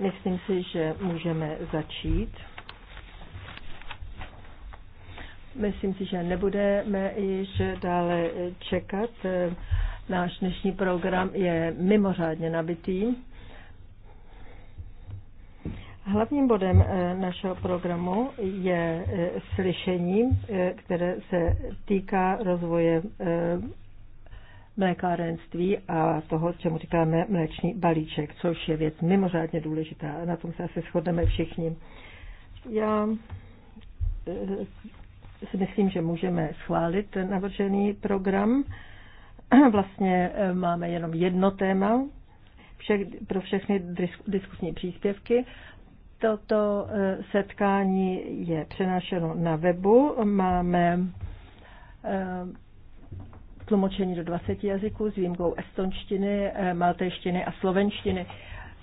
Myslím si, že můžeme začít. Myslím si, že nebudeme již dále čekat. Náš dnešní program je mimořádně nabitý. Hlavním bodem eh, našeho programu je eh, slyšení, eh, které se týká rozvoje mlékárenství a toho, čemu říkáme mléčný balíček, což je věc mimořádně důležitá. Na tom se asi shodneme všichni. Já eh, si myslím, že můžeme schválit navržený program. Vlastně eh, máme jenom jedno téma všech, pro všechny diskusní příspěvky. Toto eh, setkání je přenášeno na webu. Máme tlumočení do 20 jazyků s výjimkou estonštiny, eh, maltejštiny a slovenštiny.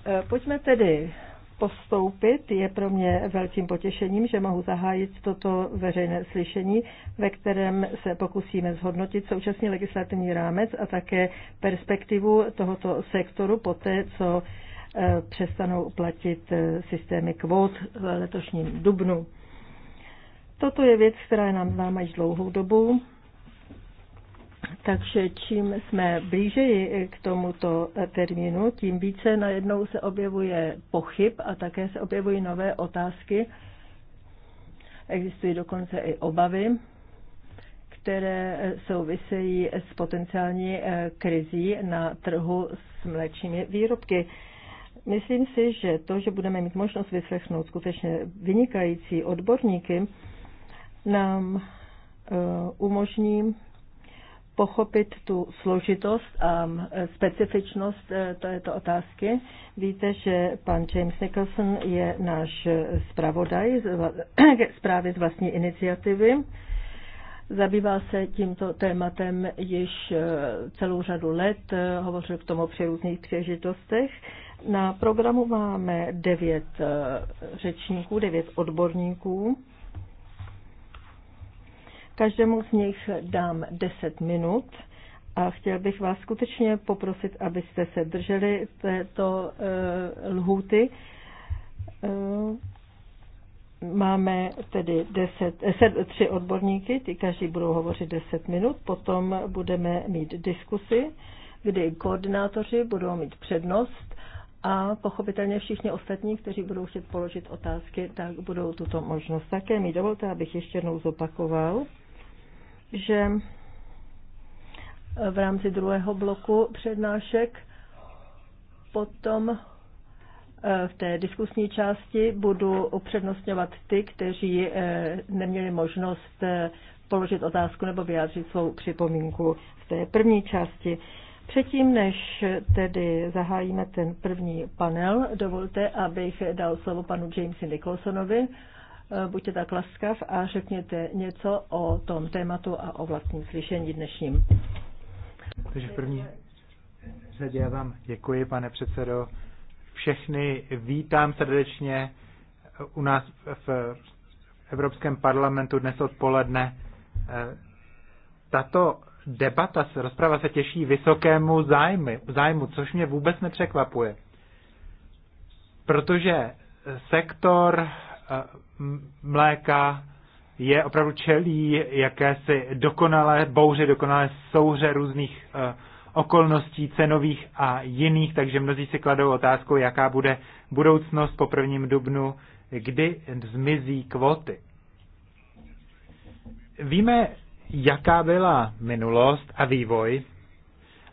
Eh, pojďme tedy postoupit. Je pro mě velkým potěšením, že mohu zahájit toto veřejné slyšení, ve kterém se pokusíme zhodnotit současný legislativní rámec a také perspektivu tohoto sektoru po té, co eh, přestanou platit systémy kvót v letošním dubnu. Toto je věc, která je nám známa již dlouhou dobu. Takže čím jsme blíže k tomuto termínu, tím více najednou se objevuje pochyb a také se objevují nové otázky. Existují dokonce i obavy, které souvisejí s potenciální eh, krizí na trhu s mléčnými výrobky. Myslím si, že to, že budeme mít možnost vyslechnout skutečně vynikající odborníky, nám eh, umožní pochopit tu složitost a specifičnost e, této otázky. Víte, že pan James Nicholson je náš zpravodaj zprávy z vlastní iniciativy. Zabývá se tímto tématem již e, celou řadu let, e, hovořil k tomu při různých příležitostech. Na programu máme devět řečníků, devět odborníků Každému z nich dám 10 minut a chtěl bych vás skutečně poprosit, abyste se drželi této eh, lhůty. Eh, máme tedy 10, 3 eh, odborníky, ty každý budou hovořit 10 minut, potom budeme mít diskusy, kdy koordinátoři budou mít přednost a pochopitelně všichni ostatní, kteří budou chtět položit otázky, tak budou tuto možnost také mít. Dovolte, abych ještě jednou zopakoval že eh, v rámci druhého bloku přednášek potom eh, v té diskusní části budu upřednostňovat ty, kteří eh, neměli možnost položit otázku nebo vyjádřit svou připomínku v té první části. Předtím, než tedy zahájíme ten první panel, dovolte, abych dal slovo panu Jamesi Nicholsonovi, Eh, buďte tak laskav a řekněte něco o tom tématu a o vlastním slyšení dnešním. Takže v první řadě já vám děkuji, pane předsedo. Všechny vítám srdečně u nás v Evropském parlamentu dnes odpoledne. Eh, tato debata, rozprava se těší vysokému zájmu, zájmu, což mě vůbec nepřekvapuje. Protože sektor eh, mléka je opravdu čelí jakési dokonalé bouře, dokonalé souře různých eh, okolností cenových a jiných, takže mnozí si kladou otázku, jaká bude budoucnost po prvním dubnu, kdy zmizí kvoty. Víme, jaká byla minulost a vývoj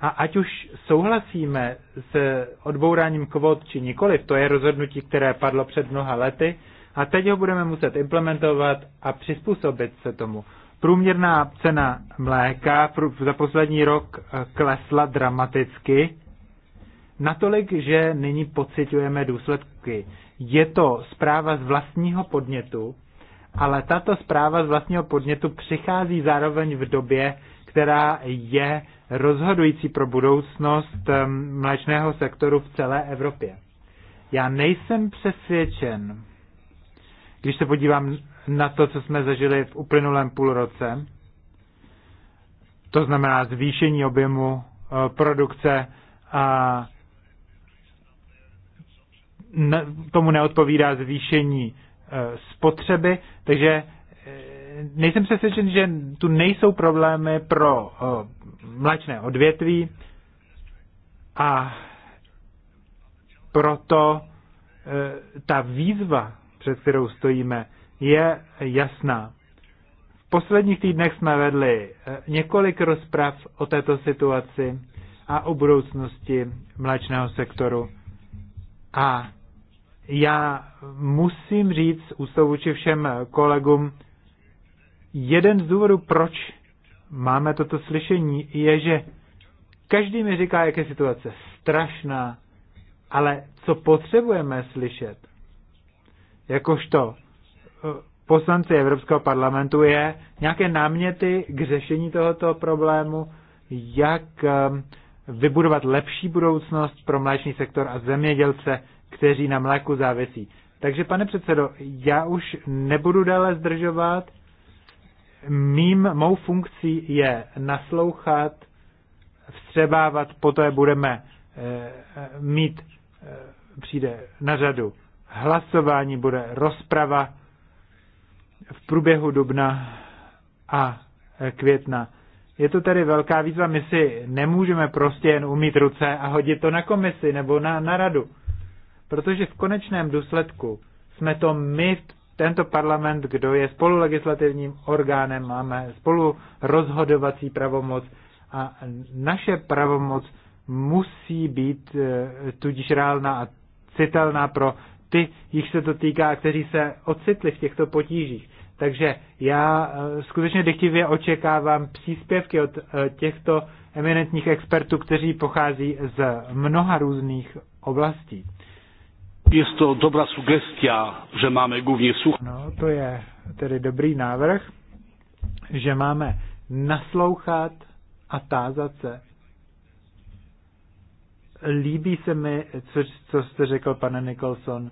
a ať už souhlasíme s odbouráním kvot či nikoliv, to je rozhodnutí, které padlo před mnoha lety, a teď ho budeme muset implementovat a přizpůsobit se tomu. Průměrná cena mléka za poslední rok eh, klesla dramaticky, natolik, že nyní pocitujeme důsledky. Je to zpráva z vlastního podnětu, ale tato zpráva z vlastního podnětu přichází zároveň v době, která je rozhodující pro budoucnost mléčného sektoru v celé Evropě. Já nejsem přesvědčen, když se podívám na to, co jsme zažili v uplynulém půlroce, to znamená zvýšení objemu eh, produkce a tomu neodpovídá zvýšení eh, spotřeby, takže eh, nejsem přesvědčen, že tu nejsou problémy pro mlačné odvětví a proto ta výzva před kterou stojíme, je jasná. V posledních týdnech jsme vedli eh, několik rozprav o této situaci a o budoucnosti mléčného sektoru. A já musím říct ústavu či všem kolegům, jeden z důvodů, proč máme toto slyšení, je, že každý mi říká, jak je situace strašná, ale co potřebujeme slyšet, jakožto eh, poslanci Evropského parlamentu je nějaké náměty k řešení tohoto problému, jak ehm, vybudovat lepší budoucnost pro mléčný sektor a zemědělce, kteří na mléku závisí. Takže pane předsedo, já už nebudu dále zdržovat. Mým, mou funkcí je naslouchat, vstřebávat, poté budeme e, mít, e, přijde na řadu hlasování, bude rozprava v průběhu dubna a května. Je to tedy velká výzva, my si nemůžeme prostě jen umít ruce a hodit to na komisi nebo na, na radu. Protože v konečném důsledku jsme to my, tento parlament, kdo je spolulegislativním orgánem, máme spolu rozhodovací pravomoc a naše pravomoc musí být eh, tudíž reálná a citelná pro ty, jich se to týká, kteří se ocitli v těchto potížích. Takže já eh, skutečně dechtivě očekávám příspěvky od eh, těchto eminentních expertů, kteří pochází z mnoha různých oblastí. Je to dobrá sugestia, že máme hlavně sluchat. No, to je tedy dobrý návrh, že máme naslouchat a tázat se líbí se mi, co, co jste řekl, pane Nicholson.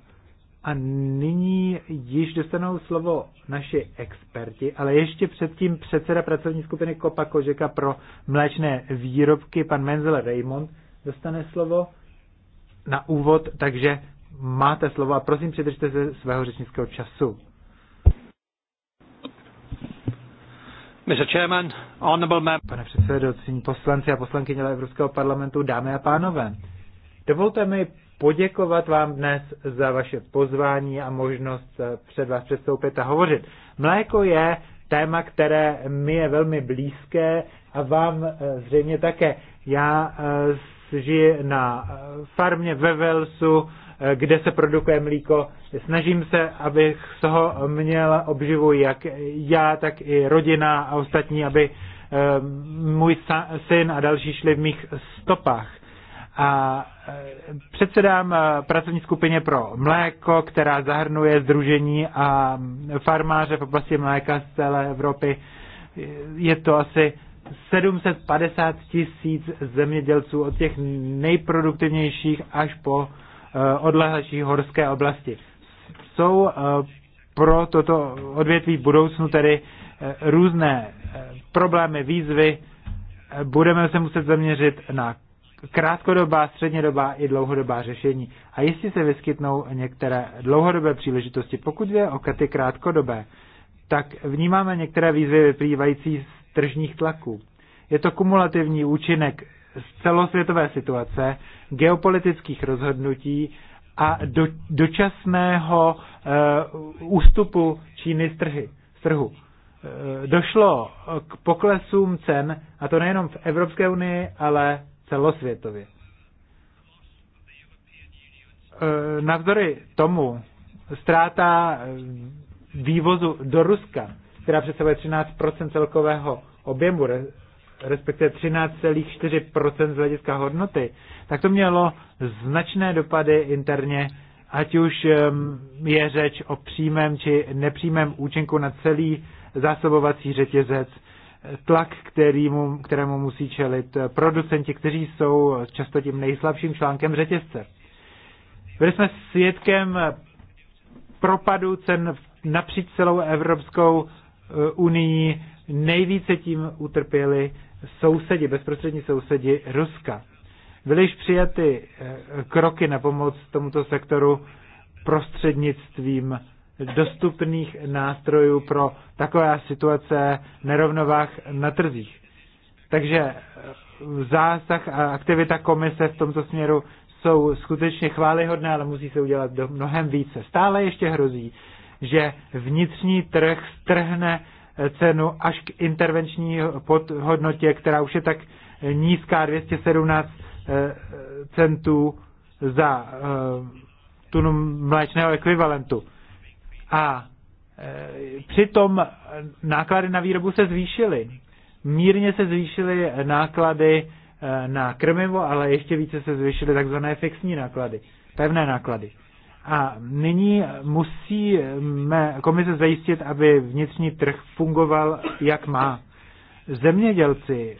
A nyní již dostanou slovo naši experti, ale ještě předtím předseda pracovní skupiny Kopa Kožeka pro mléčné výrobky, pan Menzel Raymond, dostane slovo na úvod, takže máte slovo a prosím přidržte se svého řečnického času. Mr. Chairman, honorable member. Pane předsedo, poslanci a poslankyně Evropského parlamentu, dámy a pánové, dovolte mi poděkovat vám dnes za vaše pozvání a možnost eh, před vás předstoupit a hovořit. Mléko je téma, které mi je velmi blízké a vám eh, zřejmě také. Já eh, žiji na farmě ve Velsu, kde se produkuje mlíko. Snažím se, abych z toho měl obživu jak já, tak i rodina a ostatní, aby eh, můj syn a další šli v mých stopách. A eh, předsedám eh, pracovní skupině pro mléko, která zahrnuje združení a farmáře v oblasti mléka z celé Evropy. Je to asi 750 tisíc zemědělců od těch nejproduktivnějších až po Eh, odlehlejší horské oblasti. Jsou eh, pro toto odvětví v budoucnu tedy eh, různé problémy, výzvy. Budeme se muset zaměřit na krátkodobá, střednědobá i dlouhodobá řešení. A jestli se vyskytnou některé dlouhodobé příležitosti, pokud je o ty krátkodobé, tak vnímáme některé výzvy vyplývající z tržních tlaků. Je to kumulativní účinek celosvětové situace, geopolitických rozhodnutí a do, dočasného e, ústupu Číny z, trhy, z trhu. E, došlo k poklesům cen, a to nejenom v Evropské unii, ale celosvětově. E, navzdory tomu ztráta vývozu do Ruska, která představuje 13 celkového objemu respektive 13,4% z hlediska hodnoty, tak to mělo značné dopady interně, ať už je řeč o přímém či nepřímém účinku na celý zásobovací řetězec, tlak, kterýmu, kterému musí čelit producenti, kteří jsou často tím nejslabším článkem řetězce. Byli jsme svědkem propadu cen napříč celou Evropskou eh, unii, nejvíce tím utrpěli sousedi, bezprostřední sousedi Ruska. Byly již přijaty eh, kroky na pomoc tomuto sektoru prostřednictvím dostupných nástrojů pro takové situace nerovnovách na trzích. Takže eh, zásah a aktivita komise v tomto směru jsou skutečně chválihodné, ale musí se udělat do mnohem více. Stále ještě hrozí, že vnitřní trh strhne cenu až k intervenční podhodnotě, která už je tak nízká 217 eh, centů za eh, tunu mléčného ekvivalentu. A eh, přitom náklady na výrobu se zvýšily. Mírně se zvýšily náklady na krmivo, ale ještě více se zvýšily takzvané fixní náklady, pevné náklady. A nyní musí komise zajistit, aby vnitřní trh fungoval, jak má. Zemědělci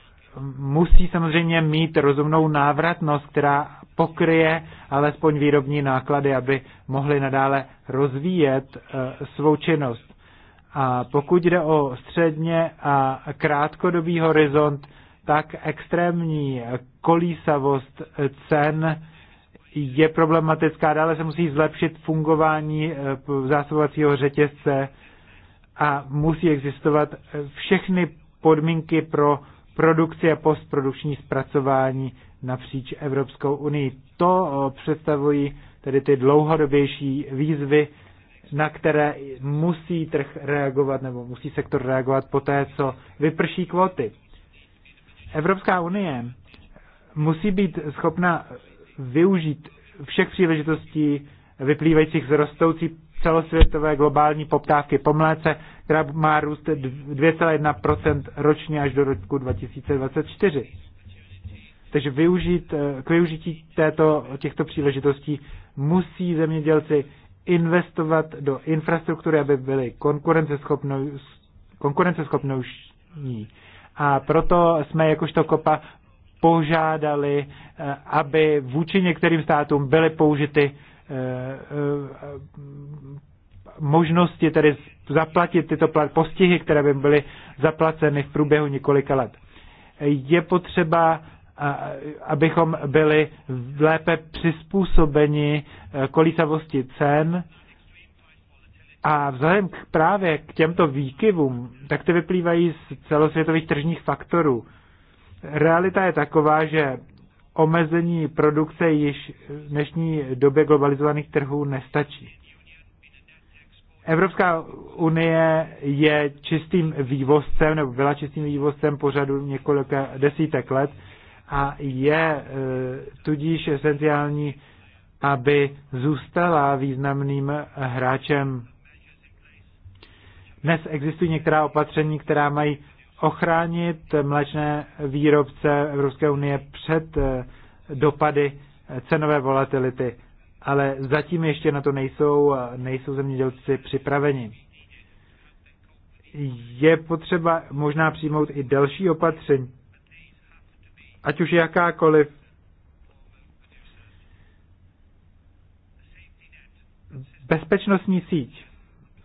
musí samozřejmě mít rozumnou návratnost, která pokryje alespoň výrobní náklady, aby mohli nadále rozvíjet eh, svou činnost. A pokud jde o středně a krátkodobý horizont, tak extrémní kolísavost cen je problematická. Dále se musí zlepšit fungování eh, zásobovacího řetězce a musí existovat eh, všechny podmínky pro produkci a postprodukční zpracování napříč Evropskou unii. To eh, představují tedy ty dlouhodobější výzvy, na které musí trh reagovat nebo musí sektor reagovat po té, co vyprší kvóty. Evropská unie musí být schopna využít všech příležitostí vyplývajících z rostoucí celosvětové globální poptávky po mléce, která má růst 2,1% ročně až do roku 2024. Takže využít, k využití této, těchto příležitostí musí zemědělci investovat do infrastruktury, aby byly konkurenceschopnou, konkurenceschopnou a proto jsme jakožto kopa požádali, eh, aby vůči některým státům byly použity eh, eh, možnosti tedy zaplatit tyto postihy, které by byly zaplaceny v průběhu několika let. Je potřeba, abychom byli lépe přizpůsobeni kolísavosti cen a vzhledem k právě k těmto výkyvům, tak ty vyplývají z celosvětových tržních faktorů realita je taková, že omezení produkce již v dnešní době globalizovaných trhů nestačí. Evropská unie je čistým vývozcem, nebo byla čistým vývozcem pořadu několika desítek let a je e, tudíž esenciální, aby zůstala významným hráčem. Dnes existují některá opatření, která mají ochránit mléčné výrobce Evropské unie před eh, dopady eh, cenové volatility, ale zatím ještě na to nejsou, eh, nejsou zemědělci připraveni. Je potřeba možná přijmout i další opatření, ať už jakákoliv, bezpečnostní síť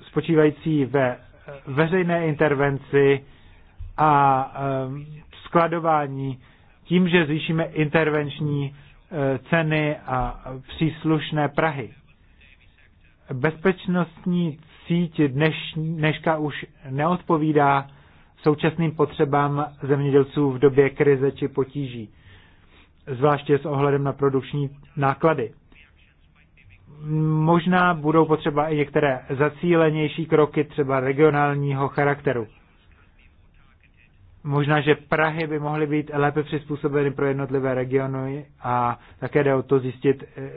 spočívající ve veřejné intervenci a skladování tím, že zvýšíme intervenční e, ceny a příslušné Prahy. Bezpečnostní síť dneš, dneška už neodpovídá současným potřebám zemědělců v době krize či potíží, zvláště s ohledem na produkční náklady. Možná budou potřeba i některé zacílenější kroky, třeba regionálního charakteru. Možná, že Prahy by mohly být lépe přizpůsobeny pro jednotlivé regiony a také jde o to zjistit, eh,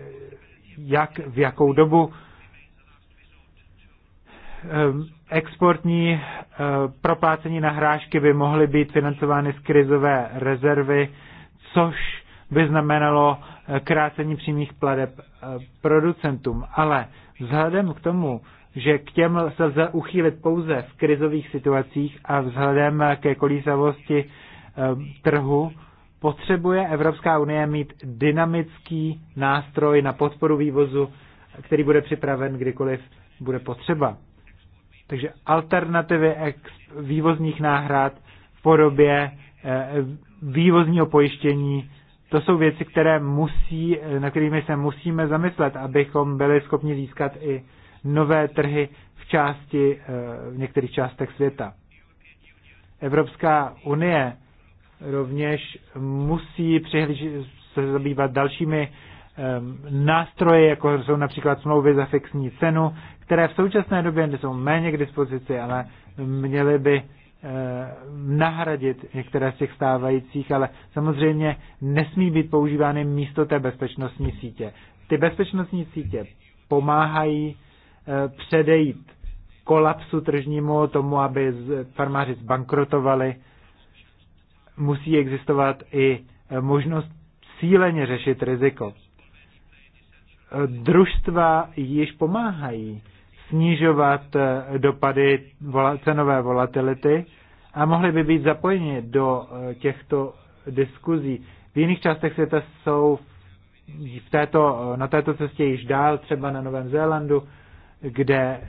jak, v jakou dobu ehm, exportní eh, proplácení na by mohly být financovány z krizové rezervy, což by znamenalo eh, krácení přímých pladeb producentům. Ale vzhledem k tomu, že k těm se lze uchýlit pouze v krizových situacích a vzhledem ke kolísavosti eh, trhu potřebuje Evropská unie mít dynamický nástroj na podporu vývozu, který bude připraven kdykoliv bude potřeba. Takže alternativy vývozních náhrad v podobě eh, vývozního pojištění, to jsou věci, které musí, eh, na kterými se musíme zamyslet, abychom byli schopni získat i nové trhy v, části, eh, v některých částech světa. Evropská unie rovněž musí se zabývat dalšími ehm, nástroje, jako jsou například smlouvy za fixní cenu, které v současné době jsou méně k dispozici, ale měly by eh, nahradit některé z těch stávajících, ale samozřejmě nesmí být používány místo té bezpečnostní sítě. Ty bezpečnostní sítě pomáhají předejít kolapsu tržnímu, tomu, aby farmáři zbankrotovali, musí existovat i e, možnost cíleně řešit riziko. E, družstva již pomáhají snižovat e, dopady cenové volatility a mohly by být zapojeni do těchto diskuzí. V jiných částech světa jsou v této, na této cestě již dál, třeba na Novém Zélandu, kde,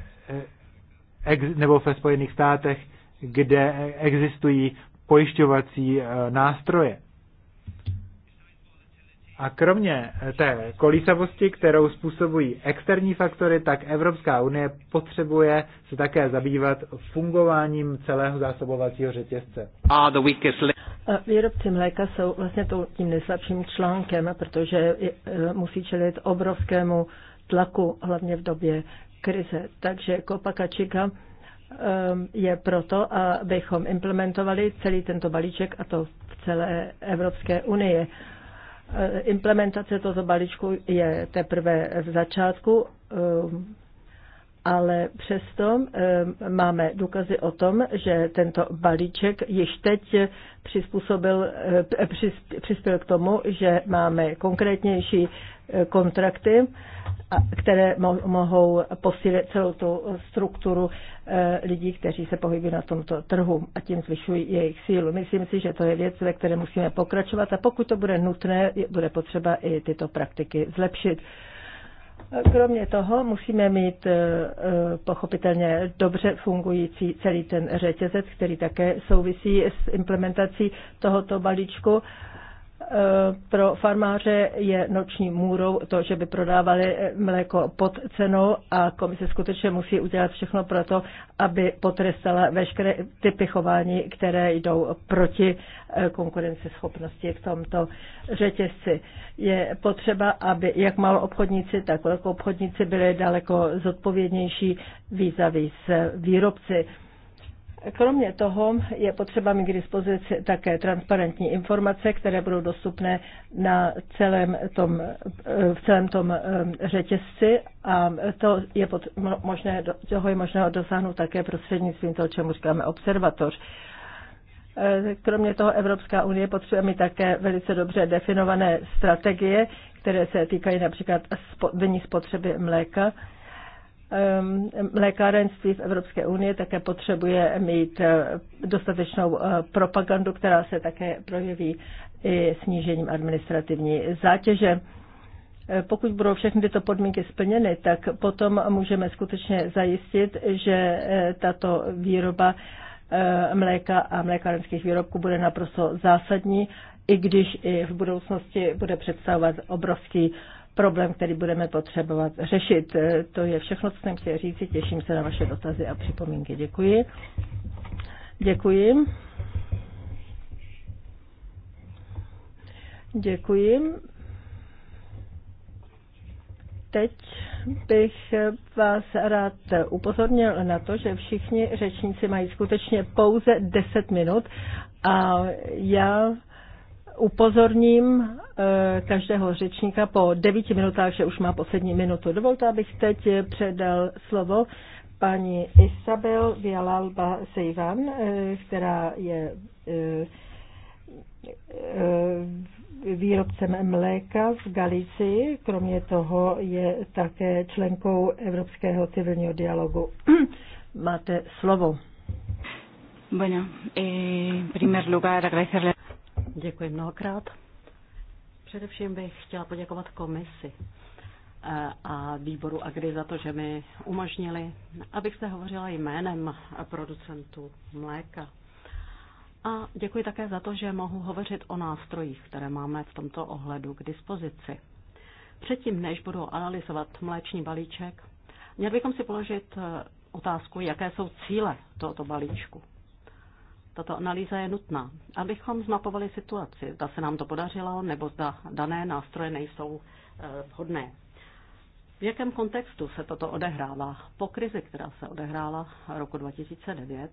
eh, nebo ve Spojených státech, kde existují pojišťovací eh, nástroje. A kromě eh, té kolísavosti, kterou způsobují externí faktory, tak Evropská unie potřebuje se také zabývat fungováním celého zásobovacího řetězce. Výrobci mléka jsou vlastně tím nejslabším článkem, protože musí čelit obrovskému tlaku, hlavně v době krize. Takže Kopakačika um, je proto, abychom implementovali celý tento balíček a to v celé Evropské unii. Uh, implementace tohoto balíčku je teprve v začátku. Um, ale přesto eh, máme důkazy o tom, že tento balíček již teď přizpůsobil, eh, přispěl k tomu, že máme konkrétnější eh, kontrakty, které mohou posílit celou tu strukturu lidí, kteří se pohybují na tomto trhu a tím zvyšují jejich sílu. Myslím si, že to je věc, ve které musíme pokračovat a pokud to bude nutné, bude potřeba i tyto praktiky zlepšit. Kromě toho musíme mít e, e, pochopitelně dobře fungující celý ten řetězec, který také souvisí s implementací tohoto balíčku Eh, pro farmáře je noční můrou to, že by prodávali eh, mléko pod cenou a komise skutečně musí udělat všechno pro to, aby potrestala veškeré typy chování, které jdou proti eh, konkurenceschopnosti v tomto řetězci. Je potřeba, aby jak malo obchodníci, tak velkou obchodníci byli daleko zodpovědnější výzavy s výrobci. Kromě toho je potřeba mít k dispozici také transparentní informace, které budou dostupné na celém tom, v celém tom řetězci a to je pod, možné, toho je možné dosáhnout také prostřednictvím toho, čemu říkáme observatoř. E, kromě toho Evropská unie potřebuje mít také velice dobře definované strategie, které se týkají například denní spotřeby mléka. Ehm, lékárenství v Evropské unii také potřebuje mít eh, dostatečnou eh, propagandu, která se také projeví i snížením administrativní zátěže. Eh, pokud budou všechny tyto podmínky splněny, tak potom můžeme skutečně zajistit, že tato výroba mléka a mlékárenských výrobků bude naprosto zásadní, i když i v budoucnosti bude představovat obrovský problém, který budeme potřebovat řešit. Eh, to je všechno, co jsem chtěl říct. Těším se na vaše dotazy a připomínky. Děkuji. Děkuji. Děkuji. Teď bych vás rád upozornil na to, že všichni řečníci mají skutečně pouze 10 minut a já upozorním eh, každého řečníka po devíti minutách, že už má poslední minutu. Dovolte, abych teď předal slovo paní Isabel Vialalba Seivan, eh, která je eh, výrobcem mléka v Galicii, kromě toho je také členkou Evropského civilního dialogu. Máte slovo. Bueno, eh, primer lugar agradecerle Děkuji mnohokrát. Především bych chtěla poděkovat komisi eh, a výboru Agri za to, že mi umožnili, abych se hovořila jménem producentů mléka. A děkuji také za to, že mohu hovořit o nástrojích, které máme v tomto ohledu k dispozici. Předtím, než budu analyzovat mléční balíček, měli bychom si položit eh, otázku, jaké jsou cíle tohoto balíčku. Tato analýza je nutná, abychom zmapovali situaci, zda se nám to podařilo, nebo zda dané nástroje nejsou eh, vhodné. V jakém kontextu se toto odehrává? Po krizi, která se odehrála roku 2009,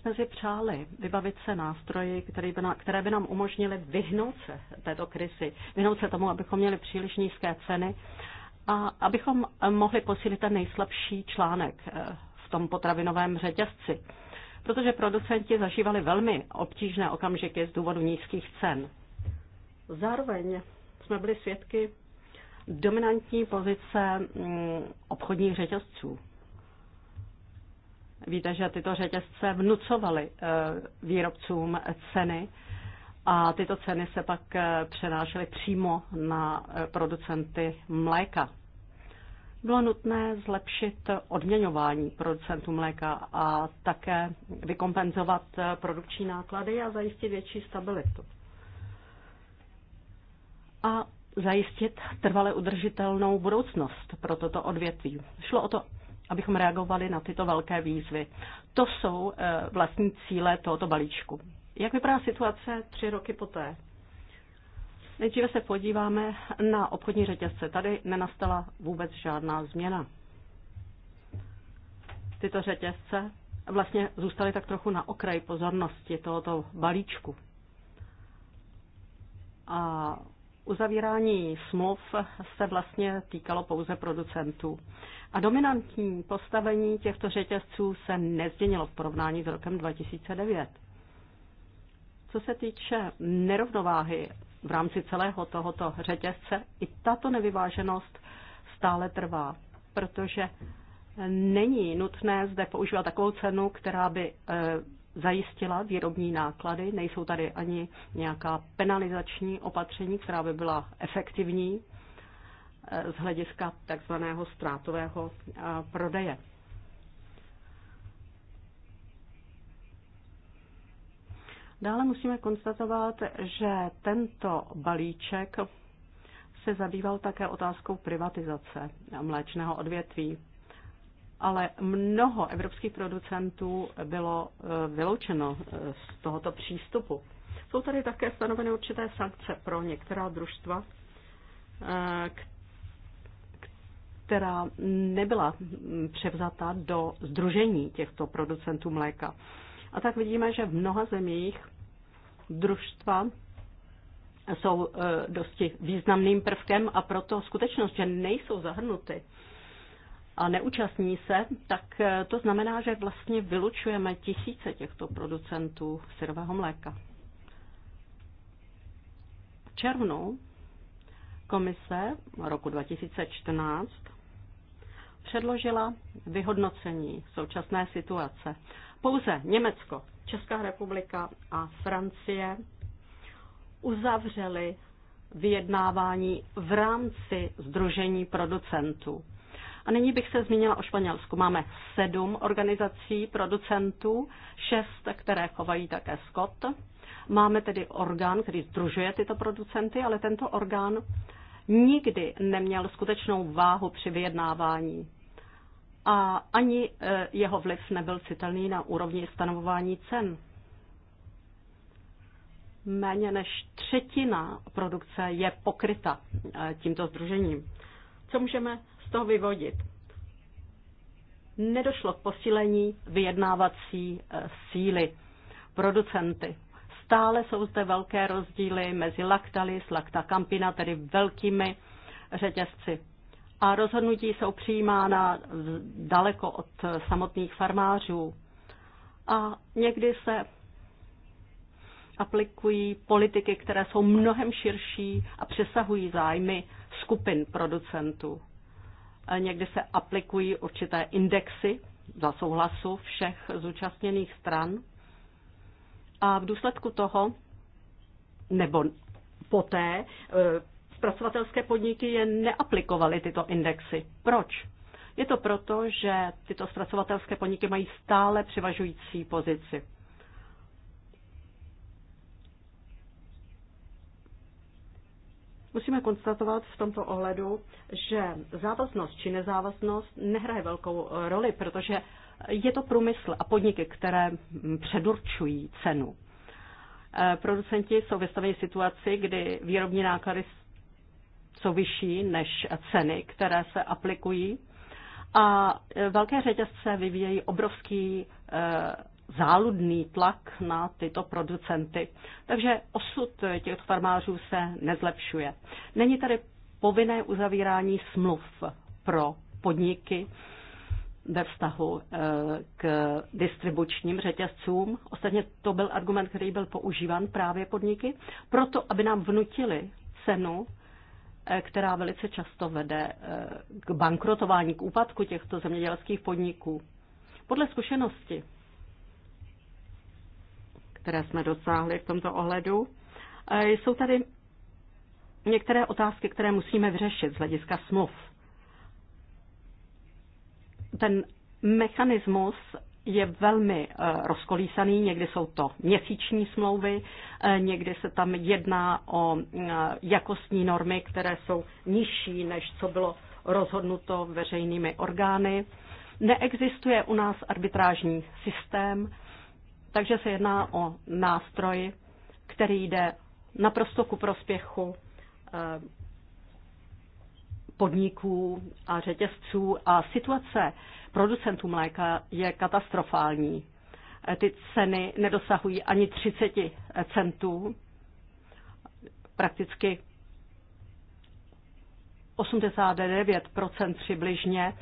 jsme si přáli vybavit se nástroji, které by, na, které by nám umožnily vyhnout se této krizi, vyhnout se tomu, abychom měli příliš nízké ceny a abychom eh, mohli posílit ten nejslabší článek eh, tom potravinovém řetězci, protože producenti zažívali velmi obtížné okamžiky z důvodu nízkých cen. Zároveň jsme byli svědky dominantní pozice mm, obchodních řetězců. Víte, že tyto řetězce vnucovaly eh, výrobcům ceny a tyto ceny se pak eh, přenášely přímo na eh, producenty mléka bylo nutné zlepšit odměňování producentů mléka a také vykompenzovat produkční náklady a zajistit větší stabilitu. A zajistit trvale udržitelnou budoucnost pro toto odvětví. Šlo o to, abychom reagovali na tyto velké výzvy. To jsou eh, vlastní cíle tohoto balíčku. Jak vypadá situace tři roky poté? Nejdříve se podíváme na obchodní řetězce. Tady nenastala vůbec žádná změna. Tyto řetězce vlastně zůstaly tak trochu na okraji pozornosti tohoto balíčku. A uzavírání smluv se vlastně týkalo pouze producentů. A dominantní postavení těchto řetězců se nezměnilo v porovnání s rokem 2009. Co se týče nerovnováhy v rámci celého tohoto řetězce, i tato nevyváženost stále trvá, protože není nutné zde používat takovou cenu, která by eh, zajistila výrobní náklady, nejsou tady ani nějaká penalizační opatření, která by byla efektivní eh, z hlediska takzvaného ztrátového eh, prodeje. Dále musíme konstatovat, že tento balíček se zabýval také otázkou privatizace mléčného odvětví. Ale mnoho evropských producentů bylo eh, vyloučeno eh, z tohoto přístupu. Jsou tady také stanoveny určité sankce pro některá družstva, eh, která nebyla mm, převzata do združení těchto producentů mléka. A tak vidíme, že v mnoha zemích družstva jsou e, dosti významným prvkem a proto skutečnost, že nejsou zahrnuty a neúčastní se, tak e, to znamená, že vlastně vylučujeme tisíce těchto producentů syrového mléka. V červnu komise roku 2014 předložila vyhodnocení současné situace pouze Německo, Česká republika a Francie uzavřeli vyjednávání v rámci Združení producentů. A nyní bych se zmínila o Španělsku. Máme sedm organizací producentů, šest, které chovají také skot. Máme tedy orgán, který združuje tyto producenty, ale tento orgán nikdy neměl skutečnou váhu při vyjednávání a ani e, jeho vliv nebyl citelný na úrovni stanovování cen. Méně než třetina produkce je pokryta e, tímto združením. Co můžeme z toho vyvodit? Nedošlo k posílení vyjednávací e, síly producenty. Stále jsou zde velké rozdíly mezi Lactalis, Lactacampina, tedy velkými řetězci a rozhodnutí jsou přijímána daleko od samotných farmářů. A někdy se aplikují politiky, které jsou mnohem širší a přesahují zájmy skupin producentů. Někdy se aplikují určité indexy za souhlasu všech zúčastněných stran a v důsledku toho, nebo poté, eh, zpracovatelské podniky je neaplikovaly tyto indexy. Proč? Je to proto, že tyto zpracovatelské podniky mají stále převažující pozici. Musíme konstatovat v tomto ohledu, že závaznost či nezávaznost nehraje velkou roli, protože je to průmysl a podniky, které předurčují cenu. Eh, producenti jsou vystaveni situaci, kdy výrobní náklady co vyšší než ceny, které se aplikují. A e, velké řetězce vyvíjejí obrovský e, záludný tlak na tyto producenty. Takže osud těchto farmářů se nezlepšuje. Není tady povinné uzavírání smluv pro podniky ve vztahu e, k distribučním řetězcům. Ostatně to byl argument, který byl používan právě podniky, proto aby nám vnutili cenu, Eh, která velice často vede eh, k bankrotování, k úpadku těchto zemědělských podniků. Podle zkušenosti, které jsme dosáhli v tomto ohledu, eh, jsou tady některé otázky, které musíme vyřešit z hlediska smluv. Ten mechanismus je velmi eh, rozkolísaný. Někdy jsou to měsíční smlouvy, eh, někdy se tam jedná o eh, jakostní normy, které jsou nižší, než co bylo rozhodnuto veřejnými orgány. Neexistuje u nás arbitrážní systém, takže se jedná o nástroj, který jde naprosto ku prospěchu podniků a řetězců a situace producentů mléka je katastrofální. E, ty ceny nedosahují ani 30 centů. Prakticky 89% přibližně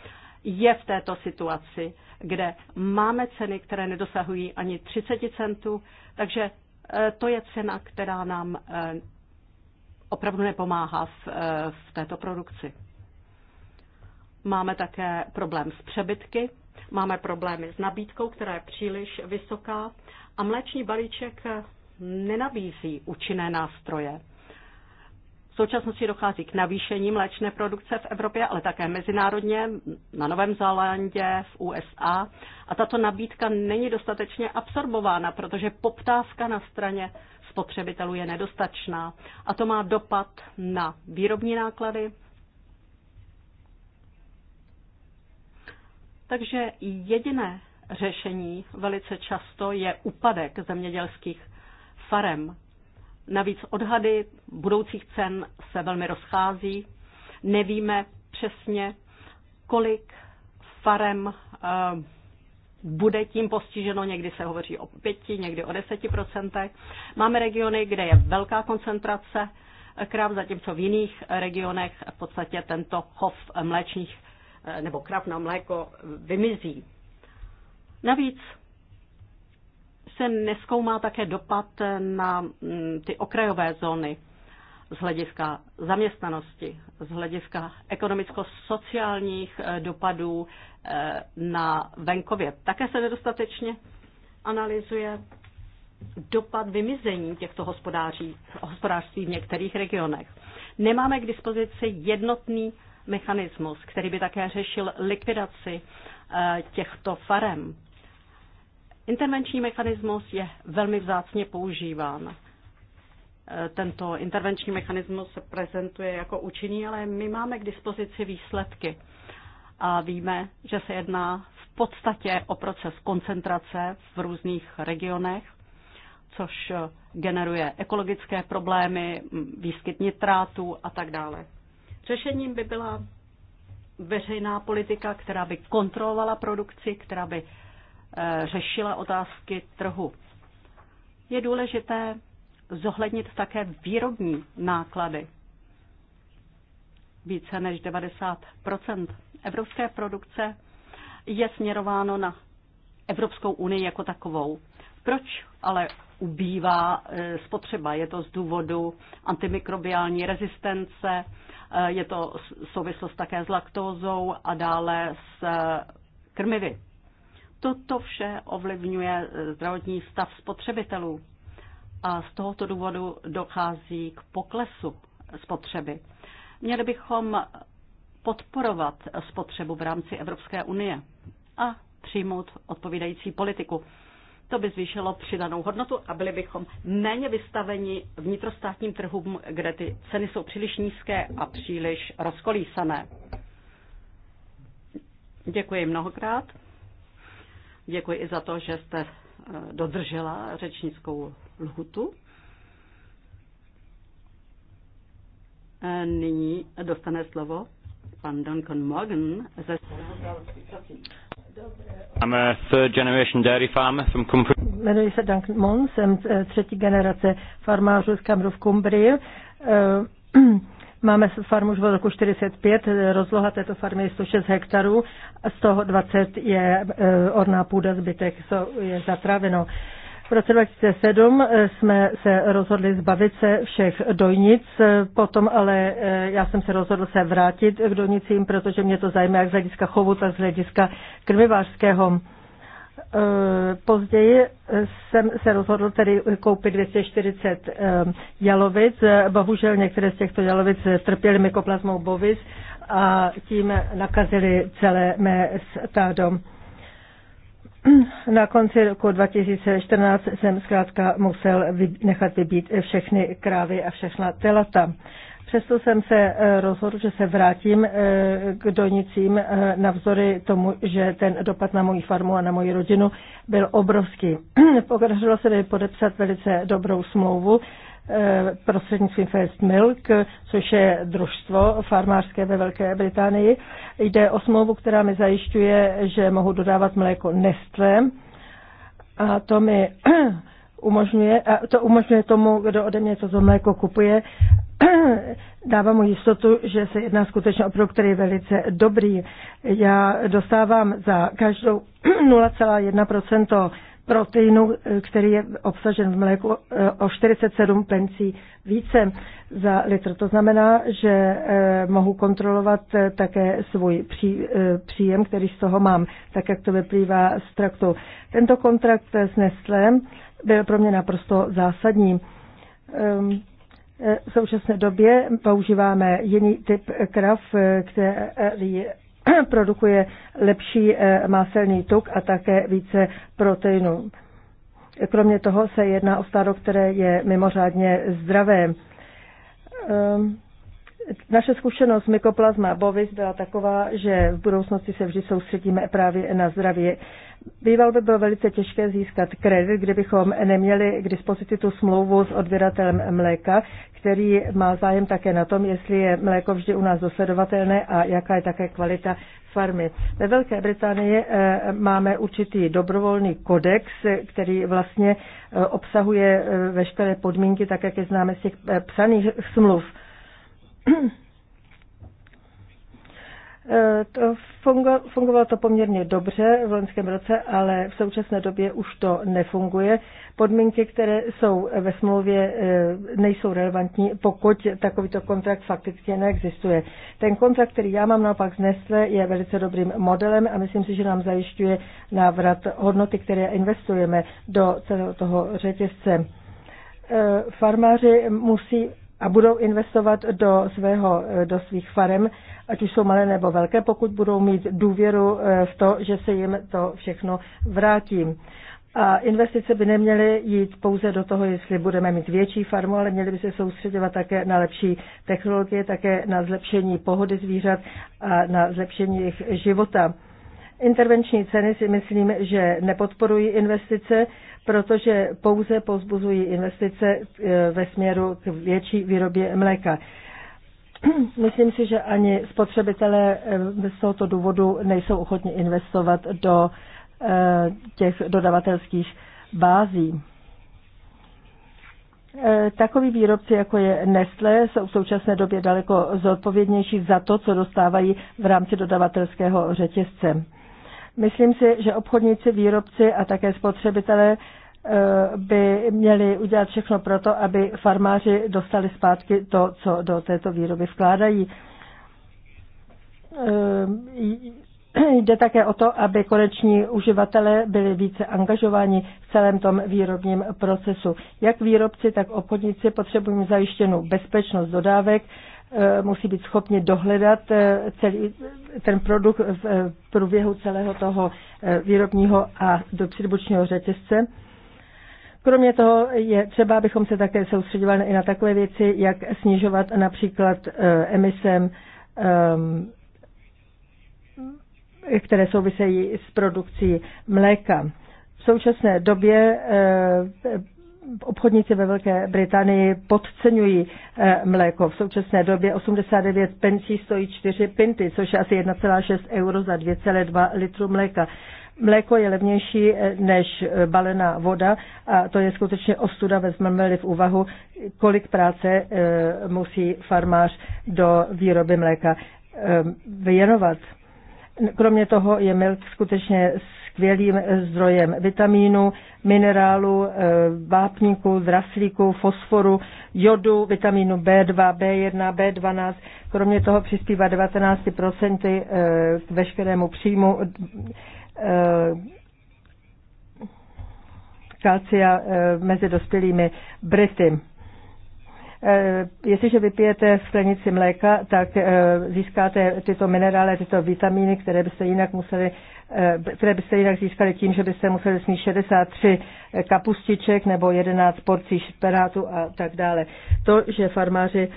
je v této situaci, kde máme ceny, které nedosahují ani 30 centů, takže e, to je cena, která nám e, opravdu nepomáhá v, této produkci. Máme také problém s přebytky, máme problémy s nabídkou, která je příliš vysoká a mléční balíček nenabízí účinné nástroje. V současnosti dochází k navýšení mléčné produkce v Evropě, ale také mezinárodně, na Novém Zélandě, v USA. A tato nabídka není dostatečně absorbována, protože poptávka na straně spotřebitelů je nedostačná. A to má dopad na výrobní náklady, Takže jediné řešení velice často je úpadek zemědělských farem. Navíc odhady budoucích cen se velmi rozchází. Nevíme přesně, kolik farem eh, bude tím postiženo, někdy se hovoří o pěti, někdy o deseti procentech. Máme regiony, kde je velká koncentrace krav, zatímco v jiných regionech v podstatě tento chov mléčních Eh, nebo krav na mléko vymizí. Navíc se neskoumá také dopad na mm, ty okrajové zóny z hlediska zaměstnanosti, z hlediska ekonomicko-sociálních eh, dopadů eh, na venkově. Také se nedostatečně analyzuje dopad vymizení těchto hospodářství v některých regionech. Nemáme k dispozici jednotný mechanismus, který by také řešil likvidaci eh, těchto farem. Intervenční mechanismus je velmi vzácně používán. Eh, tento intervenční mechanismus se prezentuje jako účinný, ale my máme k dispozici výsledky. A víme, že se jedná v podstatě o proces koncentrace v různých regionech, což eh, generuje ekologické problémy, výskyt nitrátů a tak dále. Řešením by byla veřejná politika, která by kontrolovala produkci, která by eh, řešila otázky trhu. Je důležité zohlednit také výrobní náklady. Více než 90 evropské produkce je směrováno na Evropskou unii jako takovou. Proč ale ubývá eh, spotřeba? Je to z důvodu antimikrobiální rezistence, eh, je to souvislost také s laktózou a dále s eh, krmivy. Toto vše ovlivňuje zdravotní stav spotřebitelů a z tohoto důvodu dochází k poklesu spotřeby. Měli bychom podporovat spotřebu v rámci Evropské unie a přijmout odpovídající politiku. To by zvýšilo přidanou hodnotu a byli bychom méně vystaveni vnitrostátním trhům, kde ty ceny jsou příliš nízké a příliš rozkolísané. Děkuji mnohokrát. Děkuji i za to, že jste eh, dodržela řečnickou lhutu. Eh, nyní dostane slovo pan Duncan Morgan ze I'm a third generation dairy farmer from Cumbria. Jmenuji se Duncan Mon, jsem eh, třetí generace farmářů z Kamru v Cumbrii. Eh, máme farmu už od roku 45, rozloha této farmy je 106 hektarů, z toho 20 je eh, orná půda, zbytek je zatráveno. V roce 2007 eh, jsme se rozhodli zbavit se všech dojnic, eh, potom ale eh, já jsem se rozhodl se vrátit k dojnicím, protože mě to zajímá jak z hlediska chovu, tak z hlediska krmivářského. Později jsem se rozhodl tedy koupit 240 jalovic. Bohužel některé z těchto jalovic trpěly mykoplazmou bovis a tím nakazili celé mé stádo na konci roku 2014 jsem zkrátka musel nechat vybít všechny krávy a všechna telata. Přesto jsem se eh, rozhodl, že se vrátím eh, k donicím eh, navzory tomu, že ten dopad na moji farmu a na moji rodinu byl obrovský. Podařilo se mi podepsat velice dobrou smlouvu Eh, prostřednictvím First Milk, což je družstvo farmářské ve Velké Británii. Jde o smlouvu, která mi zajišťuje, že mohu dodávat mléko Nestlé a to mi umožňuje, a to umožňuje tomu, kdo ode mě toto mléko kupuje, dává mu jistotu, že se jedná skutečně o produkt, který je velice dobrý. Já dostávám za každou 0,1% proteinu, který je obsažen v mléku, eh, o 47 pencí více za litr. To znamená, že eh, mohu kontrolovat eh, také svůj pří, příjem, který z toho mám, tak jak to vyplývá z traktu. Tento kontrakt s Nestlem byl pro mě naprosto zásadní. Ehm, v současné době používáme jiný typ krav, který produkuje lepší eh, máselný tuk a také více proteinů. Kromě toho se jedná o stádo, které je mimořádně zdravé. Um, naše zkušenost s mykoplazma bovis byla taková, že v budoucnosti se vždy soustředíme právě na zdraví. Býval by bylo velice těžké získat kredit, kdybychom neměli k dispozici tu smlouvu s odběratelem mléka, který má zájem také na tom, jestli je mléko vždy u nás dosledovatelné a jaká je také kvalita farmy. Ve Velké Británii eh, máme určitý dobrovolný kodex, který vlastně eh, obsahuje eh, veškeré podmínky, tak jak je známe z těch psaných smluv. Eh, to fungo, fungovalo to poměrně dobře v loňském roce, ale v současné době už to nefunguje. Podmínky, které jsou ve smlouvě, eh, nejsou relevantní, pokud takovýto kontrakt fakticky neexistuje. Ten kontrakt, který já mám naopak z Nestle, je velice dobrým modelem a myslím si, že nám zajišťuje návrat hodnoty, které investujeme do celého toho řetězce. Eh, farmáři musí a budou investovat do, svého, eh, do svých farem, ať už jsou malé nebo velké, pokud budou mít důvěru eh, v to, že se jim to všechno vrátí. A investice by neměly jít pouze do toho, jestli budeme mít větší farmu, ale měly by se soustředovat také na lepší technologie, také na zlepšení pohody zvířat a na zlepšení jejich života. Intervenční ceny si myslím, že nepodporují investice, protože pouze povzbuzují investice e, ve směru k větší výrobě mléka. Myslím si, že ani spotřebitelé e, z tohoto důvodu nejsou ochotni investovat do e, těch dodavatelských bází. Takoví výrobci, jako je Nestlé, jsou v současné době daleko zodpovědnější za to, co dostávají v rámci dodavatelského řetězce. Myslím si, že obchodníci, výrobci a také spotřebitelé Eh, by měli udělat všechno proto, aby farmáři dostali zpátky to, co do této výroby vkládají. Eh, jde také o to, aby koneční uživatelé byli více angažováni v celém tom výrobním procesu. Jak výrobci, tak obchodníci potřebují zajištěnou bezpečnost dodávek, eh, musí být schopni dohledat celý ten produkt v průběhu celého toho výrobního a distribučního řetězce. Kromě toho je třeba, abychom se také soustředovali i na takové věci, jak snižovat například eh, emisem, eh, které souvisejí s produkcí mléka. V současné době eh, obchodníci ve Velké Británii podceňují mléko. V současné době 89 pencí stojí 4 pinty, což je asi 1,6 euro za 2,2 litru mléka. Mléko je levnější eh, než eh, balená voda a to je skutečně ostuda, vezmeme-li v úvahu, kolik práce eh, musí farmář do výroby mléka věnovat. Kromě toho je milk skutečně skvělým zdrojem vitamínu, minerálu, vápníku, draslíku, fosforu, jodu, vitamínu B2, B1, B12. Kromě toho přispívá 19% k veškerému příjmu Eh, kalcia eh, mezi dospělými Brity. Eh, jestliže vypijete sklenici mléka, tak získáte tyto minerály, tyto vitamíny, které byste jinak museli které byste jinak získali tím, že byste museli sníst 63 kapustiček nebo 11 porcí šperátu a tak dále. To, že farmáři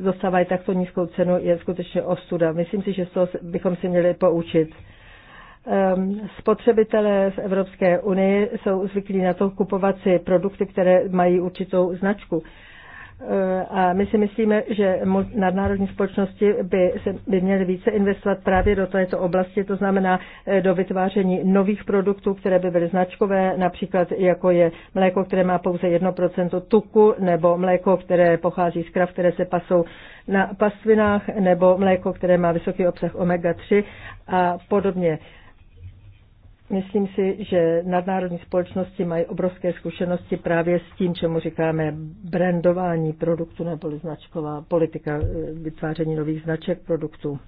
dostávají takto nízkou cenu, je skutečně ostuda. Myslím si, že z toho bychom si měli poučit. Ehm, spotřebitelé v Evropské unii jsou zvyklí na to kupovat si produkty, které mají určitou značku. Ehm, a my si myslíme, že nadnárodní společnosti by, se, by měly více investovat právě do této oblasti, to znamená eh, do vytváření nových produktů, které by byly značkové, například jako je mléko, které má pouze 1% tuku, nebo mléko, které pochází z krav, které se pasou na pastvinách, nebo mléko, které má vysoký obsah omega-3 a podobně. Myslím si, že nadnárodní společnosti mají obrovské zkušenosti právě s tím, čemu říkáme brandování produktu nebo značková politika eh, vytváření nových značek produktů.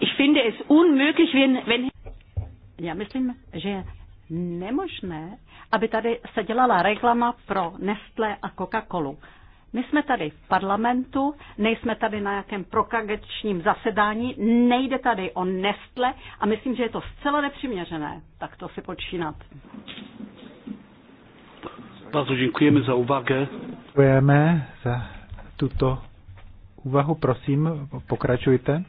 Ich finde es unmöglich, wenn, wenn... Já myslím, že je nemožné, aby tady se dělala reklama pro Nestlé a Coca-Colu. My jsme tady v parlamentu, nejsme tady na nějakém prokagečním zasedání, nejde tady o Nestle a myslím, že je to zcela nepřiměřené. Tak to si počínat. Bardzo děkujeme za uwagę. Děkujeme za tuto úvahu. Prosím, pokračujte.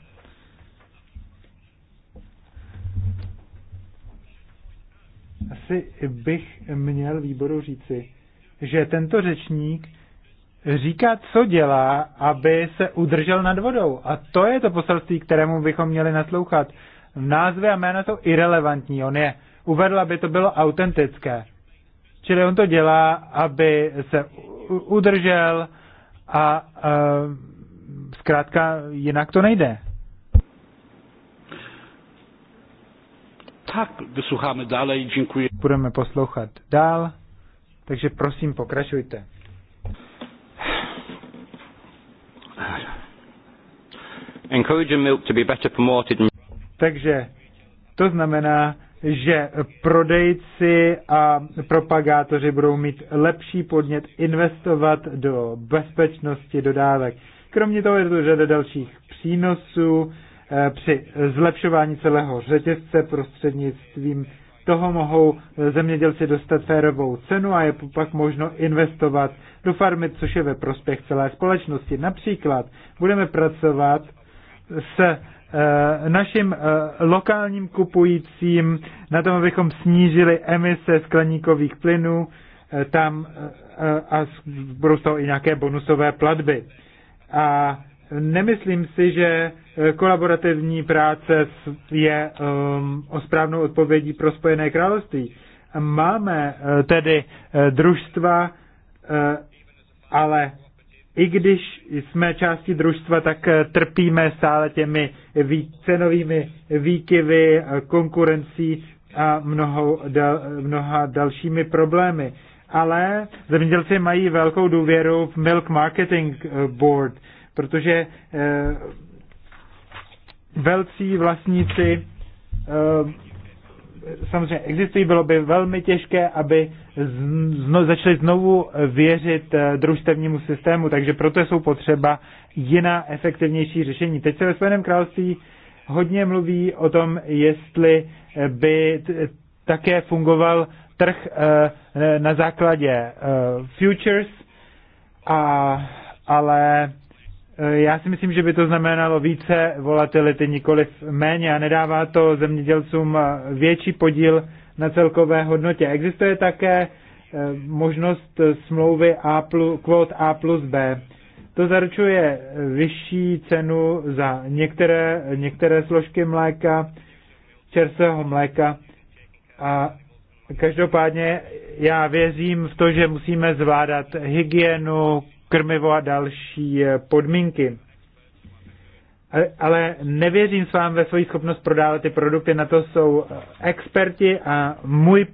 Asi bych měl výboru říci, že tento řečník říká, co dělá, aby se udržel nad vodou. A to je to poselství, kterému bychom měli naslouchat. Názvy a jména jsou irrelevantní. On je uvedl, aby to bylo autentické. Čili on to dělá, aby se udržel a uh, zkrátka jinak to nejde. Tak, vysloucháme dále, děkuji. Budeme poslouchat dál, takže prosím pokračujte. Takže to znamená, že prodejci a propagátoři budou mít lepší podnět investovat do bezpečnosti dodávek. Kromě toho je to řada dalších přínosů eh, při zlepšování celého řetězce prostřednictvím toho mohou zemědělci dostat férovou cenu a je pak možno investovat do farmy, což je ve prospěch celé společnosti. Například budeme pracovat s eh, naším eh, lokálním kupujícím na tom, abychom snížili emise skleníkových plynů eh, tam a budou z toho i nějaké bonusové platby. A Nemyslím si, že eh, kolaborativní práce je um, o správnou odpovědí pro Spojené království. Máme eh, tedy eh, družstva, ale i když jsme části družstva, tak trpíme stále těmi cenovými výkyvy, konkurencí a dal, mnoha dalšími problémy. Ale zemědělci mají velkou důvěru v Milk Marketing Board, protože eh, velcí vlastníci eh, samozřejmě existují, bylo by velmi těžké, aby zno, začali znovu věřit eh, družstevnímu systému, takže proto jsou potřeba jiná efektivnější řešení. Teď se ve Spojeném království hodně mluví o tom, jestli by také fungoval trh na základě futures, a, ale Eh, já si myslím, že by to znamenalo více volatility, nikoliv méně a nedává to zemědělcům eh, větší podíl na celkové hodnotě. Existuje také eh, možnost smlouvy A plus, kvot A plus B. To zaručuje vyšší cenu za některé, některé složky mléka, čerstvého mléka a každopádně já věřím v to, že musíme zvládat hygienu, krmivo a další eh, podmínky. Ale nevěřím s vám ve svoji schopnost prodávat ty produkty, na to jsou eh, experti a můj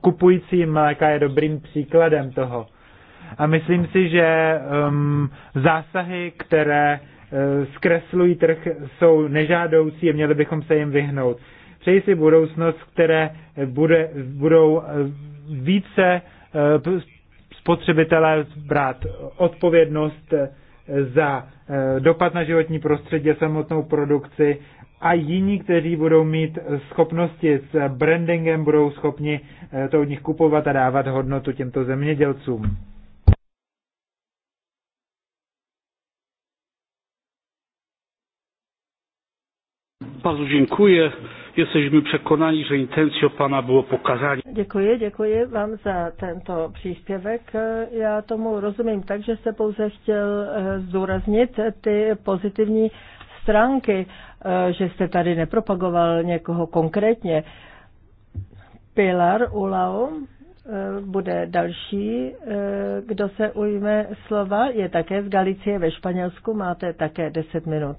kupující mléka je dobrým příkladem toho. A myslím si, že um, zásahy, které uh, zkreslují trh, jsou nežádoucí a měli bychom se jim vyhnout. Přeji si budoucnost, které bude, budou více uh, spotřebitelé brát odpovědnost eh, za eh, dopad na životní prostředí a samotnou produkci a jiní, kteří budou mít schopnosti s brandingem, budou schopni eh, to od nich kupovat a dávat hodnotu těmto zemědělcům. Bardzo dziękuję. Jesteśmy przekonani, że intencją Pana było pokazanie. Děkuji, děkuji vám za tento příspěvek. Já tomu rozumím tak, že jste pouze chtěl e, zdůraznit ty pozitivní stránky, e, že jste tady nepropagoval někoho konkrétně. Pilar Ulao e, bude další, kdo se ujme slova, je také z Galicie ve Španělsku, máte také 10 minut.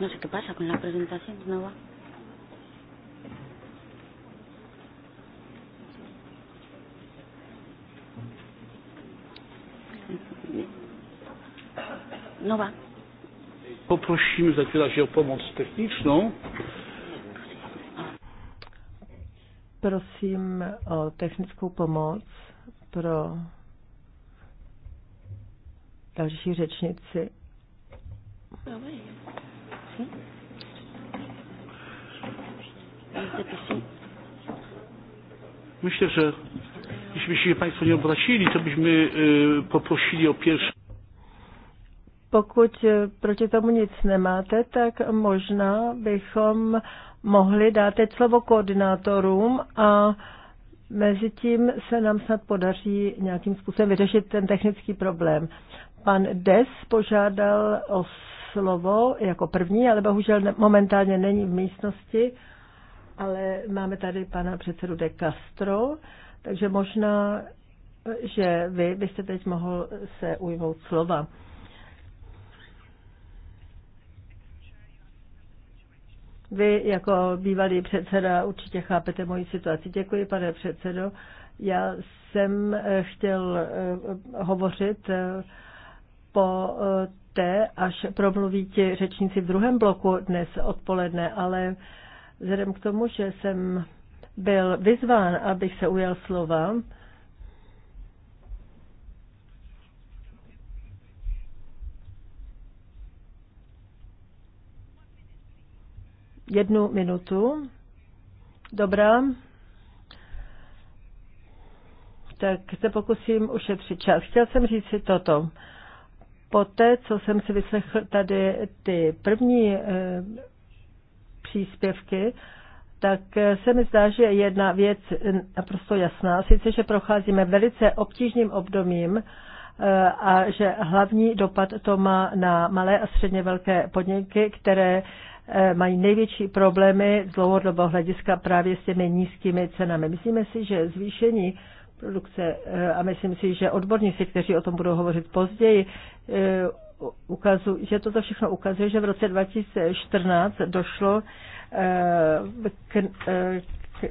No sé qué pasa con la presentación, no va. No va. Poprosimy zaklinacie o pomoc techniczną. Prosím o technickou pomoc pro další řečnici. Myślę, że jeśli się Państwo nie obracili, to byśmy poprosili o pierwsze. Pokud proti tomu nic nemáte, tak možná bychom mohli dát teď slovo koordinátorům a mezi tím se nám snad podaří nějakým způsobem vyřešit ten technický problém. Pan Des požádal o slovo jako první, ale bohužel momentálně není v místnosti ale máme tady pana předsedu de Castro, takže možná, že vy byste teď mohl se ujmout slova. Vy jako bývalý předseda určitě chápete moji situaci. Děkuji, pane předsedo. Já jsem eh, chtěl eh, hovořit eh, po té, až promluví ti řečníci v druhém bloku dnes odpoledne, ale Vzhledem k tomu, že jsem byl vyzván, abych se ujal slova, jednu minutu. Dobrá. Tak se pokusím ušetřit čas. Chtěl jsem říct si toto. Poté, co jsem si vyslechl tady ty první eh, příspěvky, tak se mi zdá, že jedna věc naprosto jasná, sice, že procházíme velice obtížným obdobím eh, a že hlavní dopad to má na malé a středně velké podniky, které eh, mají největší problémy z dlouhodobého hlediska právě s těmi nízkými cenami. Myslíme si, že zvýšení produkce eh, a myslím si, že odborníci, kteří o tom budou hovořit později, ukazu, že toto všechno ukazuje, že v roce 2014 došlo eh, k, eh,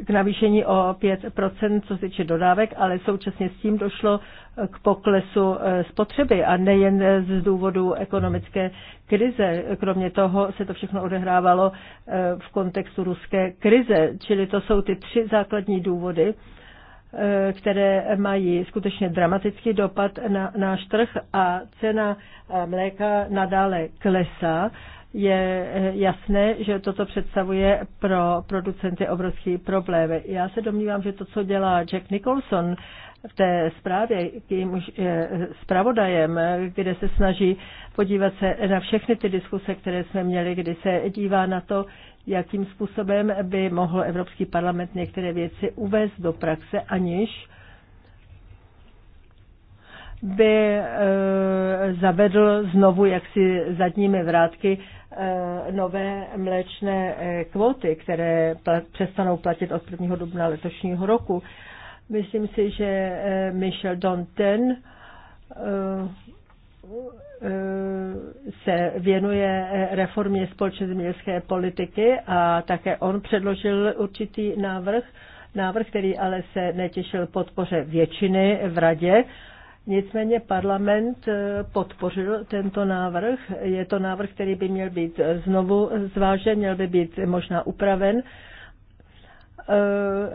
k navýšení o 5%, co se týče dodávek, ale současně s tím došlo k poklesu eh, spotřeby a nejen z důvodu ekonomické krize. Kromě toho se to všechno odehrávalo v kontextu ruské krize, čili to jsou ty tři základní důvody, Eh, které mají skutečně dramatický dopad na náš trh a cena eh, mléka nadále klesá. Je eh, jasné, že toto představuje pro producenty obrovský problém. Já se domnívám, že to, co dělá Jack Nicholson v té zprávě, je zpravodajem, kde se snaží podívat se na všechny ty diskuse, které jsme měli, kdy se dívá na to, jakým způsobem by mohl Evropský parlament některé věci uvést do praxe, aniž by e, zavedl znovu jaksi zadními vrátky e, nové mléčné e, kvóty, které pl- přestanou platit od 1. dubna letošního roku. Myslím si, že e, Michel Danten e, Eh, se věnuje reformě společné zemědělské politiky a také on předložil určitý návrh, návrh, který ale se netěšil podpoře většiny v radě. Nicméně parlament eh, podpořil tento návrh. Je to návrh, který by měl být znovu zvážen, měl by být možná upraven Eh,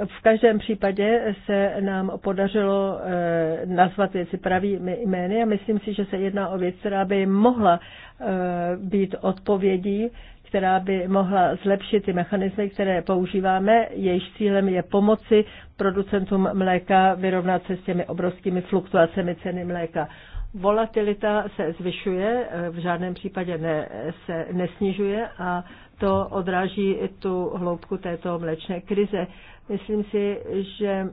v každém případě se nám podařilo eh, nazvat věci pravými jmény a myslím si, že se jedná o věc, která by mohla eh, být odpovědí, která by mohla zlepšit ty mechanismy, které používáme. Jejich cílem je pomoci producentům mléka vyrovnat se s těmi obrovskými fluktuacemi ceny mléka. Volatilita se zvyšuje, v žádném případě ne, se nesnižuje a to odráží tu hloubku této mléčné krize. Myslím si, že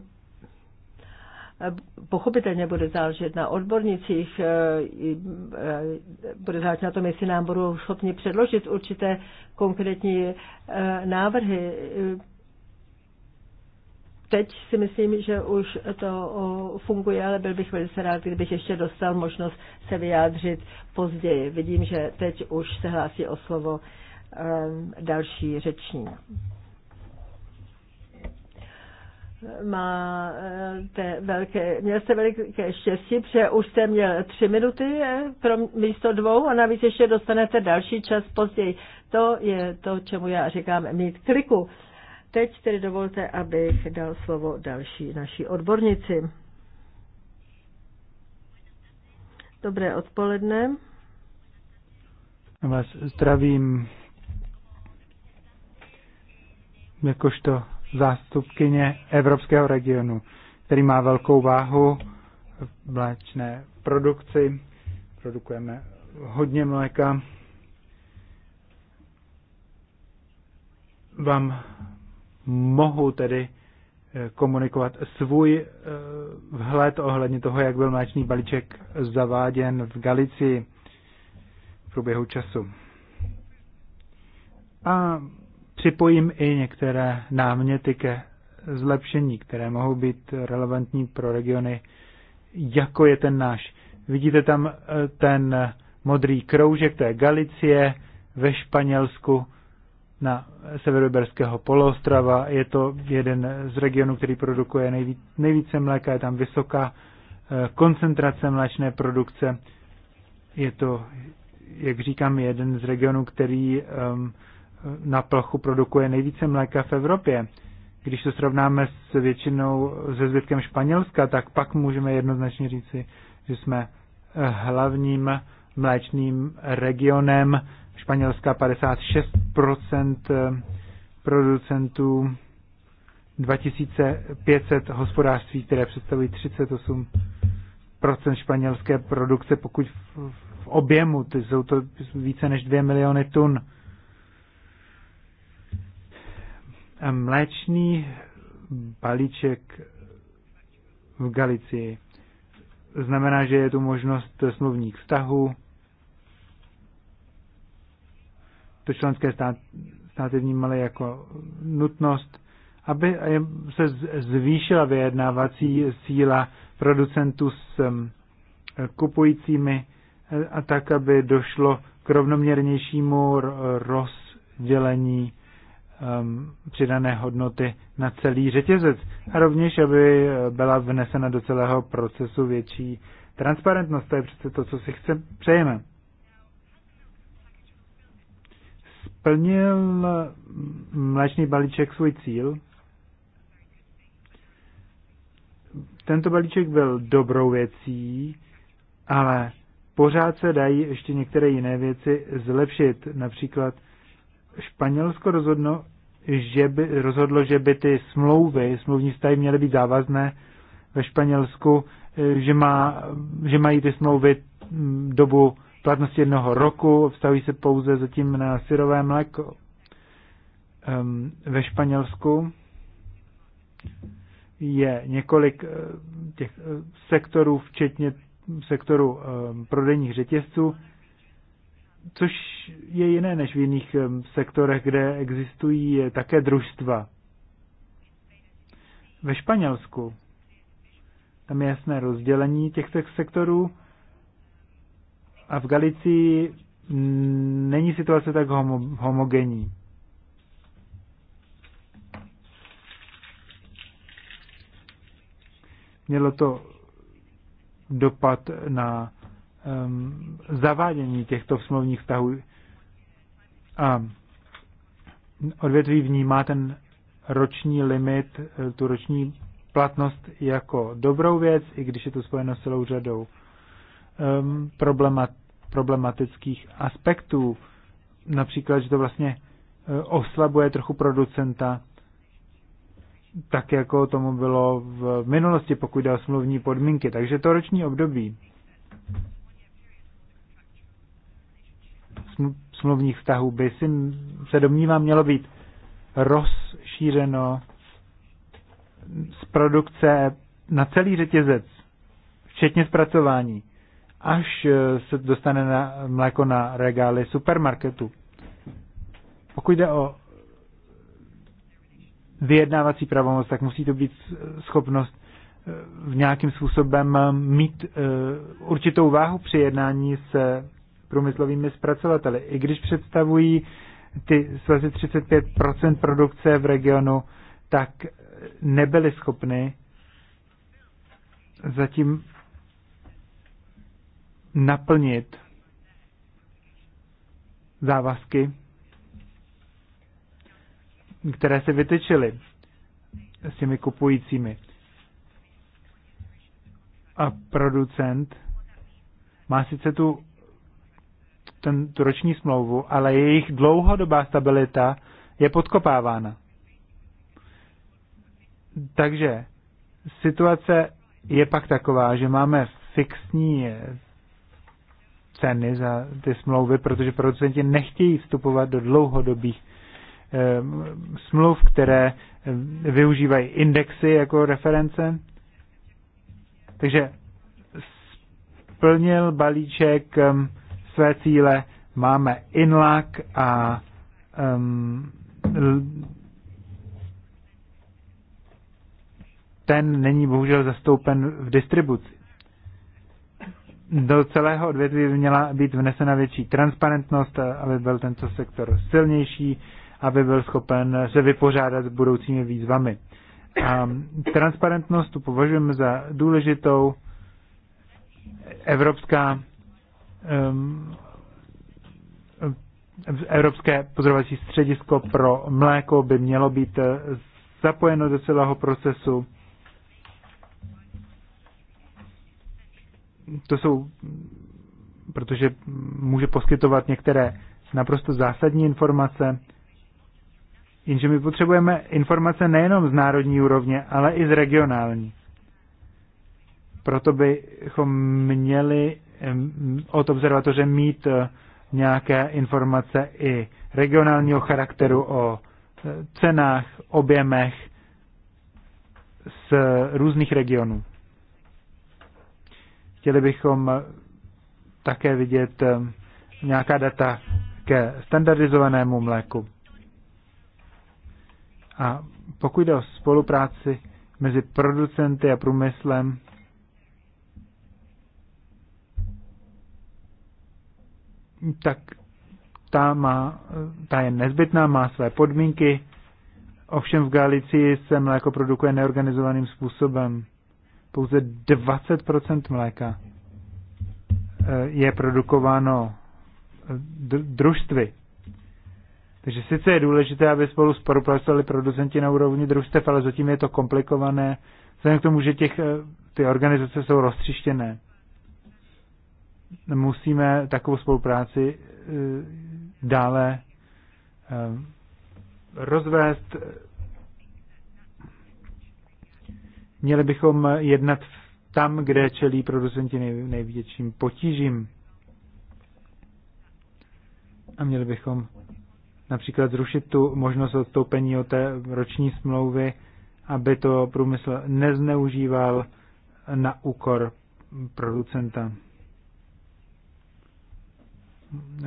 pochopitelně bude záležet na odbornicích, e, e, bude záležet na tom, jestli nám budou schopni předložit určité konkrétní e, návrhy. Teď si myslím, že už to funguje, ale byl bych velice rád, kdybych ještě dostal možnost se vyjádřit později. Vidím, že teď už se hlásí o slovo Eh, další řečník. Máte eh, velké, měl jste veliké štěstí, protože už jste měl tři minuty eh, pro místo dvou a navíc ještě dostanete další čas později. To je to, čemu já říkám mít kliku. Teď tedy dovolte, abych dal slovo další naší odbornici. Dobré odpoledne. Vás zdravím jakožto zástupkyně Evropského regionu, který má velkou váhu v mléčné produkci. Produkujeme hodně mléka. Vám mohu tedy eh, komunikovat svůj eh, vhled ohledně toho, jak byl mléčný balíček zaváděn v Galicii v průběhu času. A připojím i některé náměty ke zlepšení, které mohou být relevantní pro regiony, jako je ten náš. Vidíte tam eh, ten modrý kroužek, to je Galicie ve Španělsku na severoberského poloostrava. Je to jeden z regionů, který produkuje nejvíce mléka, je tam vysoká eh, koncentrace mléčné produkce. Je to, jak říkám, jeden z regionů, který um, na plochu produkuje nejvíce mléka v Evropě. Když to srovnáme s většinou, se zbytkem Španělska, tak pak můžeme jednoznačně říci, že jsme hlavním mléčným regionem Španělska 56% eh, producentů 2500 hospodářství, které představují 38% španělské produkce, pokud v, v objemu, ty jsou to více než 2 miliony tun mléčný balíček v Galicii. Znamená, že je tu možnost smluvních vztahů. To členské stát, státy vnímaly jako nutnost, aby se zvýšila vyjednávací síla producentů s kupujícími a tak, aby došlo k rovnoměrnějšímu rozdělení um, přidané hodnoty na celý řetězec a rovněž, aby eh, byla vnesena do celého procesu větší transparentnost. To je přece to, co si chce, přejeme. Splnil mm, mléčný balíček svůj cíl. Tento balíček byl dobrou věcí, ale pořád se dají ještě některé jiné věci zlepšit, například Španělsko rozhodlo, že by, rozhodlo, že by ty smlouvy, smluvní vztahy měly být závazné ve Španělsku, eh, že, má, že mají ty smlouvy mm, dobu platnosti jednoho roku, vztahují se pouze zatím na syrové mléko um, ve Španělsku je několik eh, těch eh, sektorů, včetně sektoru ehm, prodejních řetězců, což je jiné než v jiných sektorech, kde existují také družstva. Ve Španělsku tam je jasné rozdělení těch sektorů a v Galicii není situace tak homo- homogenní. Mělo to dopad na um, zavádění těchto smluvních vztahů a odvětví vnímá ten roční limit, eh, tu roční platnost jako dobrou věc, i když je to spojeno s celou řadou um, problemat, problematických aspektů. Například, že to vlastně eh, oslabuje trochu producenta, tak jako tomu bylo v minulosti, pokud jde o smluvní podmínky. Takže to roční období smluvních vztahů by si, se domnívám, mělo být rozšířeno z produkce na celý řetězec, včetně zpracování, až eh, se dostane na mléko na regály supermarketu. Pokud jde o vyjednávací pravomoc, tak musí to být schopnost eh, v nějakým způsobem eh, mít určitou váhu při jednání se průmyslovými zpracovateli, i když představují ty asi 35% produkce v regionu, tak nebyly schopny zatím naplnit závazky, které se vytyčily s těmi kupujícími. A producent má sice tu ten, tu roční smlouvu, ale jejich dlouhodobá stabilita je podkopávána. Takže situace je pak taková, že máme fixní ceny za ty smlouvy, protože producenti nechtějí vstupovat do dlouhodobých eh, smluv, které eh, využívají indexy jako reference. Takže splnil balíček eh, své cíle, máme inlak a um, ten není bohužel zastoupen v distribuci. Do celého odvětví by měla být vnesena větší transparentnost, aby byl tento sektor silnější, aby byl schopen se vypořádat s budoucími výzvami. A transparentnost tu považujeme za důležitou. Evropská um, Evropské pozorovací středisko pro mléko by mělo být eh, zapojeno do celého procesu. To jsou, protože může poskytovat některé naprosto zásadní informace, jenže my potřebujeme informace nejenom z národní úrovně, ale i z regionální. Proto bychom měli od observatoře mít eh, nějaké informace i regionálního charakteru o eh, cenách, objemech z různých regionů. Chtěli bychom eh, také vidět nějaká data ke standardizovanému mléku. A pokud jde o spolupráci mezi producenty a průmyslem, tak ta, má, ta je nezbytná, má své podmínky, ovšem v Galicii se mléko produkuje neorganizovaným způsobem. Pouze 20% mléka eh, je produkováno družstvy. Takže sice je důležité, aby spolu spolupracovali producenti na úrovni družstev, ale zatím je to komplikované, vzhledem k tomu, že těch, eh, ty organizace jsou roztřištěné musíme takovou spolupráci eh, dále eh, rozvést. Měli bychom jednat tam, kde čelí producenti největším potížím. A měli bychom například zrušit tu možnost odstoupení od té roční smlouvy, aby to průmysl nezneužíval na úkor producenta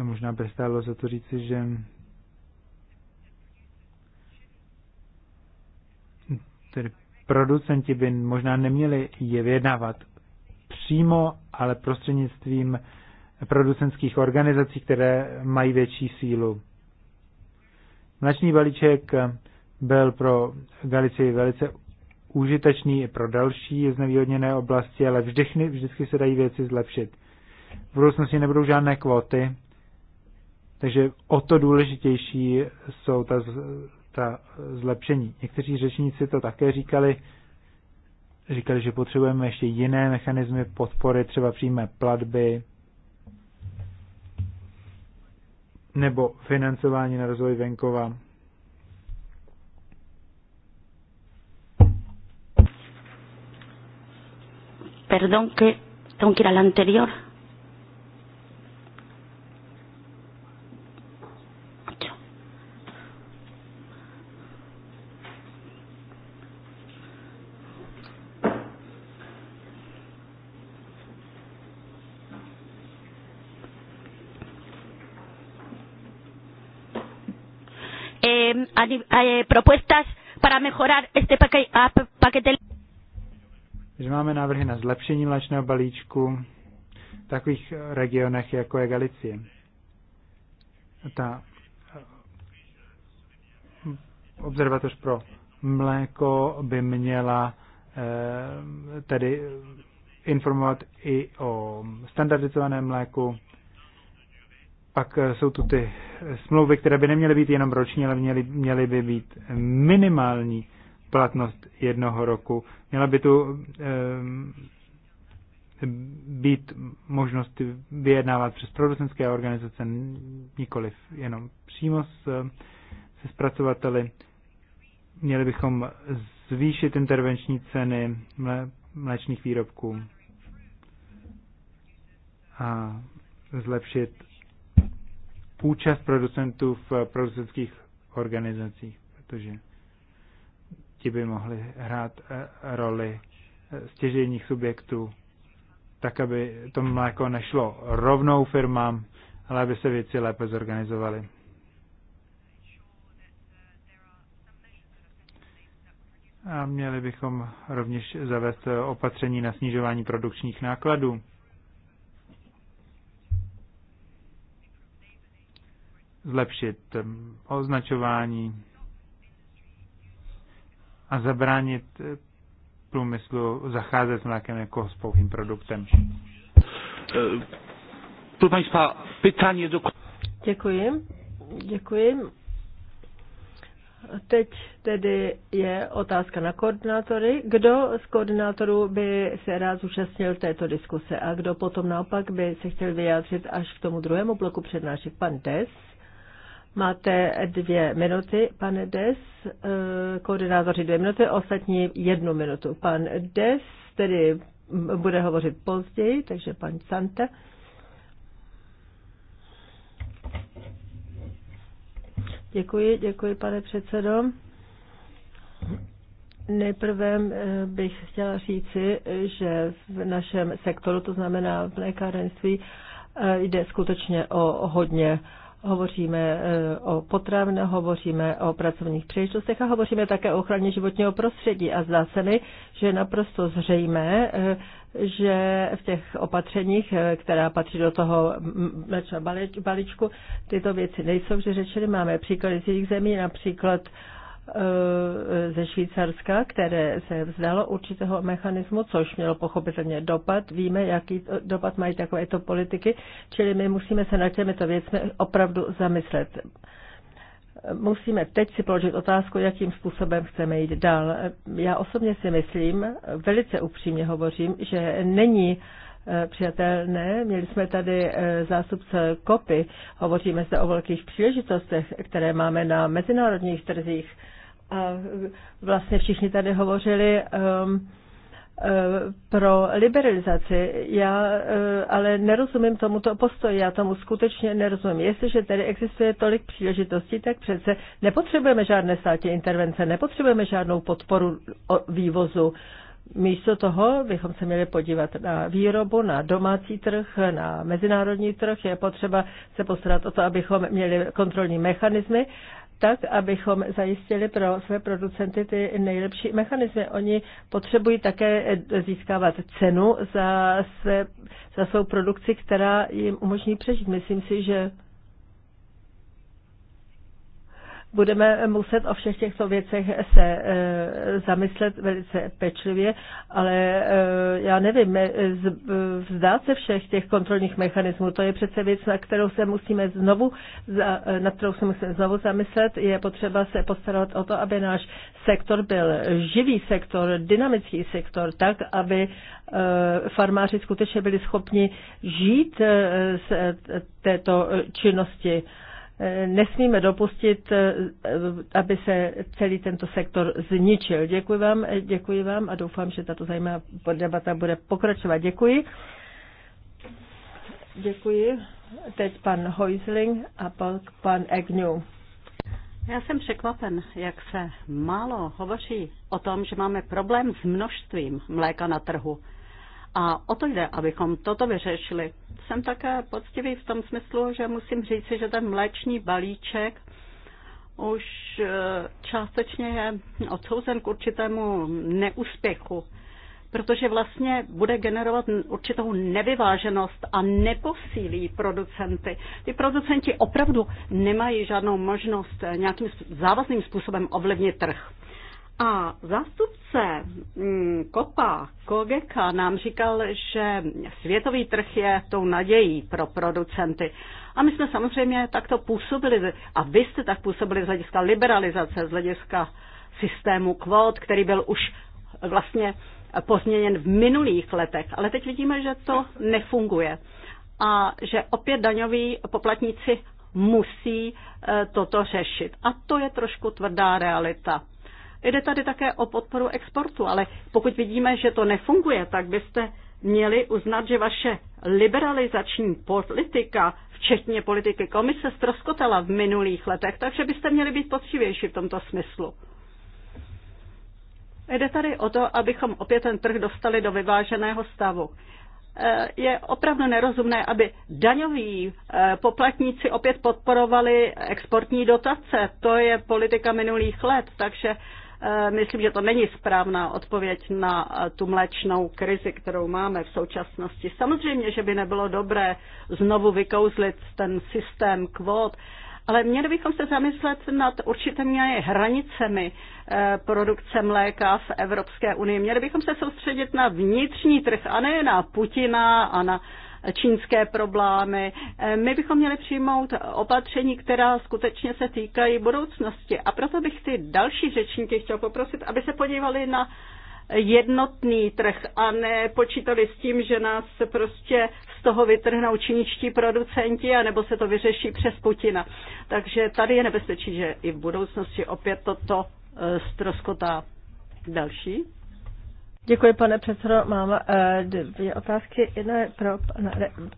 a možná by stálo za to říci, že tedy producenti by možná neměli je vyjednávat přímo, ale prostřednictvím producentských organizací, které mají větší sílu. Mlační balíček byl pro Galici velice užitečný i pro další znevýhodněné oblasti, ale vždycky, vždycky se dají věci zlepšit v budoucnosti nebudou žádné kvóty, takže o to důležitější jsou ta, ta zlepšení. Někteří řečníci to také říkali, říkali, že potřebujeme ještě jiné mechanismy podpory, třeba přímé platby nebo financování na rozvoj venkova. Perdón, que tengo que ir al anterior. eh, propuestas para mejorar este ah, paquete. paquete. Když máme návrhy na zlepšení mléčného balíčku v takových eh, regionech, jako je Galicie. Ta eh, observatoř pro mléko by měla eh, tedy informovat i o standardizovaném mléku, pak eh, jsou tu ty smlouvy, které by neměly být jenom roční, ale měly, měly by být minimální platnost jednoho roku. Měla by tu e, být možnost vyjednávat přes producenské organizace, nikoli jenom přímo s, se zpracovateli. Měli bychom zvýšit intervenční ceny mle, mléčných výrobků a zlepšit účast producentů v producentských organizacích, protože ti by mohli hrát eh, roli eh, stěžejních subjektů, tak aby to mléko nešlo rovnou firmám, ale aby se věci lépe zorganizovaly. A měli bychom rovněž zavést opatření na snižování produkčních nákladů zlepšit ehm, označování a zabránit eh, průmyslu zacházet s mlékem jako s pouhým produktem. Eh, państwa, do... Děkuji. Děkuji. Teď tedy je otázka na koordinátory. Kdo z koordinátorů by se rád zúčastnil této diskuse a kdo potom naopak by se chtěl vyjádřit až k tomu druhému bloku přednášek? Pan Des. Máte dvě minuty, pane Des, eh, koordinátoři dvě minuty, ostatní jednu minutu. Pan Des tedy bude hovořit později, takže pan Santa. Děkuji, děkuji, pane předsedo. Nejprve eh, bych chtěla říci, že v našem sektoru, to znamená v lékárenství, eh, jde skutečně o hodně Hovoříme e, o potravně, hovoříme o pracovních příležitostech a hovoříme také o ochraně životního prostředí. A zdá se mi, že je naprosto zřejmé, e, že v těch opatřeních, e, která patří do toho balíčku, tyto věci nejsou vždy řečeny. Máme příklady z jiných zemí, například Eh, ze Švýcarska, které se vzdalo určitého mechanismu, což mělo pochopitelně dopad. Víme, jaký dopad mají takovéto politiky, čili my musíme se nad těmito věcmi opravdu zamyslet. Musíme teď si položit otázku, jakým způsobem chceme jít dál. Já osobně si myslím, velice upřímně hovořím, že není uh, Eh, přijatelné. Měli jsme tady eh, zástupce kopy. Hovoříme se o velkých příležitostech, které máme na mezinárodních trzích. A vlastně všichni tady hovořili um, pro liberalizaci. Já ale nerozumím tomuto postoji, já tomu skutečně nerozumím. Jestliže tady existuje tolik příležitostí, tak přece nepotřebujeme žádné státě intervence, nepotřebujeme žádnou podporu vývozu. Místo toho bychom se měli podívat na výrobu, na domácí trh, na mezinárodní trh. Je potřeba se postarat o to, abychom měli kontrolní mechanismy, tak, abychom zajistili pro své producenty ty nejlepší mechanismy. Oni potřebují také získávat cenu za, své, za svou produkci, která jim umožní přežít. Myslím si, že budeme muset o všech těchto věcech se eh, zamyslet velice pečlivě, ale eh, já nevím, eh, vzdát se všech těch kontrolních mechanismů, to je přece věc, na kterou se musíme znovu, na kterou se musíme znovu zamyslet. Je potřeba se postarat o to, aby náš sektor byl živý sektor, dynamický sektor, tak, aby farmáři skutečně byli schopni žít z této činnosti. Eh, nesmíme dopustit, eh, eh, aby se celý tento sektor zničil. Děkuji vám, děkuji vám a doufám, že tato zajímavá debata bude pokračovat. Děkuji. Děkuji. Teď pan Heusling a pak pan Agnew. Já jsem překvapen, jak se málo hovoří o tom, že máme problém s množstvím mléka na trhu. A o to jde, abychom toto vyřešili jsem také poctivý v tom smyslu, že musím říct, že ten mléční balíček už eh, částečně je odsouzen k určitému neúspěchu, protože vlastně bude generovat určitou nevyváženost a neposílí producenty. Ty producenti opravdu nemají žádnou možnost nějakým závazným způsobem ovlivnit trh. A zástupce mm, Kopa Kogeka nám říkal, že světový trh je tou nadějí pro producenty. A my jsme samozřejmě takto působili, a vy jste tak působili z hlediska liberalizace, z hlediska systému kvót, který byl už vlastně pozměněn v minulých letech. Ale teď vidíme, že to nefunguje a že opět daňoví poplatníci musí eh, toto řešit. A to je trošku tvrdá realita. Jde tady také o podporu exportu, ale pokud vidíme, že to nefunguje, tak byste měli uznat, že vaše liberalizační politika, včetně politiky komise, ztroskotala v minulých letech, takže byste měli být potřívější v tomto smyslu. Jde tady o to, abychom opět ten trh dostali do vyváženého stavu. Eh, je opravdu nerozumné, aby daňoví eh, poplatníci opět podporovali exportní dotace. To je politika minulých let, takže Eh, myslím, že to není správná odpověď na eh, tu mléčnou krizi, kterou máme v současnosti. Samozřejmě, že by nebylo dobré znovu vykouzlit ten systém kvót, ale měli bychom se zamyslet nad určitými hranicemi eh, produkce mléka v Evropské unii. Měli bychom se soustředit na vnitřní trh a ne na Putina a na čínské problémy. Eh, my bychom měli přijmout opatření, která skutečně se týkají budoucnosti. A proto bych ty další řečníky chtěl poprosit, aby se podívali na jednotný trh a nepočítali s tím, že nás se prostě z toho vytrhnou činičtí producenti a nebo se to vyřeší přes Putina. Takže tady je nebezpečí, že i v budoucnosti opět toto stroskotá. Eh, další. Děkuji, pane předsedo. Mám eh, dvě otázky. Jedna je pro pana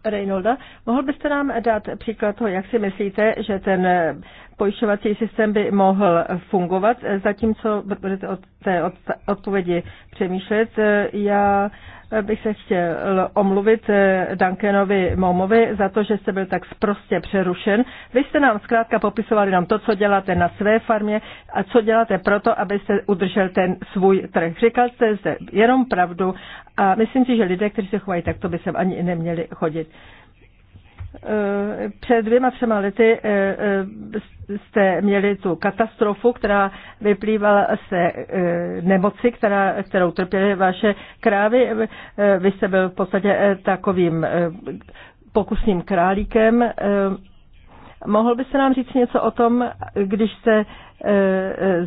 Reynolda. Mohl byste nám dát příklad toho, jak si myslíte, že ten eh, pojišťovací systém by mohl fungovat, eh, zatímco budete od té odpovědi přemýšlet. Já bych se chtěl omluvit eh, Duncanovi Momovi za to, že jste byl tak prostě přerušen. Vy jste nám zkrátka popisovali nám to, co děláte na své farmě a co děláte proto, abyste udržel ten svůj trh. Říkal jste zde jenom pravdu a myslím si, že lidé, kteří se chovají takto, by se ani neměli chodit. Eh, před dvěma, třema lety eh, eh, jste měli tu katastrofu, která vyplývala z nemoci, která, kterou trpěly vaše krávy. Vy jste byl v podstatě takovým pokusným králíkem. Mohl byste nám říct něco o tom, když jste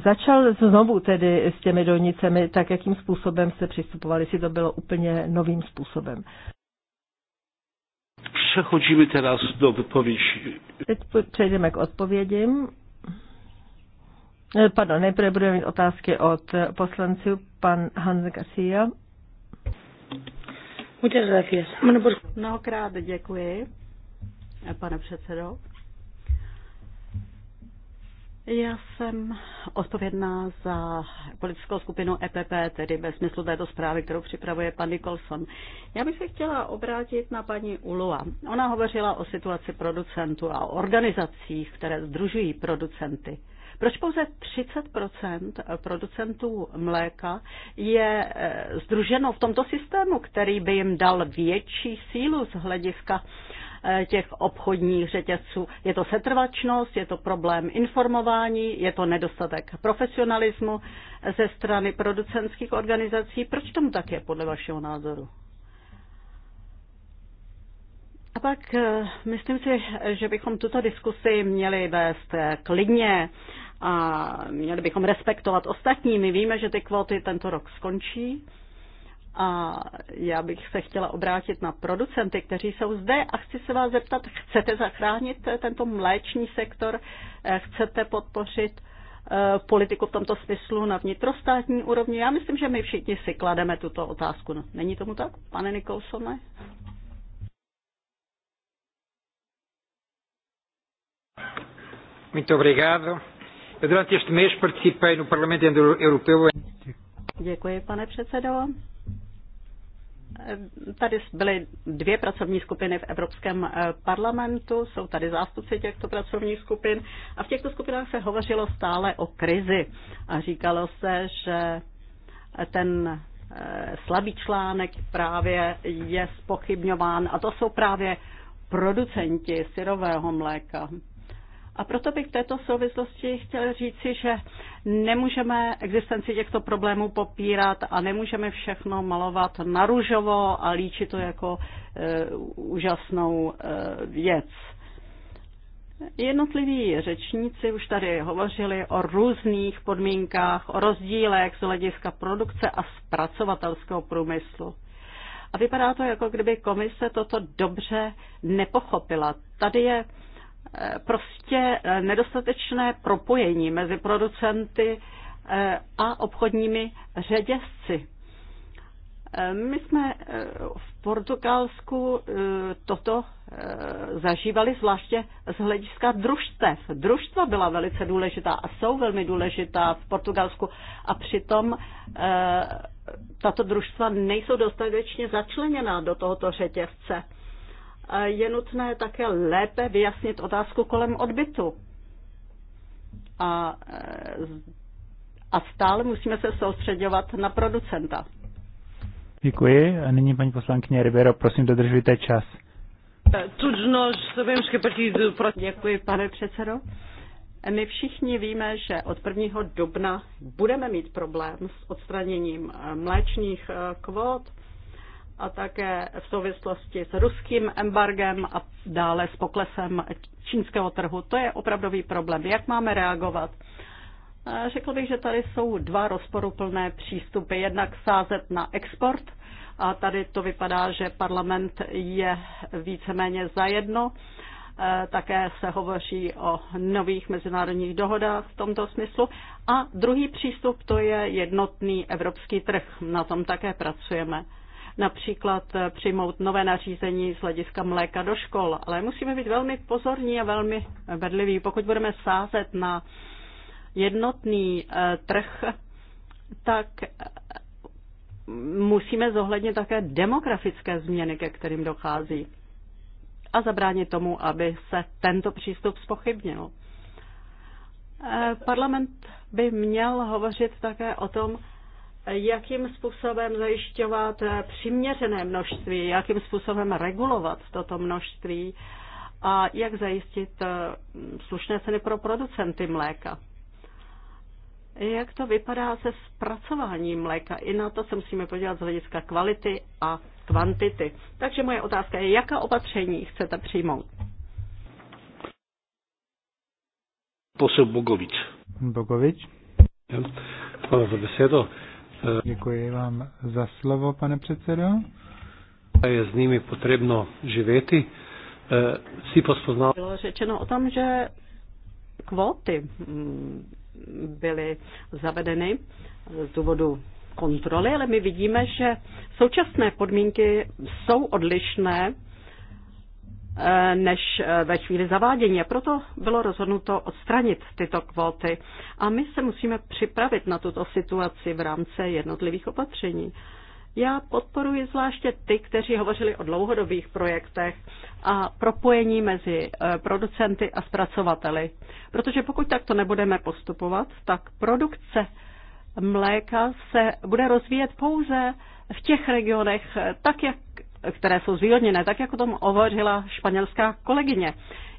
začal znovu tedy s těmi donicemi, tak jakým způsobem jste přistupovali, jestli to bylo úplně novým způsobem? Přechodíme teraz do vypovědi. Teď přejdeme k odpovědím. Eh, pardon, nejprve budeme mít otázky od poslanců, pan Hans Garcia. Muchas gracias. Mnohokrát děkuji, pane předsedo. Já jsem odpovědná za politickou skupinu EPP, tedy ve smyslu této zprávy, kterou připravuje pan Nicholson. Já bych se chtěla obrátit na paní Ulua. Ona hovořila o situaci producentů a o organizacích, které združují producenty. Proč pouze 30 producentů mléka je e, združeno v tomto systému, který by jim dal větší sílu z hlediska Eh, těch obchodních řetězců. Je to setrvačnost, je to problém informování, je to nedostatek profesionalismu ze strany producentských organizací. Proč tomu tak je podle vašeho názoru? A pak eh, myslím si, že bychom tuto diskusi měli vést eh, klidně a měli bychom respektovat ostatní. My víme, že ty kvóty tento rok skončí a já bych se chtěla obrátit na producenty, kteří jsou zde a chci se vás zeptat, chcete zachránit tento mléční sektor, eh, chcete podpořit eh, politiku v tomto smyslu na vnitrostátní úrovni? Já myslím, že my všichni si klademe tuto otázku. No, není tomu tak, pane Nikolsone? Muito obrigado. durante este mês participei no Parlamento Europeu. Děkuji, pane předsedo. Tady byly dvě pracovní skupiny v Evropském eh, parlamentu, jsou tady zástupci těchto pracovních skupin a v těchto skupinách se hovořilo stále o krizi a říkalo se, že ten eh, slabý článek právě je spochybňován a to jsou právě producenti syrového mléka. A proto bych v této souvislosti chtěl říci, že nemůžeme existenci těchto problémů popírat a nemůžeme všechno malovat na růžovo a líčit to jako e, úžasnou e, věc. Jednotliví řečníci už tady hovořili o různých podmínkách, o rozdílech z hlediska produkce a zpracovatelského průmyslu. A vypadá to, jako kdyby komise toto dobře nepochopila. Tady je Eh, prostě eh, nedostatečné propojení mezi producenty eh, a obchodními řetězci. My jsme v Portugalsku toto zažívali zvláště z hlediska družstev. Družstva byla velice důležitá a jsou velmi důležitá v Portugalsku a přitom tato družstva nejsou dostatečně začleněná do tohoto řetězce je nutné také lépe vyjasnit otázku kolem odbytu. A, e, a stále musíme se soustředovat na producenta. Děkuji. A nyní paní poslankyně Ribero, prosím, dodržujte čas. Děkuji, pane předsedo. My všichni víme, že od 1. dubna budeme mít problém s odstraněním mléčných e, kvót a také v souvislosti s ruským embargem a dále s poklesem čínského trhu. To je opravdový problém. Jak máme reagovat? Řekl bych, že tady jsou dva rozporuplné přístupy. Jednak sázet na export a tady to vypadá, že parlament je víceméně zajedno. E, také se hovoří o nových mezinárodních dohodách v tomto smyslu. A druhý přístup to je jednotný evropský trh. Na tom také pracujeme například eh, přijmout nové nařízení z hlediska mléka do škol. Ale musíme být velmi pozorní a velmi vedliví, Pokud budeme sázet na jednotný eh, trh, tak eh, musíme zohlednit také demografické změny, ke kterým dochází a zabránit tomu, aby se tento přístup spochybnil. Parlament by měl hovořit také o tom, jakým způsobem zajišťovat přiměřené množství, jakým způsobem regulovat toto množství a jak zajistit eh, slušné ceny pro producenty mléka. Jak to vypadá se zpracováním mléka? I na to se musíme podívat z hlediska kvality a kvantity. Takže moje otázka je, jaká opatření chcete přijmout? Posel Bogovič. Bogovič. Hvala za besedo. Děkuji vám za slovo, pane předsedo. Je s nimi potřebno živět. E, si pospoznal. Bylo řečeno o tom, že kvóty mm, byly zavedeny z důvodu kontroly, ale my vidíme, že současné podmínky jsou odlišné Eh, než eh, ve chvíli zavádění. A proto bylo rozhodnuto odstranit tyto kvóty. A my se musíme připravit na tuto situaci v rámci jednotlivých opatření. Já podporuji zvláště ty, kteří hovořili o dlouhodobých projektech a propojení mezi eh, producenty a zpracovateli. Protože pokud takto nebudeme postupovat, tak produkce mléka se bude rozvíjet pouze v těch regionech, tak jak které jsou zvýhodněné, tak jako tom hovořila španělská kolegyně.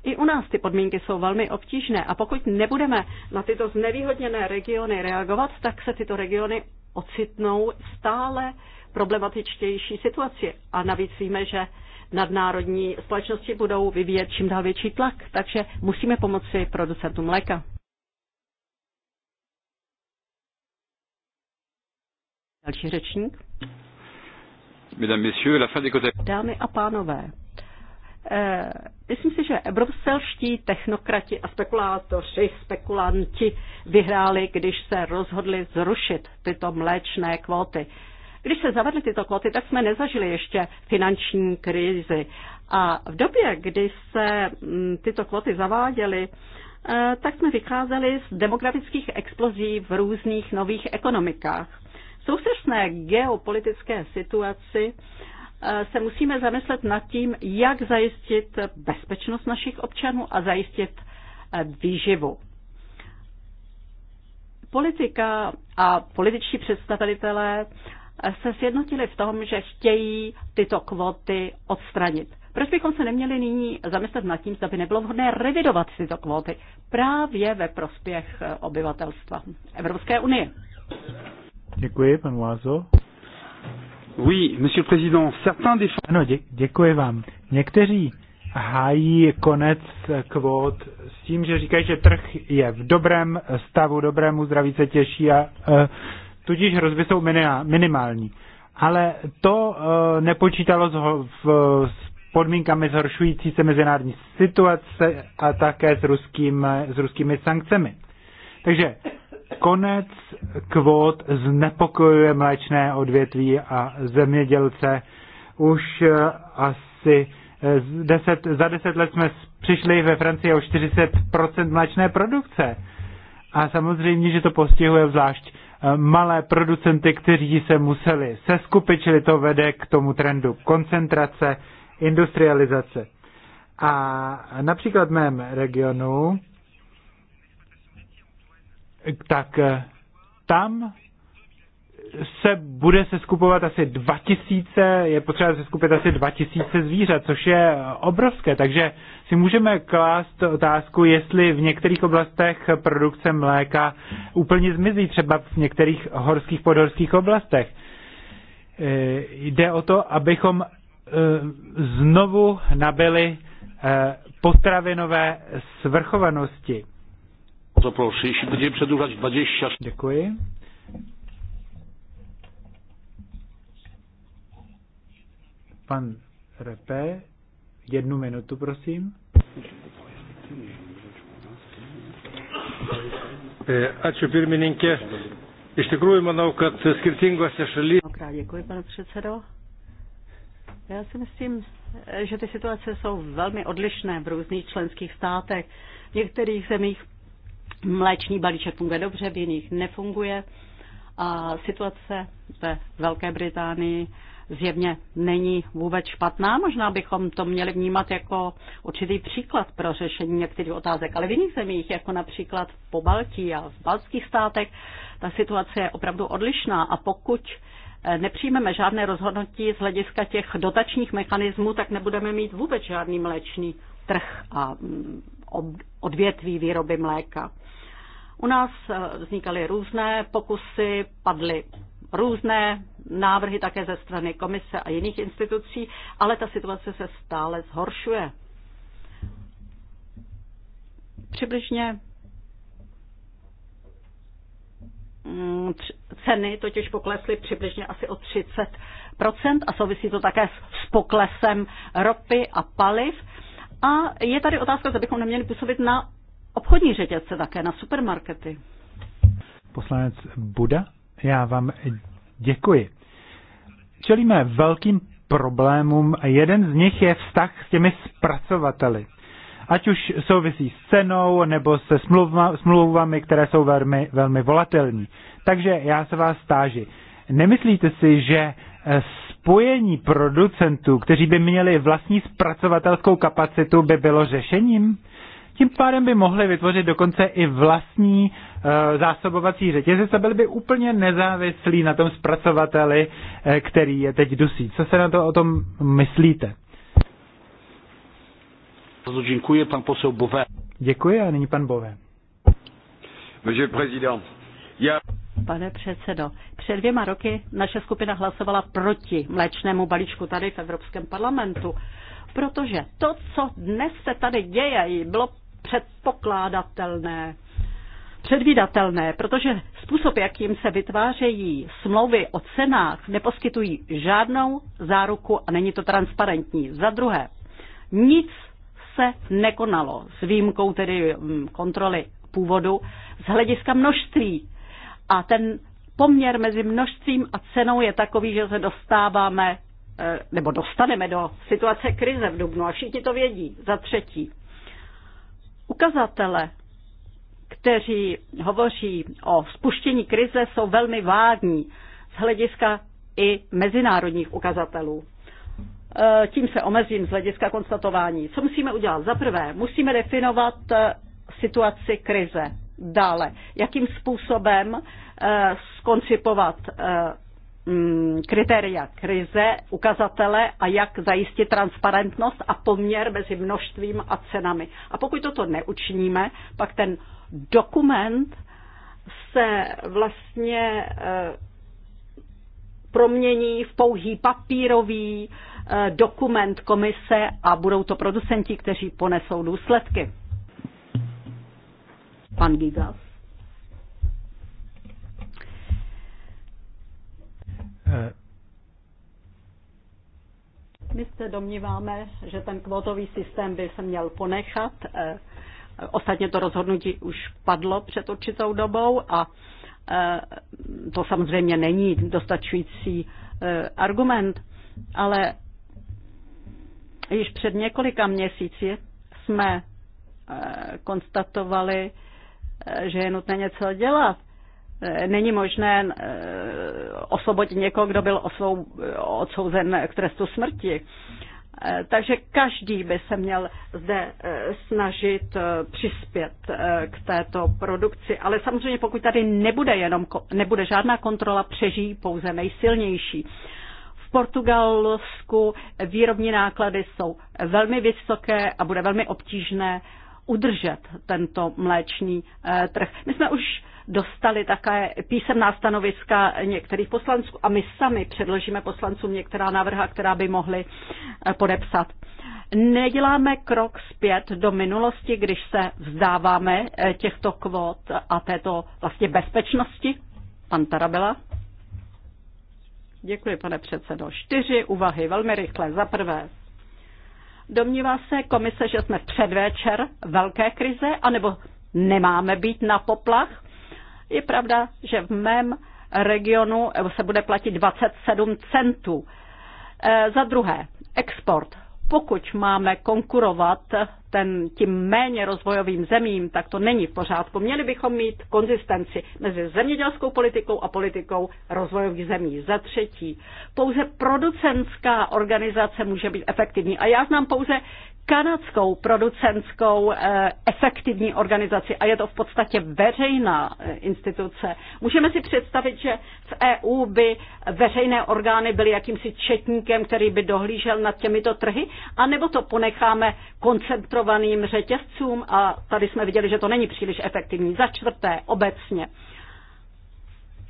I u nás ty podmínky jsou velmi obtížné a pokud nebudeme na tyto znevýhodněné regiony reagovat, tak se tyto regiony ocitnou stále problematičtější situaci. A navíc víme, že nadnárodní společnosti budou vyvíjet čím dál větší tlak, takže musíme pomoci producentům mléka. Další řečník. Dámy a pánové, eh, myslím si, že evropselští technokrati a spekulátoři, spekulanti vyhráli, když se rozhodli zrušit tyto mléčné kvóty. Když se zavedly tyto kvóty, tak jsme nezažili ještě finanční krizi. A v době, kdy se mm, tyto kvóty zaváděly, eh, tak jsme vycházeli z demografických explozí v různých nových ekonomikách současné geopolitické situaci eh, se musíme zamyslet nad tím, jak zajistit bezpečnost našich občanů a zajistit eh, výživu. Politika a političtí představitelé eh, se sjednotili v tom, že chtějí tyto kvóty odstranit. Proč bychom se neměli nyní zamyslet nad tím, zda by nebylo vhodné revidovat tyto kvóty právě ve prospěch obyvatelstva Evropské unie? Děkuji, pan Lázo. Oui, monsieur le président, certains des... Ano, dě- děkuji vám. Někteří hájí konec kvót s tím, že říkají, že trh je v dobrém stavu, dobrému zdraví se těší a uh, tudíž hrozby jsou minimální. Ale to uh, nepočítalo s, v, s podmínkami zhoršující se mezinárodní situace a také s, ruským, s ruskými sankcemi. Takže Konec kvót znepokojuje mléčné odvětví a zemědělce. Už eh, asi eh, deset, za deset let jsme přišli ve Francii o 40% mléčné produkce. A samozřejmě, že to postihuje zvlášť eh, malé producenty, kteří se museli seskupit, čili to vede k tomu trendu koncentrace, industrializace. A například v mém regionu tak eh, tam se bude se skupovat asi 2000, je potřeba se skupit asi 2000 zvířat, což je obrovské, takže si můžeme klást otázku, jestli v některých oblastech produkce mléka úplně zmizí, třeba v některých horských podhorských oblastech. Eh, jde o to, abychom eh, znovu nabili potravinové svrchovanosti bardzo proszę, jeśli będziemy przedłużać 20... Děkuji. Pan RP, jednu minutu, prosím. E, ačiū pirmininkė. Iš tikrųjų, manau, kad skirtingose šalyse. Mnohokrát děkuji, pane předsedo. Já si myslím, že ty situace jsou velmi odlišné v různých členských státech. V některých zemích mléčný balíček funguje dobře, v jiných nefunguje. A situace ve Velké Británii zjevně není vůbec špatná. Možná bychom to měli vnímat jako určitý příklad pro řešení některých otázek, ale v jiných zemích, jako například v Pobaltí a v baltských státech, ta situace je opravdu odlišná a pokud eh, nepřijmeme žádné rozhodnutí z hlediska těch dotačních mechanismů, tak nebudeme mít vůbec žádný mléčný trh a mm, odvětví výroby mléka. U nás eh, vznikaly různé pokusy, padly různé návrhy také ze strany komise a jiných institucí, ale ta situace se stále zhoršuje. Přibližně mm, ceny totiž poklesly přibližně asi o 30 a souvisí to také s poklesem ropy a paliv. A je tady otázka, zda bychom neměli působit na obchodní řetězce, také na supermarkety. Poslanec Buda, já vám děkuji. Čelíme velkým problémům a jeden z nich je vztah s těmi zpracovateli. Ať už souvisí s cenou nebo se smlouvami, které jsou velmi, velmi volatelní. Takže já se vás stáži. Nemyslíte si, že eh, spojení producentů, kteří by měli vlastní zpracovatelskou kapacitu, by bylo řešením? Tím pádem by mohli vytvořit dokonce i vlastní uh, zásobovací řetězec a byli by úplně nezávislí na tom zpracovateli, uh, který je teď dusí. Co se na to o tom myslíte? Děkuji, pan posel Bové. Děkuji a nyní pan Bové. Monsieur prezident, já... Pane předsedo, před dvěma roky naše skupina hlasovala proti mléčnému balíčku tady v Evropském parlamentu, protože to, co dnes se tady děje, bylo předpokládatelné, předvídatelné, protože způsob, jakým se vytvářejí smlouvy o cenách, neposkytují žádnou záruku a není to transparentní. Za druhé, nic se nekonalo s výjimkou tedy mm, kontroly původu z hlediska množství. A ten poměr mezi množstvím a cenou je takový, že se dostáváme eh, nebo dostaneme do situace krize v Dubnu a všichni to vědí. Za třetí, Ukazatele, kteří hovoří o spuštění krize, jsou velmi vágní z hlediska i mezinárodních ukazatelů. E, tím se omezím z hlediska konstatování. Co musíme udělat? Za prvé, musíme definovat e, situaci krize. Dále, jakým způsobem e, skoncipovat Mm, kritéria krize, ukazatele a jak zajistit transparentnost a poměr mezi množstvím a cenami. A pokud toto neučiníme, pak ten dokument se vlastně e, promění v pouhý papírový e, dokument komise a budou to producenti, kteří ponesou důsledky. Pan Gigas. My se domníváme, že ten kvotový systém by se měl ponechat. Eh, ostatně to rozhodnutí už padlo před určitou dobou a eh, to samozřejmě není dostačující eh, argument, ale již před několika měsíci jsme konstatovali, že je nutné něco dělat není možné eh, osvobodit někoho, kdo byl odsouzen k trestu smrti. Eh, takže každý by se měl zde eh, snažit přispět k této produkci. Ale samozřejmě, pokud tady nebude, jenom, nebude žádná kontrola, přežijí pouze nejsilnější. V Portugalsku výrobní náklady jsou velmi vysoké a bude velmi obtížné udržet tento mléčný eh, trh. My jsme už dostali také písemná stanoviska některých poslanců a my sami předložíme poslancům některá návrha, která by mohli eh, podepsat. Neděláme krok zpět do minulosti, když se vzdáváme eh, těchto kvót a této vlastně bezpečnosti. Pan Tarabela. Děkuji, pane předsedo. Čtyři úvahy, velmi rychle. Za prvé, Domnívá se komise, že jsme předvečer velké krize, anebo nemáme být na poplach? Je pravda, že v mém regionu se bude platit 27 centů. E, za druhé, export pokud máme konkurovat ten, tím méně rozvojovým zemím, tak to není v pořádku. Měli bychom mít konzistenci mezi zemědělskou politikou a politikou rozvojových zemí. Za třetí, pouze producentská organizace může být efektivní. A já znám pouze kanadskou producentskou eh, efektivní organizaci a je to v podstatě veřejná eh, instituce. Můžeme si představit, že v EU by veřejné orgány byly jakýmsi četníkem, který by dohlížel nad těmito trhy, anebo to ponecháme koncentrovaným řetězcům a tady jsme viděli, že to není příliš efektivní. Za čtvrté, obecně.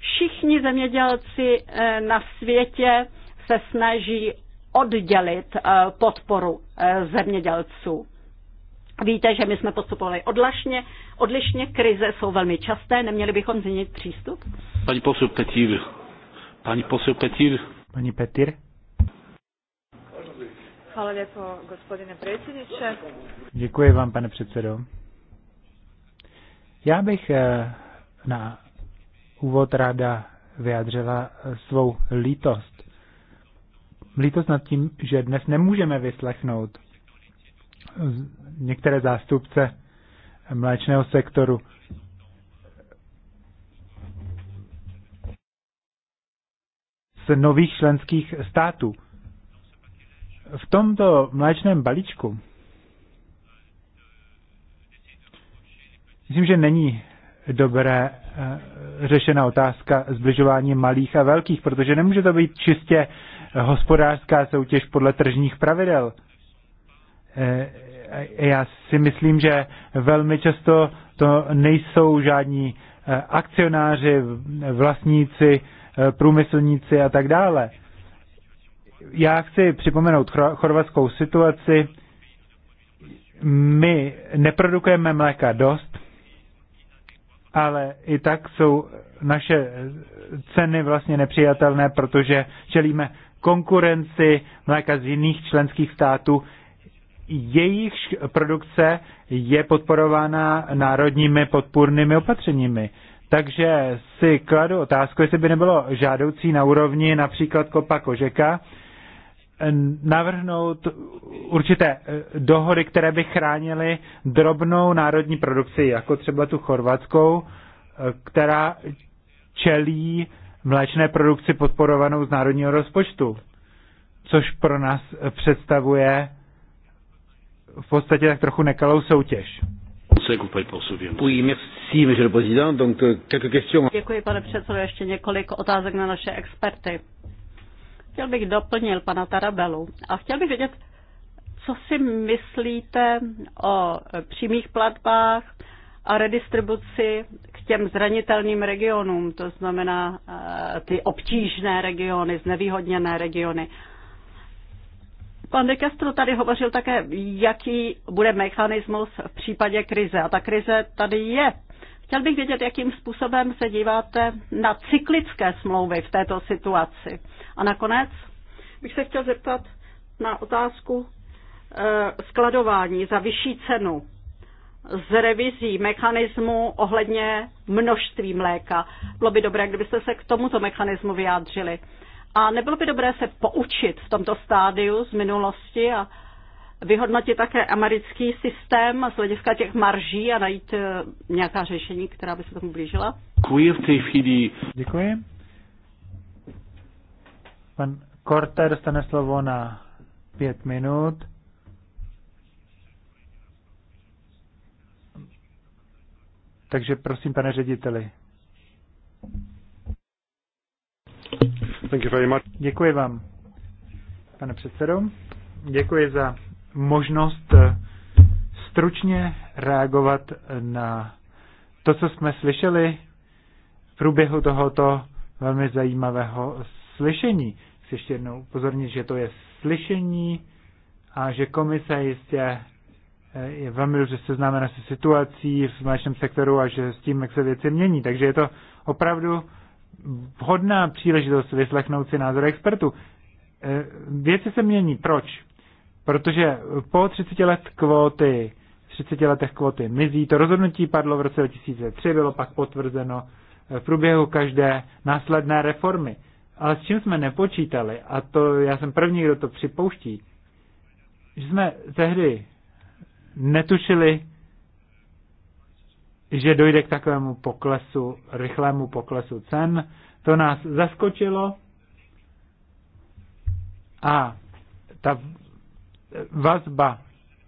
Všichni zemědělci eh, na světě se snaží oddělit eh, podporu eh, zemědělců. Víte, že my jsme postupovali odlašně, odlišně, krize jsou velmi časté, neměli bychom změnit přístup? Pani posil Petír. Pani posil Petír. Pani Petír. Hvala gospodine predsjedniče. Děkuji vám, pane předsedo. Já bych eh, na úvod ráda vyjádřila svou lítost lítost nad tím, že dnes nemůžeme vyslechnout některé zástupce mléčného sektoru. z nových členských států. V tomto mléčném balíčku myslím, že není dobré Eh, řešena otázka zbližování malých a velkých, protože nemůže to být čistě hospodářská soutěž podle tržních pravidel. Eh, já si myslím, že velmi často to nejsou žádní eh, akcionáři, vlastníci, průmyslníci a tak dále. Já chci připomenout chorvatskou situaci. My neprodukujeme mléka dost, ale i tak jsou naše ceny vlastně nepřijatelné, protože čelíme konkurenci mléka z jiných členských států. Jejich produkce je podporována národními podpůrnými opatřeními. Takže si kladu otázku, jestli by nebylo žádoucí na úrovni například kopa kožeka, navrhnout určité eh, dohody, které by chránily drobnou národní produkci, jako třeba tu chorvatskou, eh, která čelí mléčné produkci podporovanou z národního rozpočtu, což pro nás představuje v podstatě tak trochu nekalou soutěž. Euh, Děkuji, pane předsedo, ještě několik otázek na naše experty. Chtěl bych doplnil pana Tarabelu a chtěl bych vědět, co si myslíte o přímých platbách a redistribuci k těm zranitelným regionům, to znamená eh, ty obtížné regiony, znevýhodněné regiony. Pan de Castro tady hovořil také, jaký bude mechanismus v případě krize. A ta krize tady je. Chtěl bych vědět, jakým způsobem se díváte na cyklické smlouvy v této situaci. A nakonec bych se chtěl zeptat na otázku e, skladování za vyšší cenu z revizí mechanismu ohledně množství mléka. Bylo by dobré, kdybyste se k tomuto mechanismu vyjádřili. A nebylo by dobré se poučit v tomto stádiu z minulosti a vyhodnotit také americký systém z hlediska těch marží a najít eh, nějaká řešení, která by se tomu blížila? Děkuji v té chvíli. Děkuji. Pan Korte dostane slovo na pět minut. Takže prosím, pane řediteli. Děkuji vám, pane předsedo. Děkuji za možnost eh, stručně reagovat na to, co jsme slyšeli v průběhu tohoto velmi zajímavého slyšení. Chci ještě jednou upozornit, že to je slyšení a že komise jistě eh, je velmi dobře seznámena se situací v našem sektoru a že s tím, jak se věci mění. Takže je to opravdu vhodná příležitost vyslechnout si názor expertů. Eh, věci se mění. Proč? Protože po 30 let kvóty, 30 letech kvóty mizí, to rozhodnutí padlo v roce 2003, bylo pak potvrzeno v průběhu každé následné reformy. Ale s čím jsme nepočítali, a to já jsem první, kdo to připouští, že jsme tehdy netušili, že dojde k takovému poklesu, rychlému poklesu cen. To nás zaskočilo a ta vazba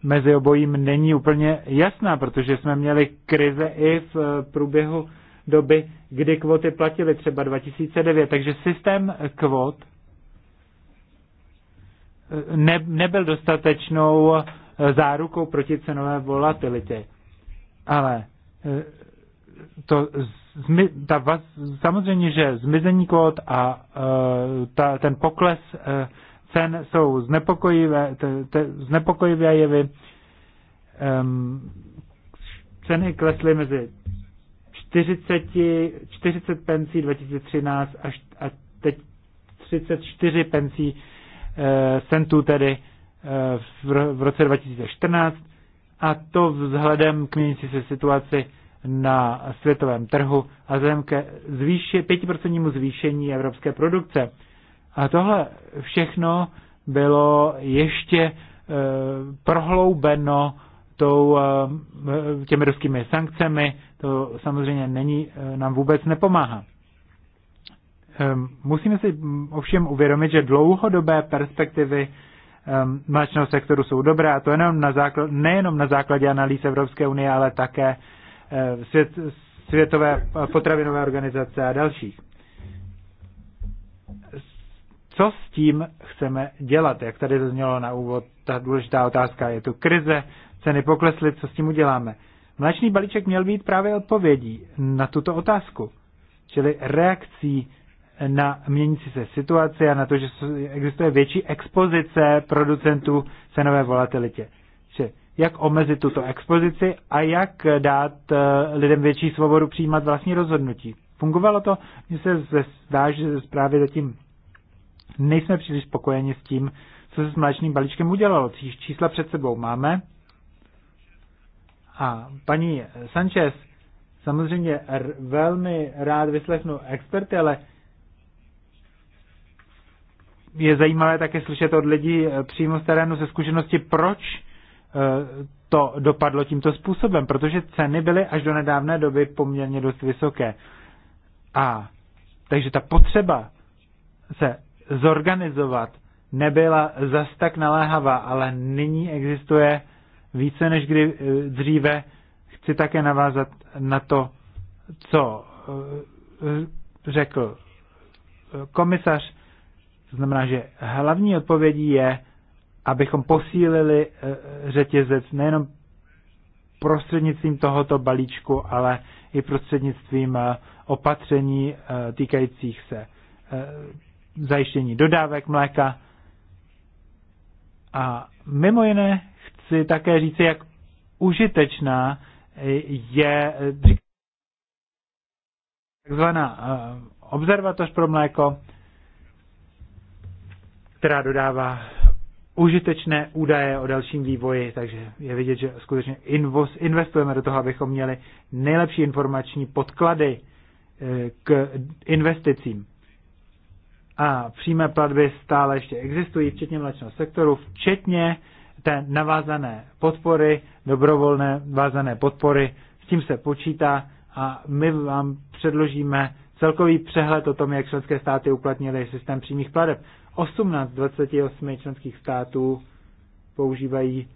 mezi obojím není úplně jasná, protože jsme měli krize i v eh, průběhu doby, kdy kvoty platily třeba 2009, takže systém kvot eh, ne, nebyl dostatečnou eh, zárukou proti cenové volatilitě. Ale to, ta vaz, samozřejmě, že zmizení kvot a ta, ten pokles cen jsou znepokojivé, te, te, jevy. Um, ceny klesly mezi 40, 40 pencí 2013 až a teď 34 pencí uh, centů tedy uh, v, v roce 2014 a to vzhledem k měnící se situaci na světovém trhu a vzhledem ke zvýši, 5% zvýšení evropské produkce. A tohle všechno bylo ještě eh, prohloubeno tou, eh, eh, těmi ruskými sankcemi, to samozřejmě není, nám vůbec nepomáhá. Ehm, musíme si mm, ovšem uvědomit, že dlouhodobé perspektivy ehm, mléčného sektoru jsou dobré, a to jenom na základ, nejenom na základě analýz Evropské unie, ale také svět, Světové potravinové organizace a dalších co s tím chceme dělat. Jak tady zaznělo na úvod, ta důležitá otázka je tu krize, ceny poklesly, co s tím uděláme. Mléčný balíček měl být právě odpovědí na tuto otázku, čili reakcí na měnící se situaci a na to, že existuje větší expozice producentů cenové volatilitě. Čili jak omezit tuto expozici a jak dát eh, lidem větší svobodu přijímat vlastní rozhodnutí. Fungovalo to? Mně se zdá, že ze zprávy zatím nejsme příliš spokojeni s tím, co se s mléčným balíčkem udělalo. Čísla před sebou máme. A paní Sanchez, samozřejmě velmi rád vyslechnu experty, ale je zajímavé také slyšet od lidí eh, přímo z terénu ze zkušenosti, proč eh, to dopadlo tímto způsobem, protože ceny byly až do nedávné doby poměrně dost vysoké. A takže ta potřeba se zorganizovat, nebyla zas tak naléhavá, ale nyní existuje více než kdy eh, dříve. Chci také navázat na to, co eh, řekl eh, komisař. To znamená, že hlavní odpovědí je, abychom posílili řetězec nejenom prostřednictvím tohoto balíčku, ale i prostřednictvím opatření týkajících se zajištění dodávek mléka. A mimo jiné chci také říci, jak užitečná je takzvaná eh, observatoř pro mléko, která dodává užitečné údaje o dalším vývoji, takže je vidět, že skutečně investujeme do toho, abychom měli nejlepší informační podklady eh, k investicím a přímé platby stále ještě existují, včetně mléčného sektoru, včetně té navázané podpory, dobrovolné vázané podpory, s tím se počítá a my vám předložíme celkový přehled o tom, jak členské státy uplatnily systém přímých plateb. 18 28 členských států používají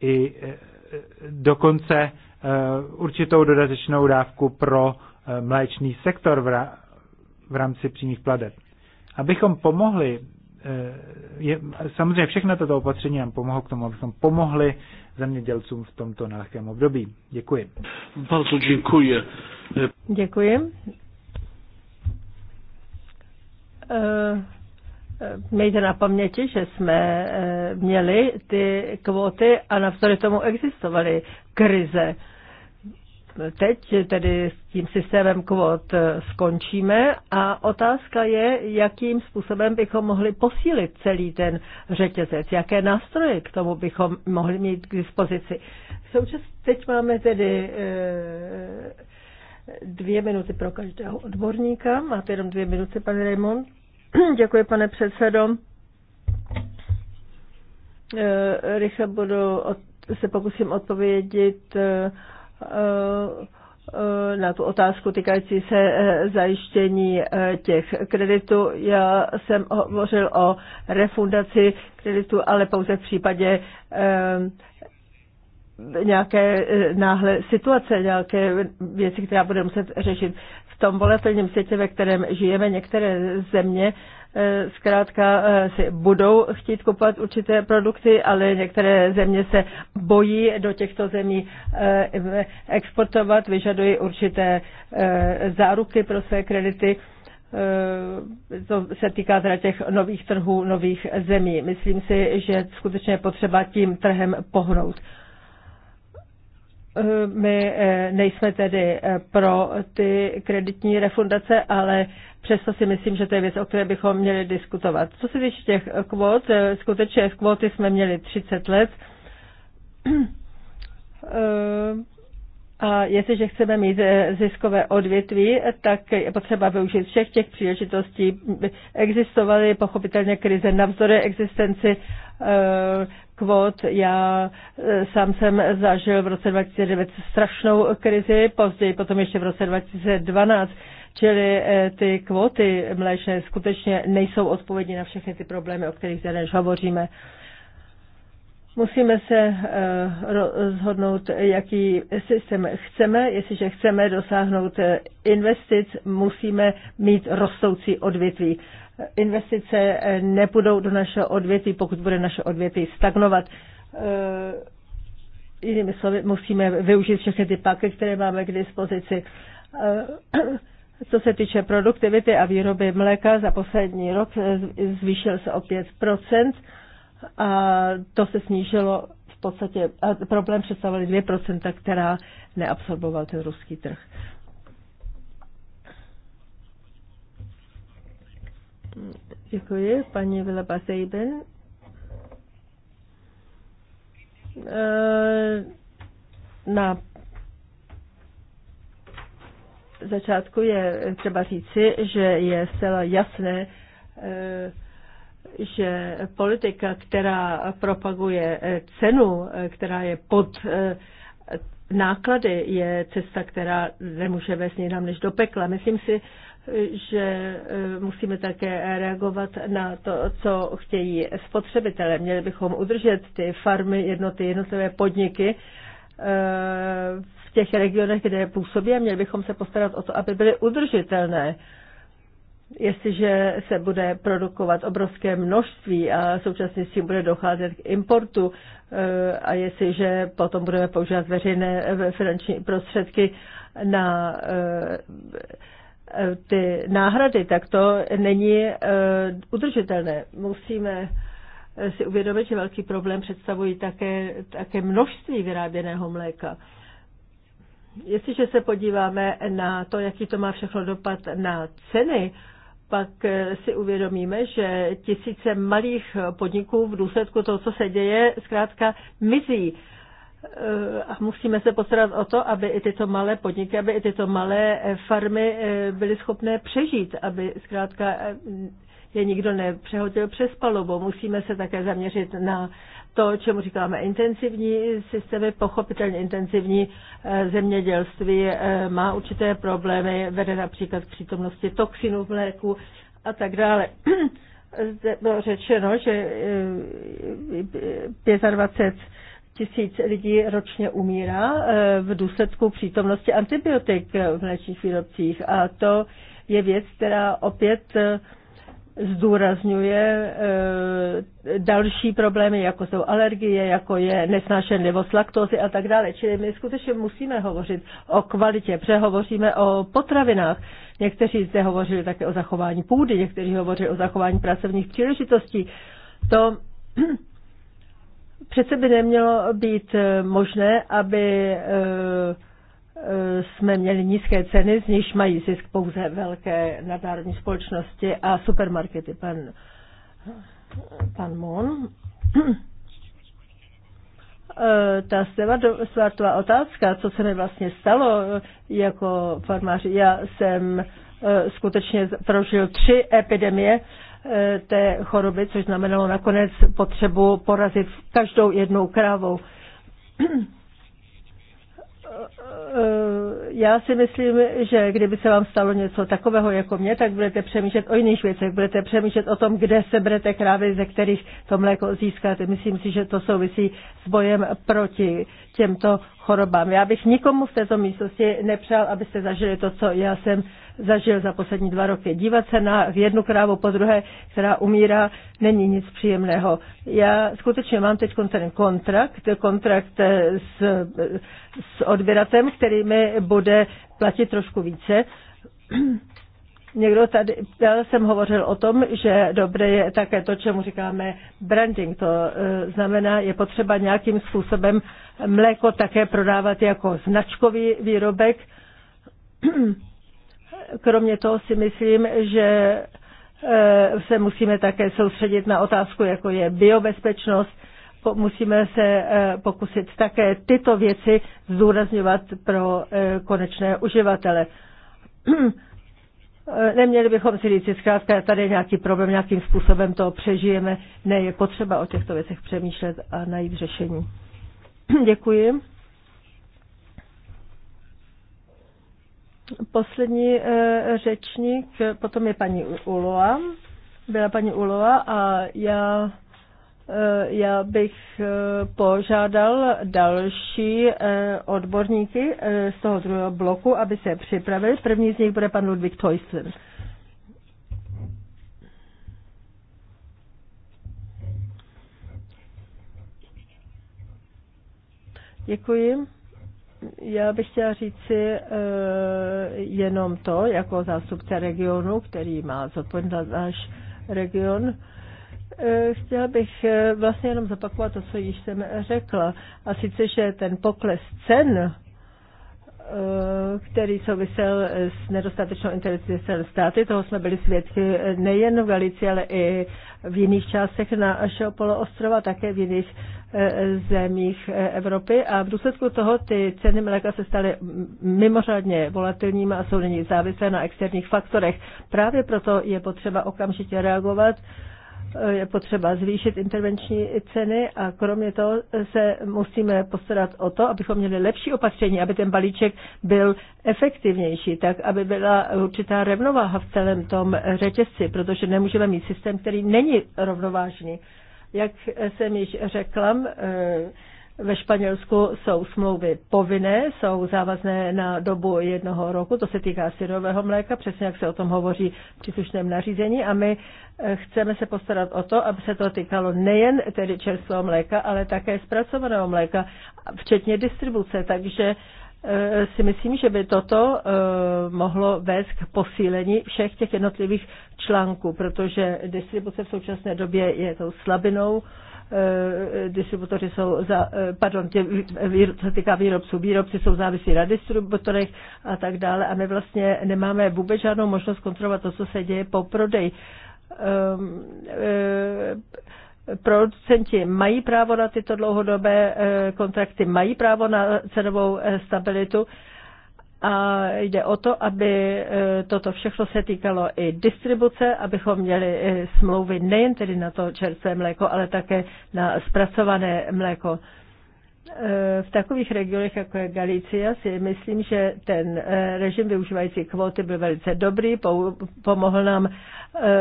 i e, e, dokonce e, určitou dodatečnou dávku pro mléčný sektor v rámci přímých plateb abychom pomohli, eh, je, samozřejmě všechno toto opatření nám pomohlo k tomu, abychom pomohli zemědělcům v tomto nelehkém období. Děkuji. Bardzo děkuji. Děkuji. Eh, mějte na paměti, že jsme eh, měli ty kvóty a navzdory tomu existovaly krize teď tedy s tím systémem kvot eh, skončíme a otázka je, jakým způsobem bychom mohli posílit celý ten řetězec, jaké nástroje k tomu bychom mohli mít k dispozici. Součas, teď máme tedy eh, dvě minuty pro každého odborníka. Máte jenom dvě minuty, pane Raymond. Děkuji, pane předsedo. Eh, rychle budu, se pokusím odpovědět na tu otázku týkající se eh, zajištění eh, těch kreditů. Já jsem hovořil o refundaci kreditu, ale pouze v případě eh, nějaké náhle situace, nějaké věci, která bude muset řešit. V tom volatilním světě, ve kterém žijeme, některé země Eh, zkrátka eh, si budou chtít kupovat určité produkty, ale některé země se bojí do těchto zemí eh, exportovat, vyžadují určité záruky pro své kredity. To se týká teda těch nových trhů, nových zemí. Myslím si, že skutečně je potřeba tím trhem pohnout. Eh, my eh, nejsme tedy eh, pro ty kreditní refundace, ale přesto si myslím, že to je věc, o které bychom měli diskutovat. Co se týče těch kvót, skutečně kvóty jsme měli 30 let. A jestliže chceme mít ziskové odvětví, tak je potřeba využít všech těch příležitostí. Existovaly pochopitelně krize navzdory existenci kvot. Já e, sám jsem zažil v roce 2009 strašnou krizi, později potom ještě v roce 2012, čili e, ty kvóty mléčné skutečně nejsou odpovědi na všechny ty problémy, o kterých zde dnes hovoříme. Musíme se e, rozhodnout, jaký systém chceme. Jestliže chceme dosáhnout investic, musíme mít rostoucí odvětví investice eh, nepůjdou do našeho odvětví, pokud bude naše odvětví stagnovat. Eh, jinými slovy, musíme využít všechny ty paky, které máme k dispozici. Eh, co se týče produktivity a výroby mléka, za poslední rok zvýšil se o 5% a to se snížilo v podstatě, a problém představovali 2%, která neabsorboval ten ruský trh. Děkuji, paní Vileba Sejben. Eh, na začátku je třeba říci, že je zcela jasné, eh, že politika, která propaguje eh, cenu, která je pod náklady, je cesta, která nemůže vést jinam než do pekla. Myslím si, že e, musíme také reagovat na to, co chtějí spotřebitelé. Měli bychom udržet ty farmy, jednoty, jednotlivé podniky e, v těch regionech, kde působí a měli bychom se postarat o to, aby byly udržitelné. Jestliže se bude produkovat obrovské množství a současně s tím bude docházet k importu e, a jestliže potom budeme používat veřejné finanční prostředky na Eh, ty náhrady, tak to není eh, udržitelné. Musíme eh, si uvědomit, že velký problém představují také, také množství vyráběného mléka. Jestliže se podíváme na to, jaký to má všechno dopad na ceny, pak si uvědomíme, že tisíce malých podniků v důsledku toho, co se děje, zkrátka mizí. Eh, a musíme se postarat o to, aby i tyto malé podniky, aby i tyto malé eh, farmy eh, byly schopné přežít, aby zkrátka je nikdo nepřehodil přes palubu. Musíme se také zaměřit na to, čemu říkáme intenzivní systémy, pochopitelně intenzivní zemědělství má určité problémy, vede například k přítomnosti toxinů v mléku a tak dále. Zde bylo řečeno, že 25 tisíc lidí ročně umírá eh, v důsledku přítomnosti antibiotik v mléčných výrobcích. A to je věc, která opět eh, zdůrazňuje eh, další problémy, jako jsou alergie, jako je nesnášenlivost laktózy a tak dále. Čili my skutečně musíme hovořit o kvalitě, přehovoříme o potravinách. Někteří zde hovořili také o zachování půdy, někteří hovořili o zachování pracovních příležitostí. To Přece by nemělo být eh, možné, aby eh, eh, jsme měli nízké ceny, z nichž mají zisk pouze velké nadnárodní společnosti a supermarkety. Pan, pan Mon. Ta svátová otázka, co se mi vlastně stalo jako farmáři, já jsem skutečně prožil tři epidemie Eh, té choroby, což znamenalo nakonec potřebu porazit každou jednou krávou. Eh, eh, já si myslím, že kdyby se vám stalo něco takového jako mě, tak budete přemýšlet o jiných věcech, budete přemýšlet o tom, kde se berete krávy, ze kterých to mléko získáte. Myslím si, že to souvisí s bojem proti těmto chorobám. Já bych nikomu v této místnosti nepřál, abyste zažili to, co já jsem zažil za poslední dva roky. Dívat se na jednu krávu po druhé, která umírá, není nic příjemného. Já skutečně mám teď ten kontrakt, kontrakt s, s odběratem, který mi bude platit trošku více Někdo tady, já jsem hovořil o tom, že dobré je také to, čemu říkáme branding. To e, znamená, je potřeba nějakým způsobem mléko také prodávat jako značkový výrobek. Kromě toho si myslím, že e, se musíme také soustředit na otázku, jako je biobezpečnost. Musíme se e, pokusit také tyto věci zdůrazňovat pro konečné uživatele Eh, neměli bychom si říct, zkrátka tady nějaký problém, nějakým způsobem to přežijeme. Ne, je potřeba o těchto věcech přemýšlet a najít řešení. Děkuji. Poslední eh, řečník, eh, potom je paní Uloa. Byla paní Uloa a já Eh, já bych eh, požádal další eh, odborníky z toho druhého bloku, aby se připravili. První z nich bude pan Ludvík Toysen. Děkuji. Já bych chtěla říci e, jenom to, jako zástupce regionu, který má zodpovědnost náš region, e, Eh, chtěla bych eh, vlastně jenom zopakovat to, co již jsem řekla, a sice, že ten pokles cen eh, který souvisel s nedostatečnou celé státy. Toho jsme byli svědky nejen v Galici, ale i v jiných částech našeho poloostrova, také v jiných zemích Evropy. A v důsledku toho ty ceny mléka se staly mimořádně volatilními a jsou nyní závislé na externích faktorech. Právě proto je potřeba okamžitě reagovat je potřeba zvýšit intervenční ceny a kromě toho se musíme postarat o to, abychom měli lepší opatření, aby ten balíček byl efektivnější, tak aby byla určitá rovnováha v celém tom řetězci, protože nemůžeme mít systém, který není rovnovážný. Jak jsem již řekla, eh, ve Španělsku jsou smlouvy povinné, jsou závazné na dobu jednoho roku, to se týká syrového mléka, přesně jak se o tom hovoří v příslušném nařízení a my eh, chceme se postarat o to, aby se to týkalo nejen tedy čerstvého mléka, ale také zpracovaného mléka, včetně distribuce, takže eh, si myslím, že by toto eh, mohlo vést k posílení všech těch jednotlivých článků, protože distribuce v současné době je tou slabinou Eh, distributoři jsou, za, eh, pardon, tě, výrob, se týká výrobců, výrobci jsou závislí na distributorech a tak dále a my vlastně nemáme vůbec žádnou možnost kontrolovat to, co se děje po prodej. Um, ehm, uh, eh, producenti mají právo na tyto dlouhodobé kontrakty, mají právo na cenovou stabilitu a jde o to, aby e, toto všechno se týkalo i distribuce, abychom měli e, smlouvy nejen tedy na to čerstvé mléko, ale také na zpracované mléko. E, v takových regionech, jako je Galicia, si myslím, že ten režim využívající kvóty byl velice dobrý, pomohl nám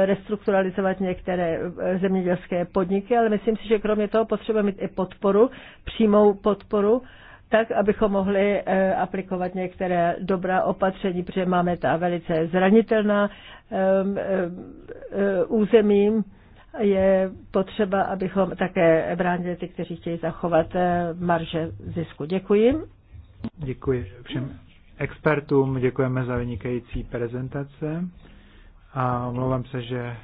restrukturalizovat některé zemědělské podniky, ale myslím si, že kromě toho potřebujeme mít i podporu, přímou podporu, tak, abychom mohli eh, aplikovat některé dobrá opatření, protože máme ta velice zranitelná ehm, eh, eh, území. Je potřeba, abychom také bránili ty, kteří chtějí zachovat marže zisku. Děkuji. Děkuji všem expertům, děkujeme za vynikající prezentace a omlouvám se, že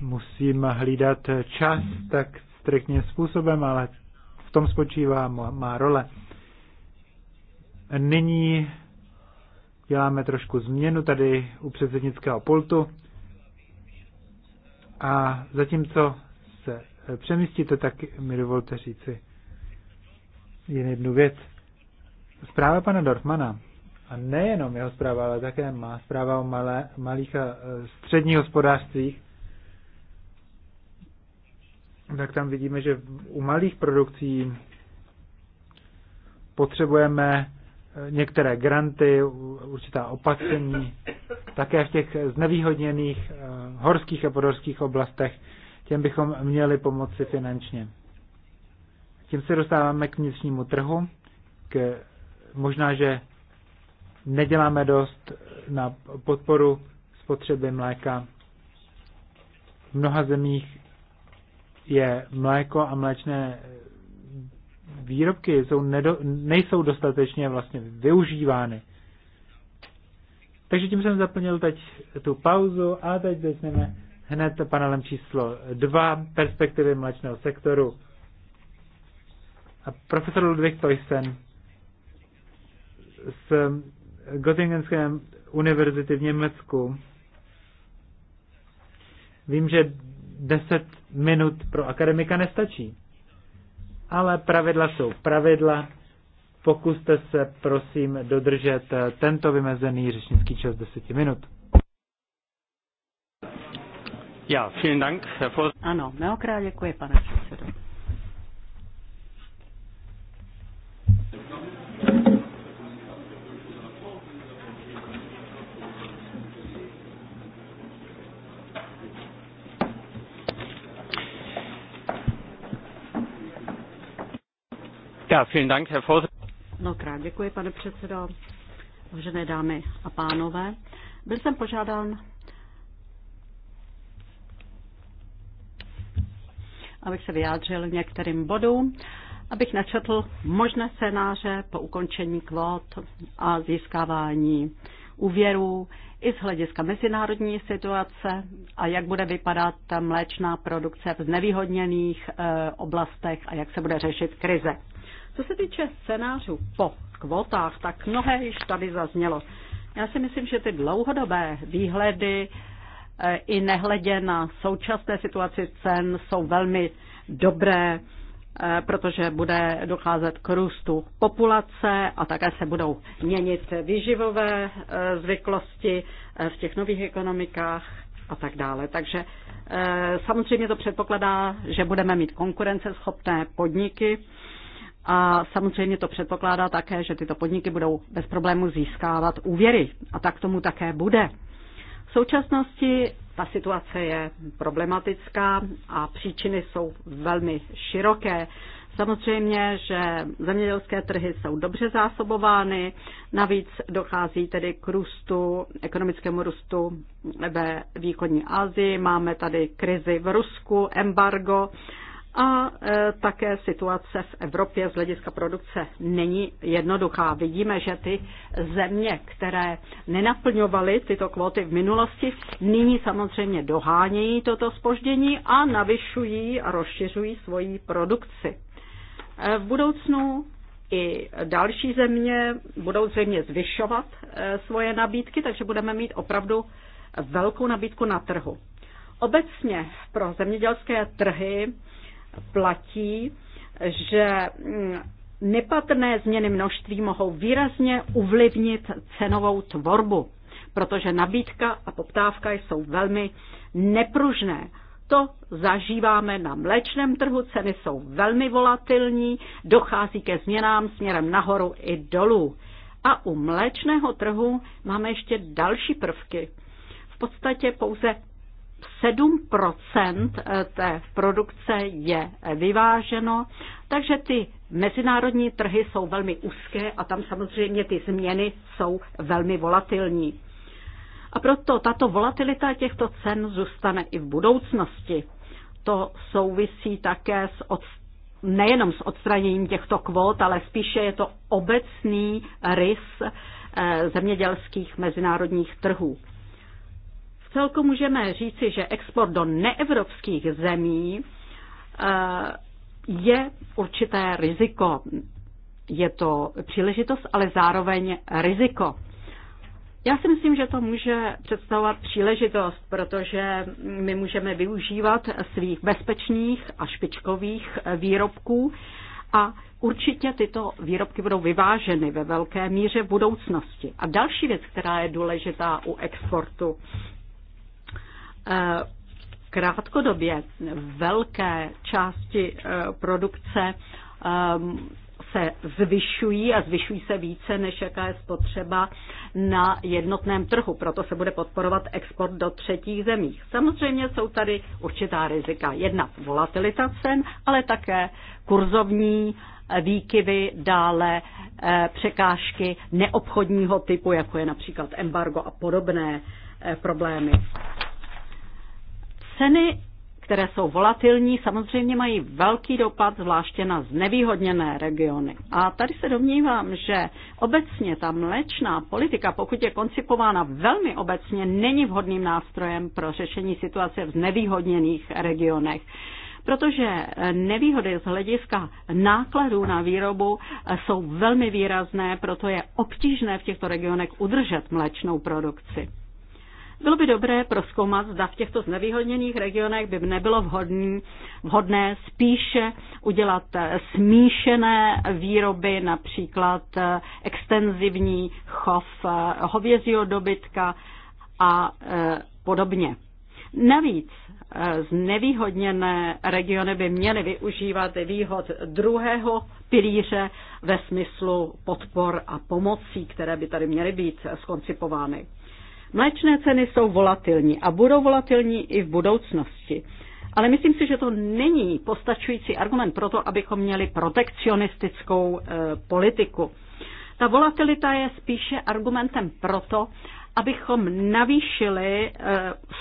musím hlídat čas tak striktně způsobem, ale v tom spočívá má role. Nyní děláme trošku změnu tady u předsednického pultu a zatímco se eh, přemístíte, tak mi dovolte říci jen jednu věc. Zpráva pana Dorfmana, a nejenom jeho zpráva, ale také má zpráva o malé, malých a eh, středních hospodářstvích, tak tam vidíme, že u malých produkcí potřebujeme eh, některé granty, určitá opatření, také v těch znevýhodněných eh, horských a podhorských oblastech, těm bychom měli pomoci finančně. Tím se dostáváme k vnitřnímu trhu, k, možná, že neděláme dost na podporu spotřeby mléka. V mnoha zemích je mléko a mléčné výrobky jsou nedo, nejsou dostatečně vlastně využívány. Takže tím jsem zaplnil teď tu pauzu a teď začneme hned panelem číslo dva perspektivy mléčného sektoru. A profesor Ludwig Toysen z Göttingenské univerzity v Německu. Vím, že Deset minut pro akademika nestačí. Ale pravidla jsou pravidla. Pokuste se, prosím, dodržet tento vymezený řečnický čas deseti minut. Ja, vielen Dank, Herr Ano, mnohokrát děkuji, pane předsedo. Ja, vielen Dank, Herr děkuji, pane předsedo, vážené dámy a pánové. Byl jsem požádán, abych se vyjádřil některým bodům, abych načetl možné scénáře po ukončení kvót a získávání úvěrů i z hlediska mezinárodní situace a jak bude vypadat ta mléčná produkce v znevýhodněných eh, oblastech a jak se bude řešit krize. Co se týče scénářů po kvotách, tak mnohé již tady zaznělo. Já si myslím, že ty dlouhodobé výhledy eh, i nehledě na současné situaci cen jsou velmi dobré, eh, protože bude docházet k růstu populace a také se budou měnit výživové eh, zvyklosti v těch nových ekonomikách a tak dále. Takže samozřejmě to předpokládá, že budeme mít konkurenceschopné podniky a samozřejmě to předpokládá také, že tyto podniky budou bez problému získávat úvěry. A tak tomu také bude. V současnosti ta situace je problematická a příčiny jsou velmi široké. Samozřejmě, že zemědělské trhy jsou dobře zásobovány, navíc dochází tedy k růstu, ekonomickému růstu ve východní Asii, máme tady krizi v Rusku, embargo a e, také situace v Evropě z hlediska produkce není jednoduchá. Vidíme, že ty země, které nenaplňovaly tyto kvóty v minulosti, nyní samozřejmě dohánějí toto spoždění a navyšují a rozšiřují svoji produkci. E, v budoucnu i další země budou zřejmě zvyšovat e, svoje nabídky, takže budeme mít opravdu velkou nabídku na trhu. Obecně pro zemědělské trhy platí, že mm, nepatrné změny množství mohou výrazně uvlivnit cenovou tvorbu, protože nabídka a poptávka jsou velmi nepružné. To zažíváme na mléčném trhu, ceny jsou velmi volatilní, dochází ke změnám směrem nahoru i dolů. A u mléčného trhu máme ještě další prvky. V podstatě pouze 7 eh, té produkce je vyváženo, takže ty mezinárodní trhy jsou velmi úzké a tam samozřejmě ty změny jsou velmi volatilní. A proto tato volatilita těchto cen zůstane i v budoucnosti. To souvisí také s od, nejenom s odstraněním těchto kvót, ale spíše je to obecný rys eh, zemědělských mezinárodních trhů celku můžeme říci, že export do neevropských zemí eh, je určité riziko. Je to příležitost, ale zároveň riziko. Já si myslím, že to může představovat příležitost, protože my můžeme využívat svých bezpečných a špičkových výrobků a určitě tyto výrobky budou vyváženy ve velké míře v budoucnosti. A další věc, která je důležitá u exportu, Eh, krátkodobě velké části eh, produkce ehm, se zvyšují a zvyšují se více, než jaká je spotřeba na jednotném trhu. Proto se bude podporovat export do třetích zemí. Samozřejmě jsou tady určitá rizika. Jedna volatilita cen, ale také kurzovní eh, výkyvy, dále překážky neobchodního typu, jako je například embargo a podobné problémy. Ceny, které jsou volatilní, samozřejmě mají velký dopad, zvláště na znevýhodněné regiony. A tady se domnívám, že obecně ta mléčná politika, pokud je koncipována velmi obecně, není vhodným nástrojem pro řešení situace v znevýhodněných regionech protože nevýhody z hlediska nákladů na výrobu jsou velmi výrazné, proto je obtížné v těchto regionech udržet mléčnou produkci. Bylo by dobré proskoumat, zda v těchto znevýhodněných regionech by nebylo vhodný, vhodné spíše udělat eh, smíšené výroby, například eh, extenzivní chov eh, hovězího dobytka a podobně. Navíc znevýhodněné regiony by měly využívat výhod druhého pilíře ve smyslu podpor a pomocí, které by tady měly být skoncipovány. Mléčné ceny jsou volatilní a budou volatilní i v budoucnosti. Ale myslím si, že to není postačující argument pro to, abychom měli protekcionistickou e, politiku. Ta volatilita je spíše argumentem pro to, abychom navýšili eh,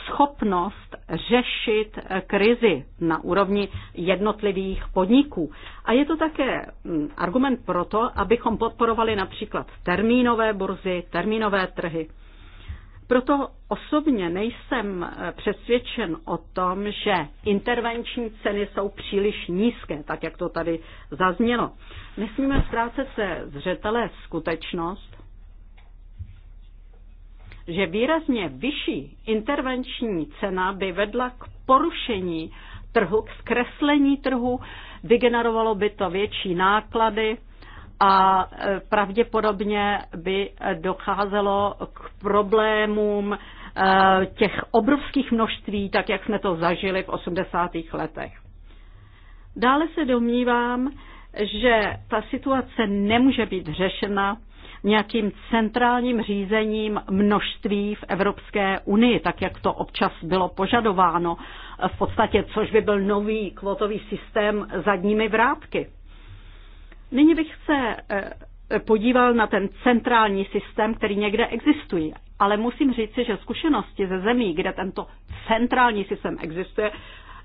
schopnost řešit eh, krizi na úrovni jednotlivých podniků. A je to také hm, argument pro to, abychom podporovali například termínové burzy, termínové trhy. Proto osobně nejsem e, přesvědčen o tom, že intervenční ceny jsou příliš nízké, tak jak to tady zaznělo. Nesmíme ztrácet se zřetelé skutečnost, že výrazně vyšší intervenční cena by vedla k porušení trhu, k zkreslení trhu, vygenerovalo by to větší náklady a e, pravděpodobně by docházelo k problémům e, těch obrovských množství, tak jak jsme to zažili v 80. letech. Dále se domnívám, že ta situace nemůže být řešena nějakým centrálním řízením množství v Evropské unii, tak jak to občas bylo požadováno, v podstatě což by byl nový kvotový systém zadními vrátky. Nyní bych se eh, podíval na ten centrální systém, který někde existuje. Ale musím říci, že zkušenosti ze zemí, kde tento centrální systém existuje,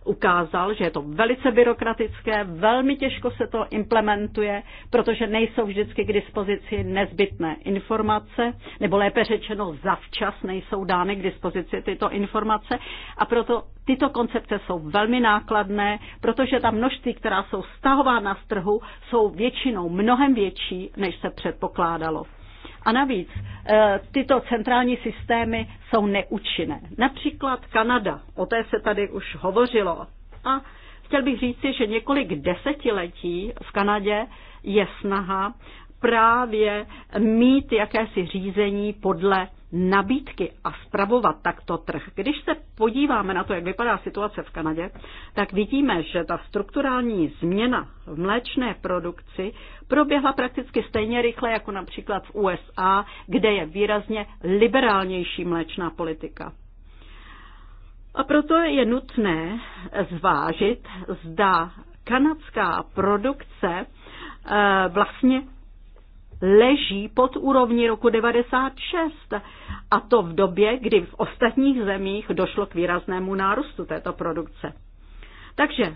ukázal, že je to velice byrokratické, velmi těžko se to implementuje, protože nejsou vždycky k dispozici nezbytné informace, nebo lépe řečeno zavčas nejsou dány k dispozici tyto informace a proto tyto koncepce jsou velmi nákladné, protože ta množství, která jsou stahována z trhu, jsou většinou mnohem větší, než se předpokládalo. A navíc e, tyto centrální systémy jsou neúčinné. Například Kanada, o té se tady už hovořilo. A chtěl bych říci, že několik desetiletí v Kanadě je snaha právě mít jakési řízení podle nabídky a spravovat takto trh. Když se podíváme na to, jak vypadá situace v Kanadě, tak vidíme, že ta strukturální změna v mléčné produkci proběhla prakticky stejně rychle jako například v USA, kde je výrazně liberálnější mléčná politika. A proto je nutné zvážit, zda kanadská produkce eh, vlastně leží pod úrovní roku 96. A to v době, kdy v ostatních zemích došlo k výraznému nárůstu této produkce. Takže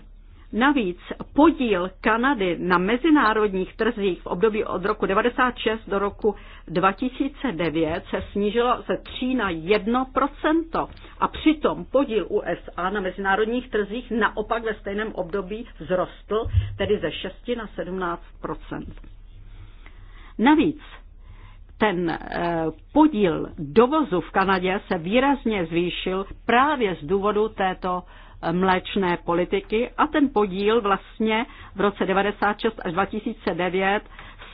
navíc podíl Kanady na mezinárodních trzích v období od roku 96 do roku 2009 se snížilo ze 3 na 1% a přitom podíl USA na mezinárodních trzích naopak ve stejném období vzrostl, tedy ze 6 na 17%. Navíc ten eh, podíl dovozu v Kanadě se výrazně zvýšil právě z důvodu této eh, mléčné politiky a ten podíl vlastně v roce 96 až 2009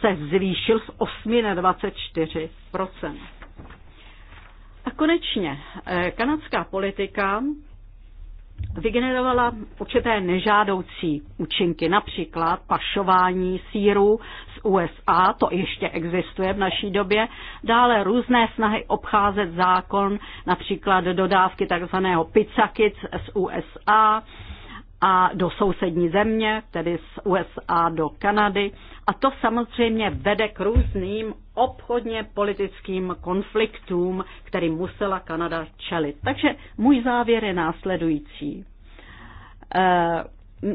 se zvýšil z 8 na 24 A konečně eh, kanadská politika vygenerovala určité nežádoucí účinky, například pašování síru USA, to ještě existuje v naší době, dále různé snahy obcházet zákon, například dodávky takzvaného pizzakic z USA a do sousední země, tedy z USA do Kanady. A to samozřejmě vede k různým obchodně politickým konfliktům, který musela Kanada čelit. Takže můj závěr je následující. Eh,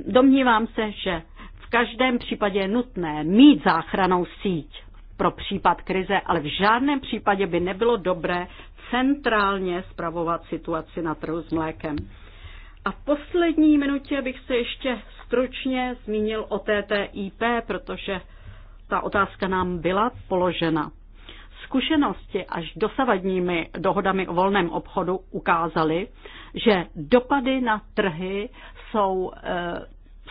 domnívám se, že každém případě je nutné mít záchranou síť pro případ krize, ale v žádném případě by nebylo dobré centrálně spravovat situaci na trhu s mlékem. A v poslední minutě bych se ještě stručně zmínil o TTIP, protože ta otázka nám byla položena. Zkušenosti až dosavadními dohodami o volném obchodu ukázaly, že dopady na trhy jsou eh,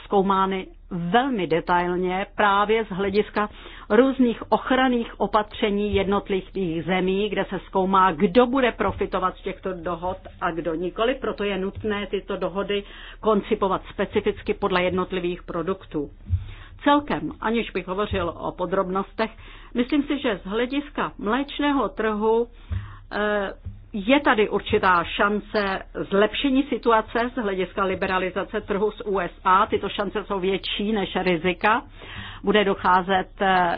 zkoumány velmi detailně právě z hlediska různých ochranných opatření jednotlivých zemí, kde se zkoumá, kdo bude profitovat z těchto dohod a kdo nikoli. Proto je nutné tyto dohody koncipovat specificky podle jednotlivých produktů. Celkem, aniž bych hovořil o podrobnostech, myslím si, že z hlediska mléčného trhu eh, je tady určitá šance zlepšení situace z hlediska liberalizace trhu z USA. Tyto šance jsou větší než rizika. Bude docházet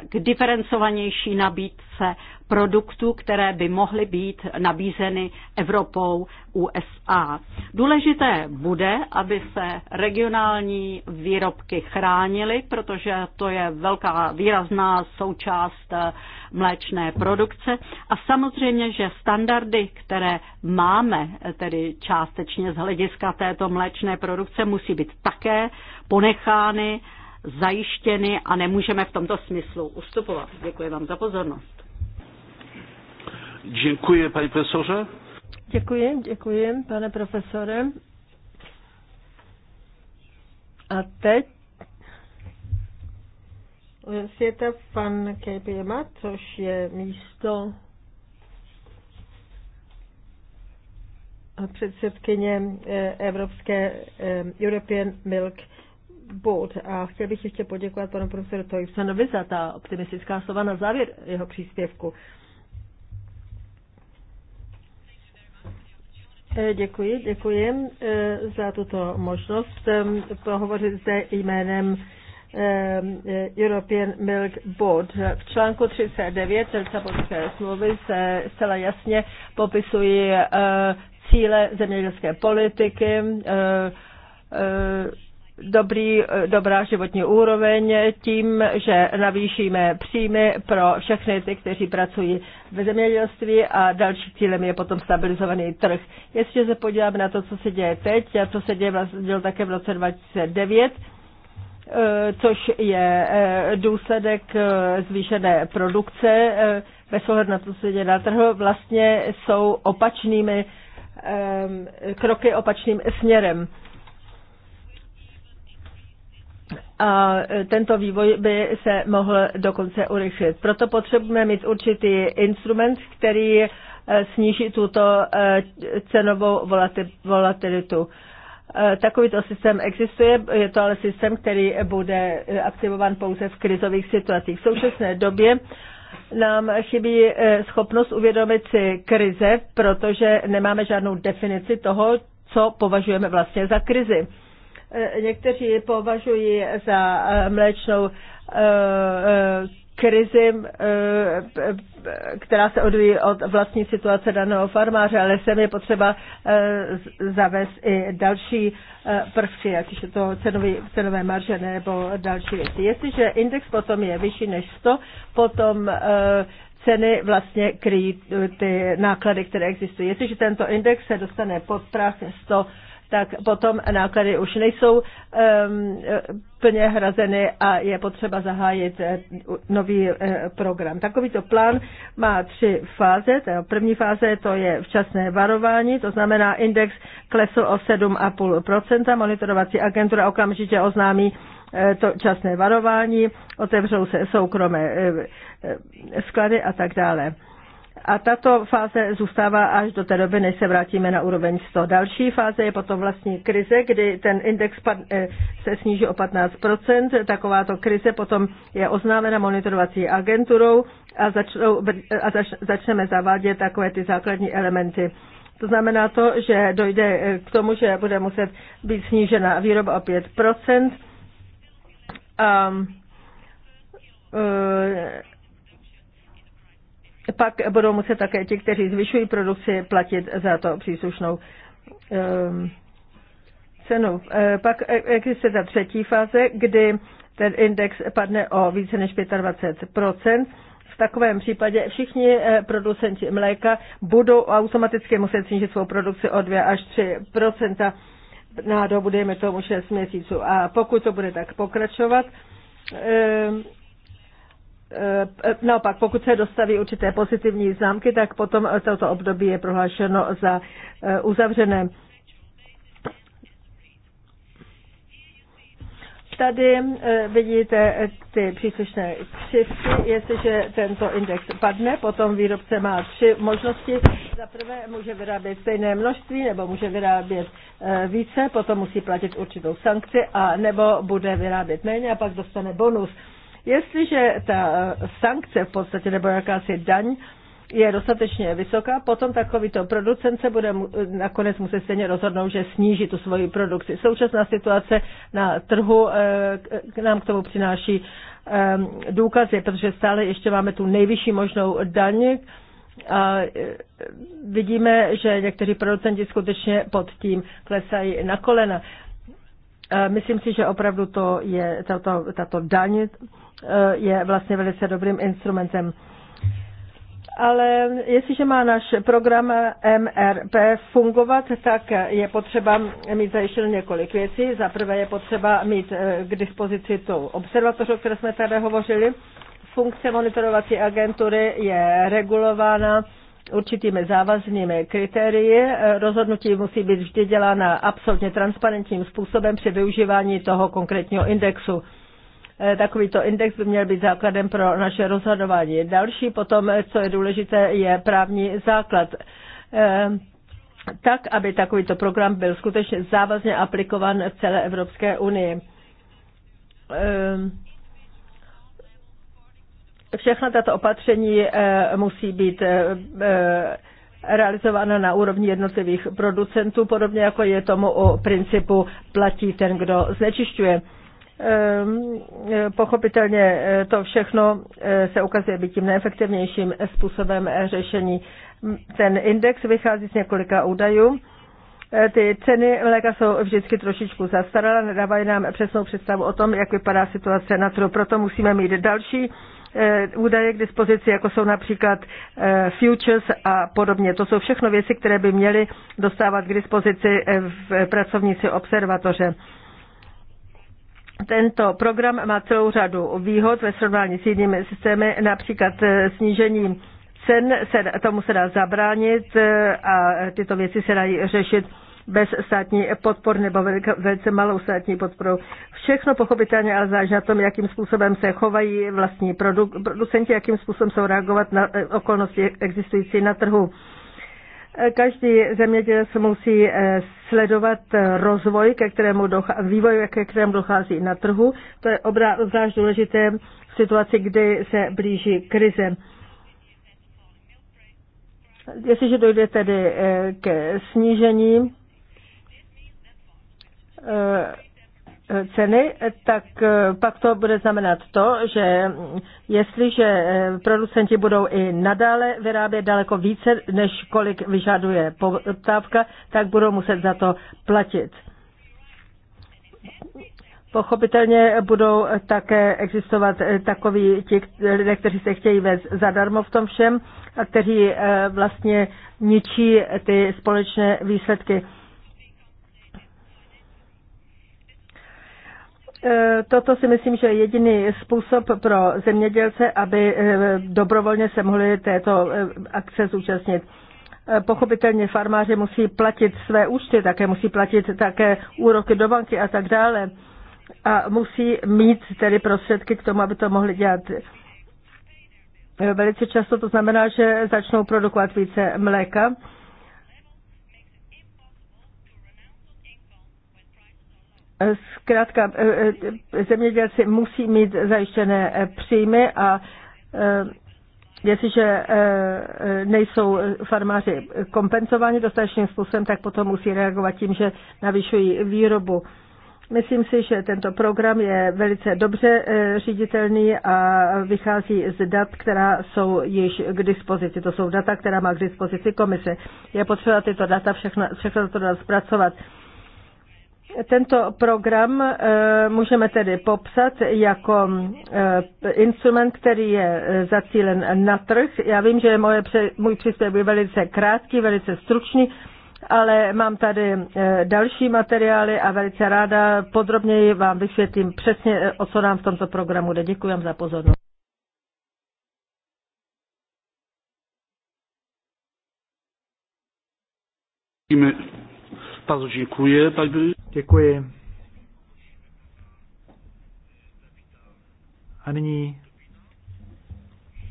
k diferencovanější nabídce produktů, které by mohly být nabízeny Evropou USA. Důležité bude, aby se regionální výrobky chránily, protože to je velká výrazná součást eh, mléčné produkce. A samozřejmě, že standardy, které máme, eh, tedy částečně z hlediska této mléčné produkce, musí být také ponechány zajištěny a nemůžeme v tomto smyslu ustupovat. Děkuji vám za pozornost. Dziękuję, panie profesorze. Děkuji, děkuji, pane profesore. A teď Světa pan KPMA, což je místo předsedkyně eh, Evropské eh, European Milk Board. A chtěl bych ještě poděkovat panu profesoru Toysanovi za ta optimistická slova na závěr jeho příspěvku. Eh, děkuji, děkuji eh, za tuto možnost eh, pohovořit zde jménem European Milk Board. V článku 39 Lisabonské smlouvy se zcela jasně popisují cíle zemědělské politiky, dobrý, dobrá životní úroveň tím, že navýšíme příjmy pro všechny ty, kteří pracují ve zemědělství a další cílem je potom stabilizovaný trh. Jestliže se podíváme na to, co se děje teď a co se děje dělo také v roce 2009, eh, což je eh, důsledek eh, zvýšené produkce bez ohledu na to, co se děje na trhu, vlastně jsou opačnými kroky opačným směrem. a e, tento vývoj by se mohl dokonce urychlit. Proto potřebujeme mít určitý instrument, který e, sníží tuto e, cenovou volatilitu. Takovýto systém existuje, je to ale systém, který bude aktivován pouze v krizových situacích. V současné době nám chybí schopnost uvědomit si krize, protože nemáme žádnou definici toho, co považujeme vlastně za krizi. Eh, někteří považují za eh, mléčnou eh, krizi, která se odvíjí od vlastní situace daného farmáře, ale sem je potřeba zavést i další prvky, jak je to cenový, cenové marže nebo další věci. Jestliže index potom je vyšší než 100, potom ceny vlastně kryjí ty náklady, které existují. Jestliže tento index se dostane pod prach 100, tak potom náklady už nejsou ehm, plně hrazeny a je potřeba zahájit eh, nový eh, program. Takovýto plán má tři fáze. Ta první fáze to je včasné varování, to znamená index klesl o 7,5%. Monitorovací agentura okamžitě oznámí eh, to časné varování, otevřou se soukromé sklady a tak dále. A tato fáze zůstává až do té doby, než se vrátíme na úroveň 100. Další fáze je potom vlastní krize, kdy ten index eh, se sníží o 15 Takováto krize potom je oznámena monitorovací agenturou a, začnou, a zač, začneme zavádět takové ty základní elementy. To znamená to, že dojde eh, k tomu, že bude muset být snížena výroba o 5 a, eh, pak budou muset také ti, kteří zvyšují produkci, platit za to příslušnou ehm, cenu. Eh, pak e, existuje ta třetí fáze, kdy ten index padne o více než 25 v takovém případě všichni eh, producenti mléka budou automaticky muset snížit svou produkci o 2 až 3 na dobu, dejme tomu 6 měsíců. A pokud to bude tak pokračovat, ehm, Eh, naopak, pokud se dostaví určité pozitivní známky, tak potom eh, toto období je prohlášeno za eh, uzavřené. Tady vidíte ty příslušné křivky. Jestliže tento index padne, potom výrobce má tři možnosti. Za prvé může vyrábět stejné množství nebo může vyrábět více, potom musí platit určitou sankci a nebo bude vyrábět méně a pak dostane bonus. Jestliže ta eh, sankce v podstatě nebo jakási daň je dostatečně vysoká, potom takovýto producent se bude eh, nakonec muset stejně rozhodnout, že sníží tu svoji produkci. Současná situace na trhu eh, k nám k tomu přináší ehm, důkazy, protože stále ještě máme tu nejvyšší možnou daň, a vidíme, že někteří producenti skutečně pod tím klesají na kolena. Myslím si, že opravdu to je tato, tato daň Eh, je vlastně velice dobrým instrumentem. Ale jestliže má náš program MRP fungovat, tak je potřeba mít zajištěno několik věcí. Za prvé je potřeba mít eh, k dispozici tu observatoř, o které jsme tady hovořili. Funkce monitorovací agentury je regulována určitými závaznými kritérii. Rozhodnutí musí být vždy dělána absolutně transparentním způsobem při využívání toho konkrétního indexu. Eh, takovýto index by měl být základem pro naše rozhodování. Další potom, eh, co je důležité, je právní základ eh, tak, aby takovýto program byl skutečně závazně aplikovan v celé Evropské unii. Všechna tato opatření musí být realizována na úrovni jednotlivých producentů, podobně jako je tomu o principu platí ten, kdo znečišťuje. Ehm, eh, pochopitelně eh, to všechno eh, se ukazuje být tím neefektivnějším způsobem řešení. Ten index vychází z několika údajů. Ty ceny mléka jsou vždycky trošičku zastaralé, nedávají nám přesnou představu o tom, jak vypadá situace na trhu. Proto musíme mít další údaje k dispozici, jako jsou například futures a podobně. To jsou všechno věci, které by měly dostávat k dispozici v pracovníci observatoře. Tento program má celou řadu výhod ve srovnání s jinými systémy, například eh, snížení cen, se, tomu se dá zabránit eh, a tyto věci se dají řešit bez státní podpor nebo velice malou státní podporou. Všechno pochopitelně ale záleží na tom, jakým způsobem se chovají vlastní producenti, jakým způsobem jsou reagovat na eh, okolnosti existující na trhu. Každý zemědělec musí eh, sledovat eh, rozvoj, ke kterému dochází, vývoj, ke kterému dochází na trhu. To je obzvlášť důležité v situaci, kdy se blíží krize. Jestliže dojde tedy eh, ke snížení ceny, tak eh, pak to bude znamenat to, že jestliže eh, producenti budou i nadále vyrábět daleko více, než kolik vyžaduje poptávka, tak budou muset za to platit. Pochopitelně budou také existovat eh, takoví ti lidé, kteří se chtějí vést zadarmo v tom všem a kteří vlastně ničí ty společné výsledky. E, toto si myslím, že je jediný způsob pro zemědělce, aby e, dobrovolně se mohli této e, akce zúčastnit. Pochopitelně farmáři musí platit své účty, také musí platit také úroky do banky a tak dále. A musí mít tedy prostředky k tomu, aby to mohli dělat. Velice často to znamená, že začnou produkovat více mléka Zkrátka, eh, eh, zemědělci musí mít zajištěné eh, příjmy a jestliže nejsou farmáři kompenzováni dostatečným způsobem, tak potom musí reagovat tím, že navyšují výrobu. Myslím si, že tento program je velice dobře říditelný a vychází z dat, která jsou již k dispozici. To jsou data, která má k dispozici komise. Je potřeba tyto data, všechno, všechno to data zpracovat. Tento program eh, můžeme tedy popsat jako eh, instrument, který je eh, zacílen na trh. Já vím, že moje, můj příspěvek je velice krátký, velice stručný, ale mám tady další materiály a velice ráda podrobněji vám vysvětlím přesně, o co nám v tomto programu jde. Děkuji vám za pozornost. Děkujeme Bardzo dziękuję. Děkuji. A nyní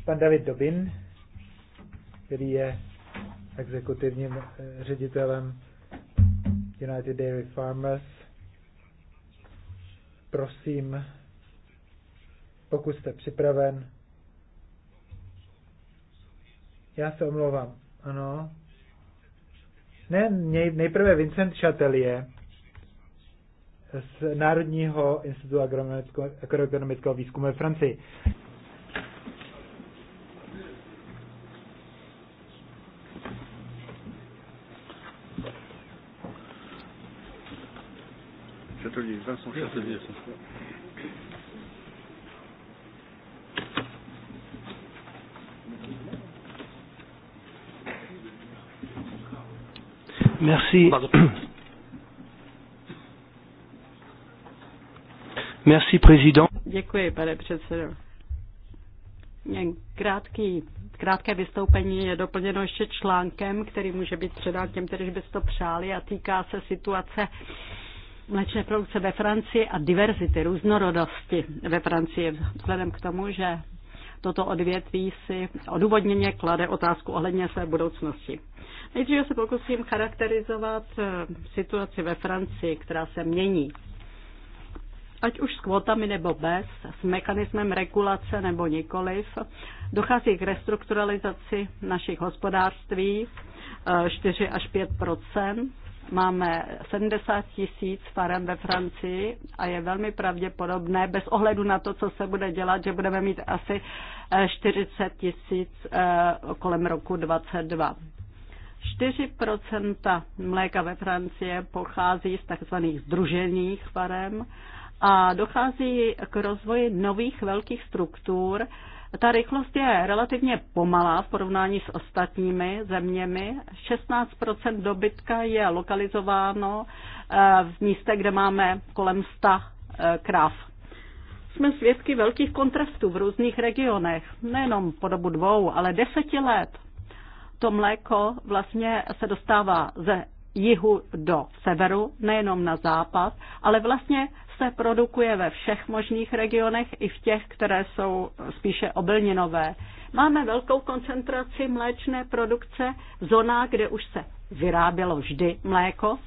pan David Dobin, který je exekutivním eh, ředitelem United Dairy Farmers. Prosím, pokud jste připraven. Já se omlouvám. Ano, ne, nejprve Vincent Chatelier z Národního institutu agroekonomického výzkumu ve Francii. Chatelier, Vincent Chatelier. Merci. Merci, président. Děkuji, pane předsedo. Krátký, krátké vystoupení je doplněno ještě článkem, který může být předán těm, kteří by to přáli a týká se situace mléčné produkce ve Francii a diverzity, různorodosti ve Francii, vzhledem k tomu, že toto odvětví si odůvodněně klade otázku ohledně své budoucnosti. Nejdříve se pokusím charakterizovat eh, situaci ve Francii, která se mění. Ať už s kvotami nebo bez, s mechanismem regulace nebo nikoliv, dochází k restrukturalizaci našich hospodářství 4 eh, až 5 Máme 70 tisíc farem ve Francii a je velmi pravděpodobné, bez ohledu na to, co se bude dělat, že budeme mít asi 40 eh, tisíc eh, kolem roku 22. 4 mléka ve Francii pochází z tzv. združených farem a dochází k rozvoji nových velkých struktur, ta rychlost je relativně pomalá v porovnání s ostatními zeměmi. 16 dobytka je lokalizováno eh, v místech, kde máme kolem 100 eh, krav. Jsme svědky velkých kontrastů v různých regionech, nejenom po dobu dvou, ale deseti let. To mléko vlastně se dostává ze jihu do severu, nejenom na západ, ale vlastně se produkuje ve všech možných regionech, i v těch, které jsou spíše obilninové. Máme velkou koncentraci mléčné produkce v zónách, kde už se vyrábělo vždy mléko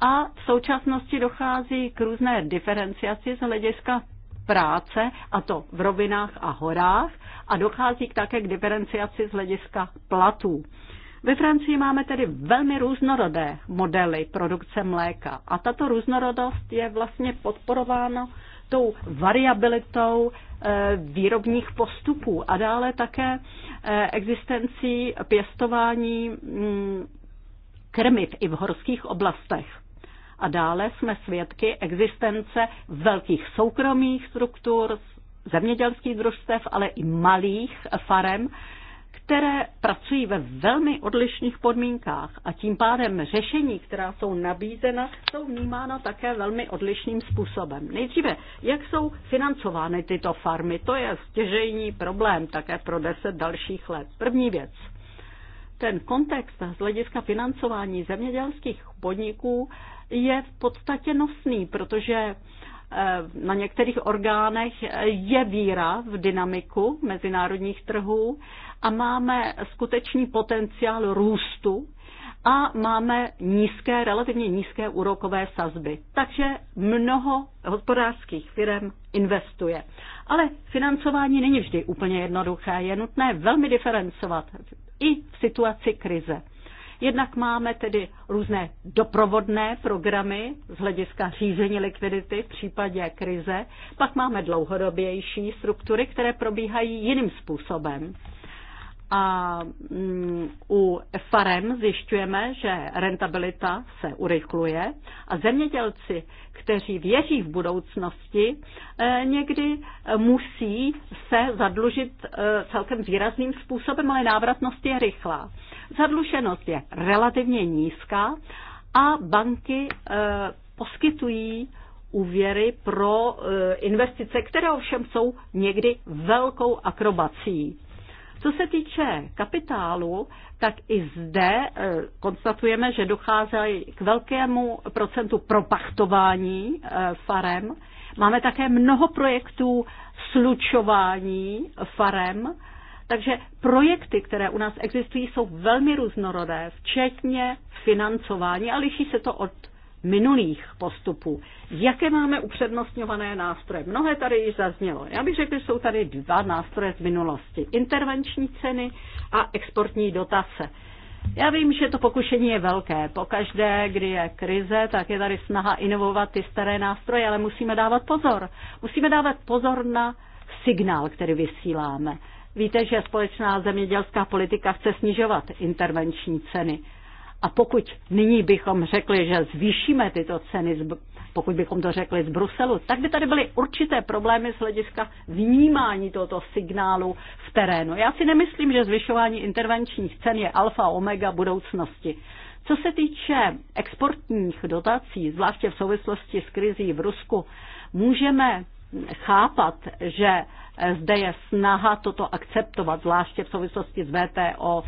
a v současnosti dochází k různé diferenciaci z hlediska práce, a to v rovinách a horách, a dochází také k diferenciaci z hlediska platů. Ve Francii máme tedy velmi různorodé modely produkce mléka a tato různorodost je vlastně podporována tou variabilitou eh, výrobních postupů a dále také eh, existencí pěstování mm, krmiv i v horských oblastech. A dále jsme svědky existence velkých soukromých struktur, zemědělských družstev, ale i malých farem, pracují ve velmi odlišných podmínkách a tím pádem řešení, která jsou nabízena, jsou vnímána také velmi odlišným způsobem. Nejdříve, jak jsou financovány tyto farmy, to je stěžejní problém také pro deset dalších let. První věc. Ten kontext z hlediska financování zemědělských podniků je v podstatě nosný, protože Eh, na některých orgánech je víra v dynamiku mezinárodních trhů a máme skutečný potenciál růstu a máme nízké, relativně nízké úrokové sazby. Takže mnoho hospodářských firm investuje. Ale financování není vždy úplně jednoduché. Je nutné velmi diferencovat i v situaci krize. Jednak máme tedy různé doprovodné programy z hlediska řízení likvidity v případě krize, pak máme dlouhodobější struktury, které probíhají jiným způsobem. A mm, u farem zjišťujeme, že rentabilita se urychluje a zemědělci, kteří věří v budoucnosti, eh, někdy eh, musí se zadlužit eh, celkem výrazným způsobem, ale návratnost je rychlá. Zadlušenost je relativně nízká a banky eh, poskytují úvěry pro eh, investice, které ovšem jsou někdy velkou akrobací. Co se týče kapitálu, tak i zde eh, konstatujeme, že dochází k velkému procentu propachtování farem. Máme také mnoho projektů slučování farem takže projekty, které u nás existují, jsou velmi různorodé, včetně financování a liší se to od minulých postupů. Jaké máme upřednostňované nástroje? Mnohé tady již zaznělo. Já bych řekl, že jsou tady dva nástroje z minulosti. Intervenční ceny a exportní dotace. Já vím, že to pokušení je velké. Pokaždé, kdy je krize, tak je tady snaha inovovat ty staré nástroje, ale musíme dávat pozor. Musíme dávat pozor na signál, který vysíláme. Víte, že společná zemědělská politika chce snižovat intervenční ceny. A pokud nyní bychom řekli, že zvýšíme tyto ceny, pokud bychom to řekli z Bruselu, tak by tady byly určité problémy z hlediska vnímání tohoto signálu v terénu. Já si nemyslím, že zvyšování intervenčních cen je alfa omega budoucnosti. Co se týče exportních dotací, zvláště v souvislosti s krizí v Rusku, můžeme chápat, že Eh, zde je snaha toto akceptovat, zvláště v souvislosti s VTO.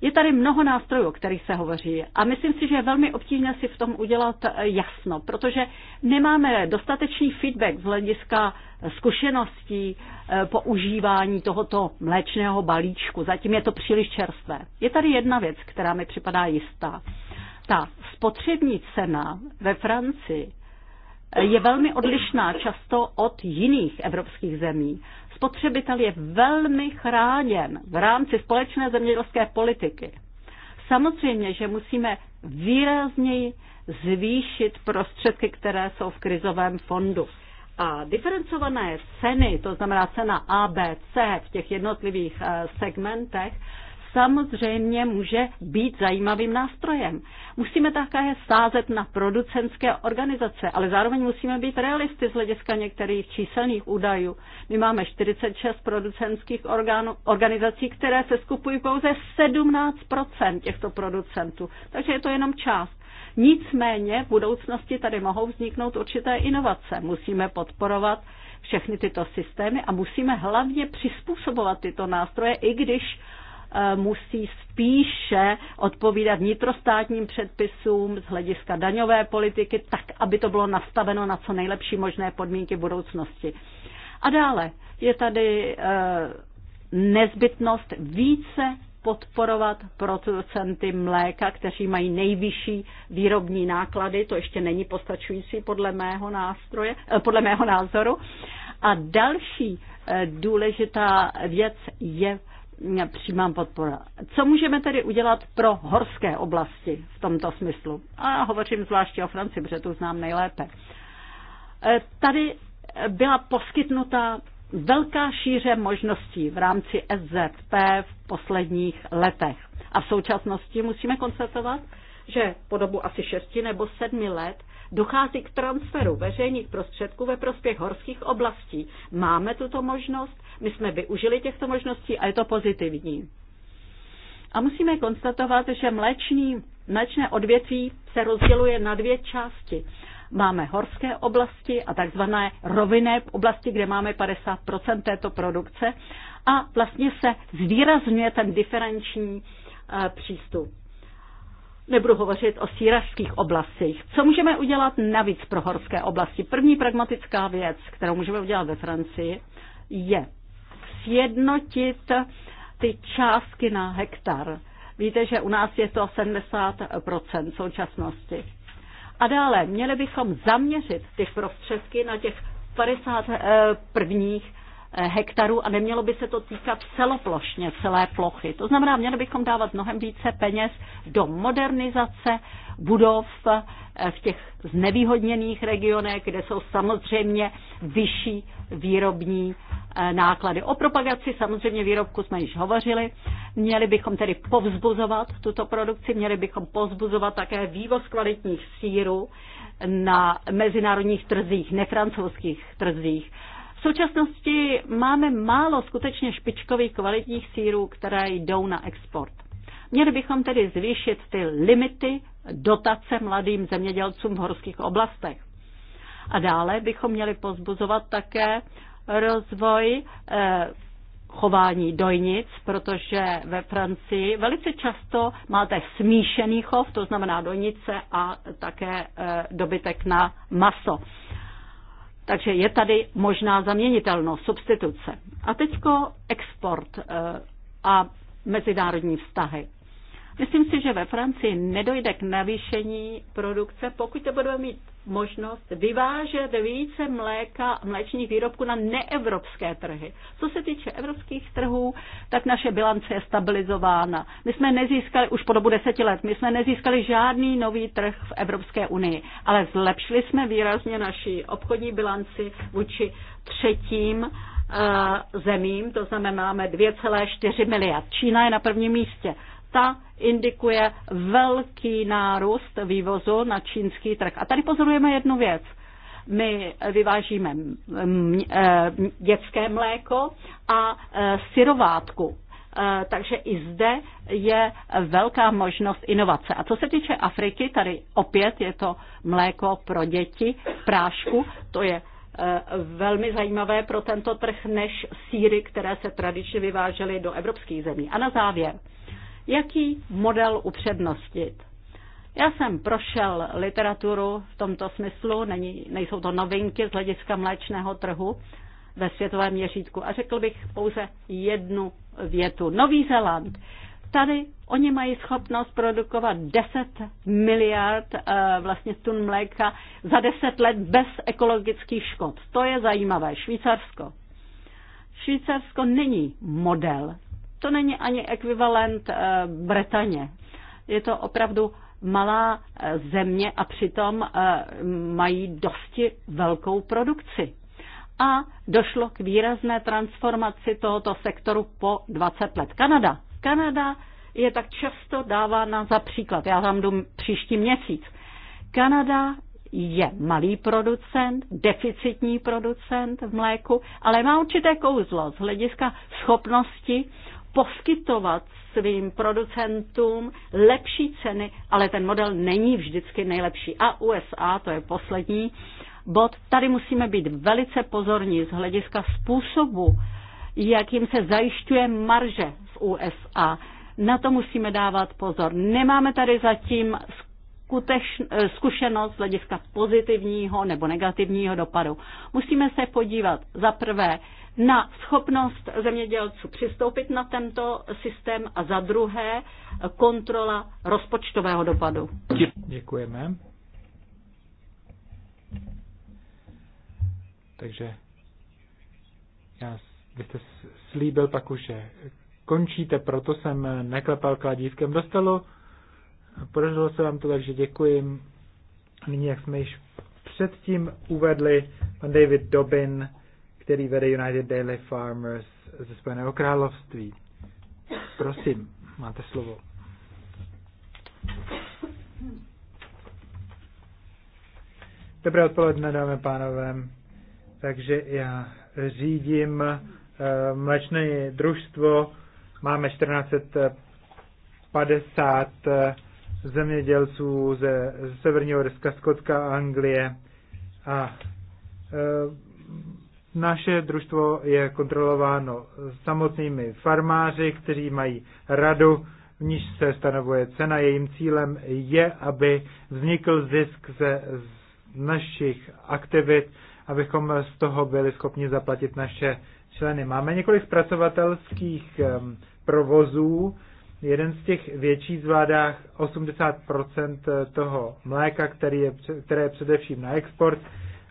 Je tady mnoho nástrojů, o kterých se hovoří a myslím si, že je velmi obtížné si v tom udělat eh, jasno, protože nemáme dostatečný feedback z hlediska zkušeností eh, používání tohoto mléčného balíčku. Zatím je to příliš čerstvé. Je tady jedna věc, která mi připadá jistá. Ta spotřební cena ve Francii je velmi odlišná často od jiných evropských zemí spotřebitel je velmi chráněn v rámci společné zemědělské politiky. Samozřejmě, že musíme výrazněji zvýšit prostředky, které jsou v krizovém fondu. A diferencované ceny, to znamená cena ABC v těch jednotlivých eh, segmentech, samozřejmě může být zajímavým nástrojem. Musíme také sázet na producentské organizace, ale zároveň musíme být realisty z hlediska některých číselných údajů. My máme 46 producentských orgánů, organizací, které se skupují pouze 17 těchto producentů, takže je to jenom část. Nicméně v budoucnosti tady mohou vzniknout určité inovace. Musíme podporovat všechny tyto systémy a musíme hlavně přizpůsobovat tyto nástroje, i když Eh, musí spíše odpovídat vnitrostátním předpisům z hlediska daňové politiky, tak, aby to bylo nastaveno na co nejlepší možné podmínky budoucnosti. A dále je tady eh, nezbytnost více podporovat producenty mléka, kteří mají nejvyšší výrobní náklady, to ještě není postačující podle mého, nástroje, eh, podle mého názoru. A další důležitá věc je přímá podpora. Co můžeme tedy udělat pro horské oblasti v tomto smyslu? A hovořím zvláště o Francii, protože tu znám nejlépe. E, tady byla poskytnuta velká šíře možností v rámci SZP v posledních letech. A v současnosti musíme konstatovat, že po dobu asi šesti nebo sedmi let dochází k transferu veřejných prostředků ve prospěch horských oblastí. Máme tuto možnost, my jsme využili těchto možností a je to pozitivní. A musíme konstatovat, že mléční, mléčné odvětví se rozděluje na dvě části. Máme horské oblasti a takzvané rovinné oblasti, kde máme 50% této produkce a vlastně se zvýrazňuje ten diferenční eh, přístup. Nebudu hovořit o síražských oblastech. Co můžeme udělat navíc pro horské oblasti? První pragmatická věc, kterou můžeme udělat ve Francii, je sjednotit ty částky na hektar. Víte, že u nás je to 70% současnosti. A dále, měli bychom zaměřit ty prostředky na těch 50 eh, prvních Eh, hektarů a nemělo by se to týkat celoplošně celé plochy. To znamená, měli bychom dávat mnohem více peněz do modernizace budov eh, v těch znevýhodněných regionech, kde jsou samozřejmě vyšší výrobní eh, náklady. O propagaci samozřejmě výrobku jsme již hovořili. Měli bychom tedy povzbuzovat tuto produkci, měli bychom povzbuzovat také vývoz kvalitních sírů na mezinárodních trzích, nefrancouzských trzích. V současnosti máme málo skutečně špičkových kvalitních sírů, které jdou na export. Měli bychom tedy zvýšit ty limity dotace mladým zemědělcům v horských oblastech. A dále bychom měli pozbuzovat také rozvoj eh, chování dojnic, protože ve Francii velice často máte smíšený chov, to znamená dojnice a také eh, dobytek na maso. Takže je tady možná zaměnitelnost, substituce. A teďko export eh, a mezinárodní vztahy. Myslím si, že ve Francii nedojde k navýšení produkce, pokud to budeme mít možnost vyvážet více mléka, mléčních výrobků na neevropské trhy. Co se týče evropských trhů, tak naše bilance je stabilizována. My jsme nezískali, už po dobu deseti let, my jsme nezískali žádný nový trh v Evropské unii, ale zlepšili jsme výrazně naši obchodní bilanci vůči třetím eh, zemím, to znamená máme 2,4 miliard. Čína je na prvním místě ta indikuje velký nárůst vývozu na čínský trh. A tady pozorujeme jednu věc. My vyvážíme e, dětské mléko a e, syrovátku. E, takže i zde je velká možnost inovace. A co se týče Afriky, tady opět je to mléko pro děti prášku. To je velmi zajímavé pro tento trh než síry, které se tradičně vyvážely do evropských zemí. A na závěr jaký model upřednostit. Já jsem prošel literaturu v tomto smyslu, není, nejsou to novinky z hlediska mléčného trhu ve světovém měřítku. A řekl bych pouze jednu větu. Nový Zeland. Tady oni mají schopnost produkovat 10 miliard eh, vlastně tun mléka za 10 let bez ekologických škod. To je zajímavé. Švýcarsko. Švýcarsko není model to není ani ekvivalent eh, Bretaně. Je to opravdu malá eh, země a přitom eh, mají dosti velkou produkci. A došlo k výrazné transformaci tohoto sektoru po 20 let. Kanada. Kanada je tak často dávána za příklad. Já tam jdu příští měsíc. Kanada je malý producent, deficitní producent v mléku, ale má určité kouzlo z hlediska schopnosti poskytovat svým producentům lepší ceny, ale ten model není vždycky nejlepší. A USA, to je poslední bod, tady musíme být velice pozorní z hlediska způsobu, jakým se zajišťuje marže v USA. Na to musíme dávat pozor. Nemáme tady zatím eh, zkušenost z hlediska pozitivního nebo negativního dopadu. Musíme se podívat za prvé, na schopnost zemědělců přistoupit na tento systém a za druhé kontrola rozpočtového dopadu. Děkujeme. Takže já, vy jste slíbil pak už, že končíte, proto jsem neklepal kladívkem do stolu. Podařilo se vám to, takže děkuji. Nyní, jak jsme již předtím uvedli, pan David Dobin který vede United Daily Farmers ze Spojeného království. Prosím, máte slovo. Dobré odpoledne, dámy a pánové. Takže já řídím eh, mlečné družstvo. Máme 1450 eh, zemědělců ze, ze Severního Ryska, Skotka a Anglie. A eh, naše družstvo je kontrolováno samotnými farmáři, kteří mají radu, v níž se stanovuje cena. Jejím cílem je, aby vznikl zisk ze našich aktivit, abychom z toho byli schopni zaplatit naše členy. Máme několik zpracovatelských provozů. Jeden z těch větších zvládá 80% toho mléka, který je, které je především na export.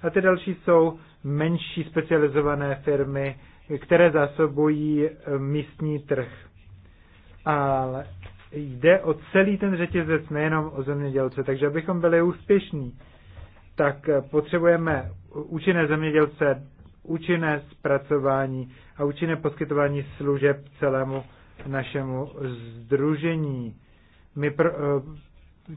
A ty další jsou menší specializované firmy, které zásobují eh, místní trh. Ale jde o celý ten řetězec, nejenom o zemědělce. Takže abychom byli úspěšní, tak eh, potřebujeme účinné zemědělce, účinné zpracování a účinné poskytování služeb celému našemu združení. My pro, eh,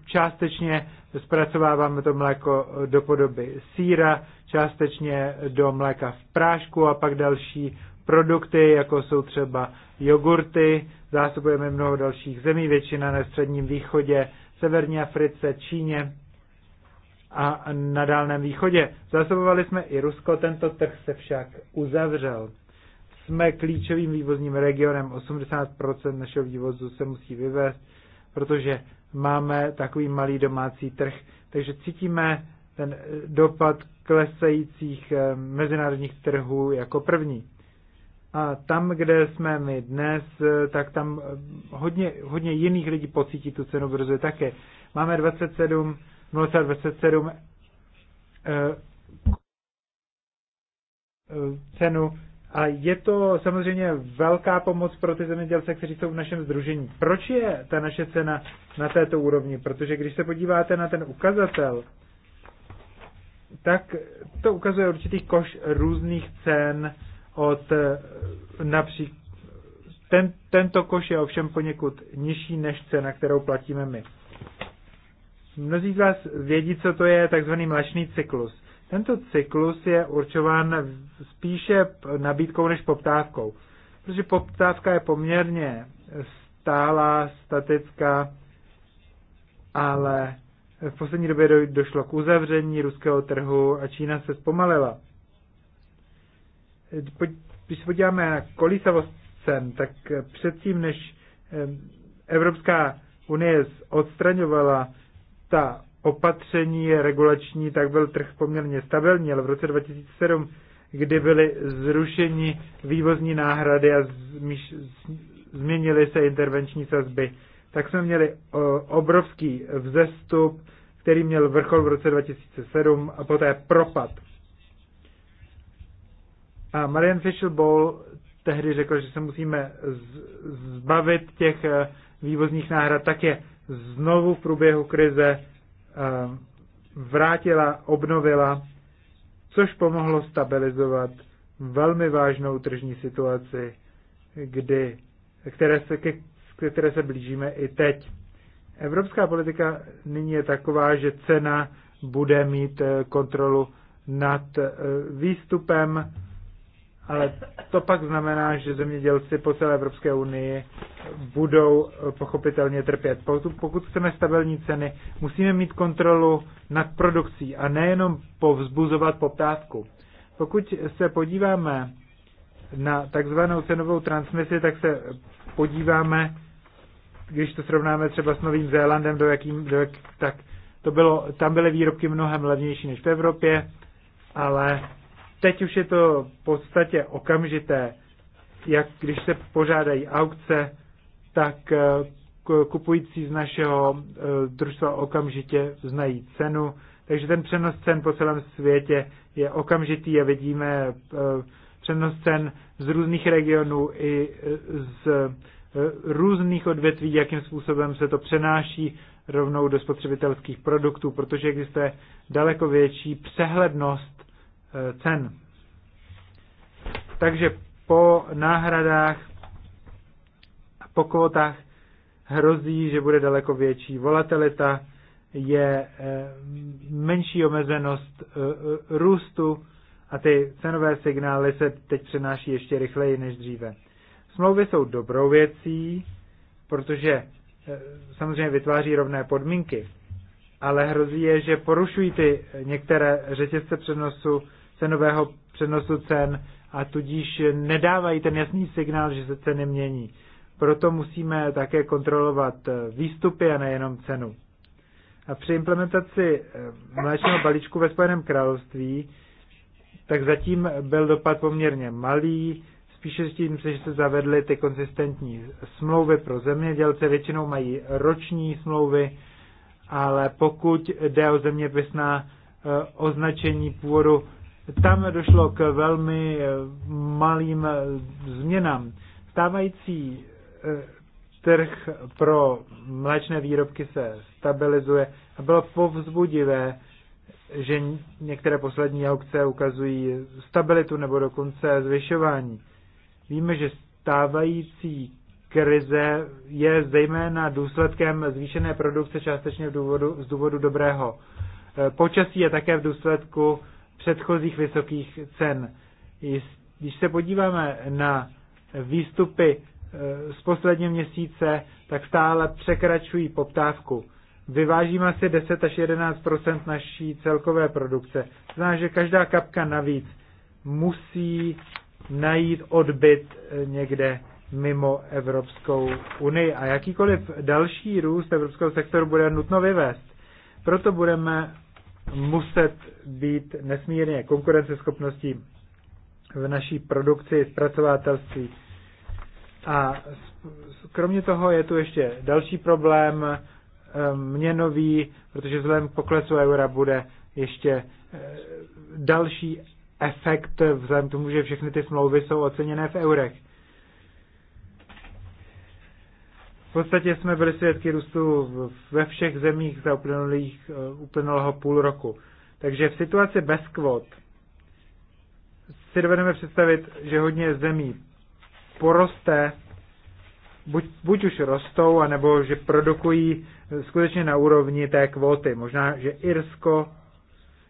částečně zpracováváme to mléko do podoby síra, částečně do mléka v prášku a pak další produkty, jako jsou třeba jogurty, zásobujeme mnoho dalších zemí, většina na středním východě, severní Africe, Číně a na Dálném východě. Zásobovali jsme i Rusko, tento trh se však uzavřel. Jsme klíčovým vývozním regionem, 80% našeho vývozu se musí vyvést, protože máme takový malý domácí trh, takže cítíme ten dopad klesajících eh, mezinárodních trhů jako první. A tam, kde jsme my dnes, eh, tak tam eh, hodně, hodně jiných lidí pocítí tu cenu brzo také. Máme 27, 0,27 cenu a je to samozřejmě velká pomoc pro ty zemědělce, kteří jsou v našem združení. Proč je ta naše cena na této úrovni? Protože když se podíváte na ten ukazatel, tak to ukazuje určitý koš různých cen od eh, například. Ten, tento koš je ovšem poněkud nižší než cena, kterou platíme my. Mnozí z vás vědí, co to je takzvaný mlečný cyklus. Tento cyklus je určován spíše nabídkou než poptávkou, protože poptávka je poměrně stálá, statická, ale v poslední době došlo k uzavření ruského trhu a Čína se zpomalila. Když se podíváme na kolísavost cen, tak předtím, než eh, Evropská unie odstraňovala ta opatření regulační, tak byl trh poměrně stabilní, ale v roce 2007, kdy byly zrušeni vývozní náhrady a změnily se intervenční sazby, tak jsme měli obrovský vzestup, který měl vrchol v roce 2007 a poté propad. A Marian Fischl Bowl tehdy řekl, že se musíme zbavit těch eh, vývozních náhrad, tak je znovu v průběhu krize Eh, vrátila, obnovila, což pomohlo stabilizovat velmi vážnou tržní situaci, kdy, které, se, ke, které se blížíme i teď. Evropská politika nyní je taková, že cena bude mít eh, kontrolu nad eh, výstupem ale to pak znamená, že zemědělci po celé Evropské unii budou eh, pochopitelně trpět. Pokud chceme stabilní ceny, musíme mít kontrolu nad produkcí a nejenom povzbuzovat poptávku. Pokud se podíváme na takzvanou cenovou transmisi, tak se podíváme, když to srovnáme třeba s Novým Zélandem, do jakým, do jak, tak to bylo, tam byly výrobky mnohem levnější než v Evropě, ale Teď už je to v podstatě okamžité, jak když se pořádají aukce, tak eh, kupující z našeho eh, družstva okamžitě znají cenu, takže ten přenos cen po celém světě je okamžitý a vidíme eh, přenos cen z různých regionů i z různých odvětví, jakým způsobem se to přenáší rovnou do spotřebitelských produktů, protože existuje daleko větší přehlednost Eh, cen. Takže po náhradách, po kvotách hrozí, že bude daleko větší volatilita, je eh, menší omezenost eh, růstu a ty cenové signály se teď přenáší ještě rychleji než dříve. Smlouvy jsou dobrou věcí, protože samozřejmě vytváří rovné podmínky, ale hrozí je, že porušují ty některé řetězce přenosu cenového přenosu cen a tudíž nedávají ten jasný signál, že se ceny mění. Proto musíme také kontrolovat eh, výstupy a nejenom cenu. A při implementaci eh, mléčného balíčku ve Spojeném království tak zatím byl dopad poměrně malý, spíše s tím, že se zavedly ty konzistentní smlouvy pro zemědělce, většinou mají roční smlouvy, ale pokud jde o zeměpisná eh, označení původu, tam došlo k velmi eh, malým eh, změnám. Stávající eh, trh pro mléčné výrobky se stabilizuje a bylo povzbudivé, že některé poslední aukce ukazují stabilitu nebo dokonce zvyšování. Víme, že stávající krize je zejména důsledkem zvýšené produkce částečně v důvodu, z důvodu dobrého počasí a také v důsledku předchozích vysokých cen. Když se podíváme na výstupy eh, z posledního měsíce, tak stále překračují poptávku. Vyvážíme asi 10 až 11 naší celkové produkce. Znamená, že každá kapka navíc musí najít odbyt eh, někde mimo Evropskou unii a jakýkoliv další růst evropského sektoru bude nutno vyvést. Proto budeme muset být nesmírně konkurenceschopností v naší produkci, zpracovatelství. A kromě toho je tu ještě další problém eh, měnový, protože vzhledem k poklesu eura bude ještě eh, další efekt vzhledem k tomu, že všechny ty smlouvy jsou oceněné v eurech. podstatě jsme byli svědky růstu ve všech zemích za uplynulých, eh, uplynulého půl roku. Takže v situaci bez kvot si dovedeme představit, že hodně zemí poroste, buď, buď už rostou, anebo že produkují eh, skutečně na úrovni té kvóty. Možná, že Irsko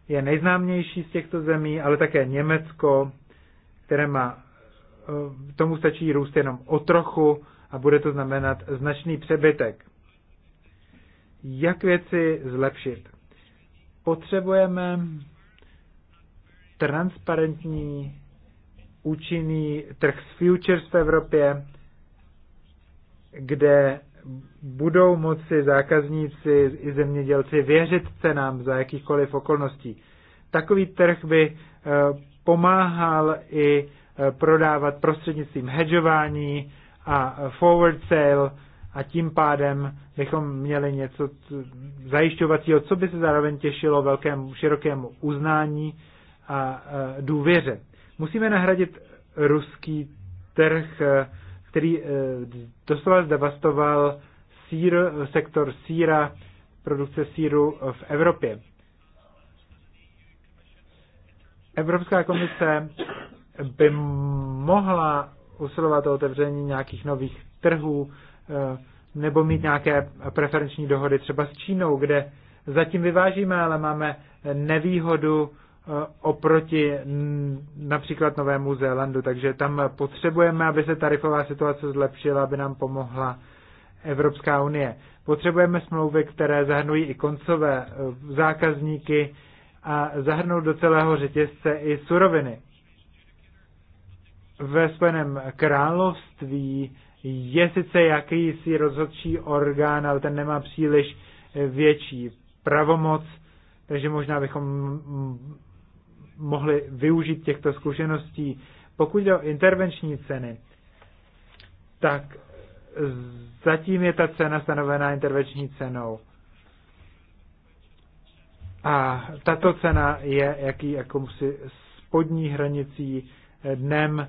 je nejznámější z těchto zemí, ale také Německo, které má, eh, tomu stačí růst jenom o trochu, a bude to znamenat značný přebytek. Jak věci zlepšit? Potřebujeme transparentní, účinný trh s futures v Evropě, kde budou moci zákazníci i zemědělci věřit cenám za jakýchkoliv okolností. Takový trh by eh, pomáhal i eh, prodávat prostřednictvím hedžování, a forward sale a tím pádem bychom měli něco zajišťovacího, co by se zároveň těšilo velkému, širokému uznání a důvěře. Musíme nahradit ruský trh, e, který e, doslova zdevastoval sír, sektor síra, produkce síru v Evropě. Evropská komise by mohla usilovat o otevření nějakých nových trhů eh, nebo mít nějaké preferenční dohody třeba s Čínou, kde zatím vyvážíme, ale máme nevýhodu eh, oproti například Novému Zélandu. Takže tam potřebujeme, aby se tarifová situace zlepšila, aby nám pomohla Evropská unie. Potřebujeme smlouvy, které zahrnují i koncové eh, zákazníky a zahrnou do celého řetězce i suroviny ve Spojeném království je sice jakýsi rozhodčí orgán, ale ten nemá příliš větší pravomoc, takže možná bychom mohli využít těchto zkušeností. Pokud jde o intervenční ceny, tak zatím je ta cena stanovená intervenční cenou. A tato cena je jaký, jakousi spodní hranicí dnem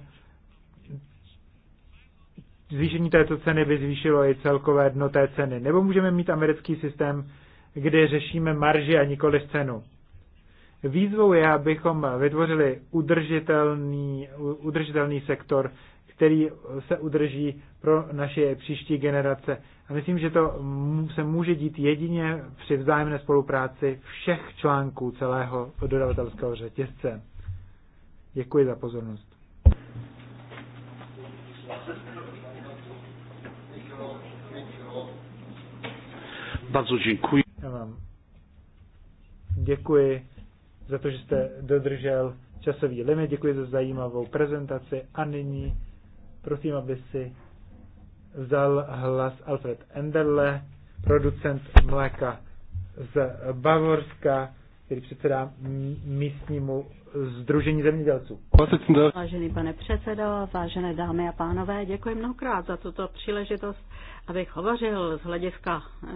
Zvýšení této ceny by zvýšilo i celkové dno té ceny. Nebo můžeme mít americký systém, kde řešíme marži a nikoli cenu. Výzvou je, abychom vytvořili udržitelný, udržitelný sektor, který se udrží pro naše příští generace. A myslím, že to se může dít jedině při vzájemné spolupráci všech článků celého dodavatelského řetězce. Děkuji za pozornost. Bardzo děkuji. Ja vám děkuji za to, že jste dodržel časový limit. Děkuji za zajímavou prezentaci a nyní prosím, aby si vzal hlas Alfred Enderle, producent mléka z Bavorska, který předsedá místnímu Združení zemědělců. Vážený pane předsedo, vážené dámy a pánové, děkuji mnohokrát za tuto příležitost, abych hovořil z hlediska eh,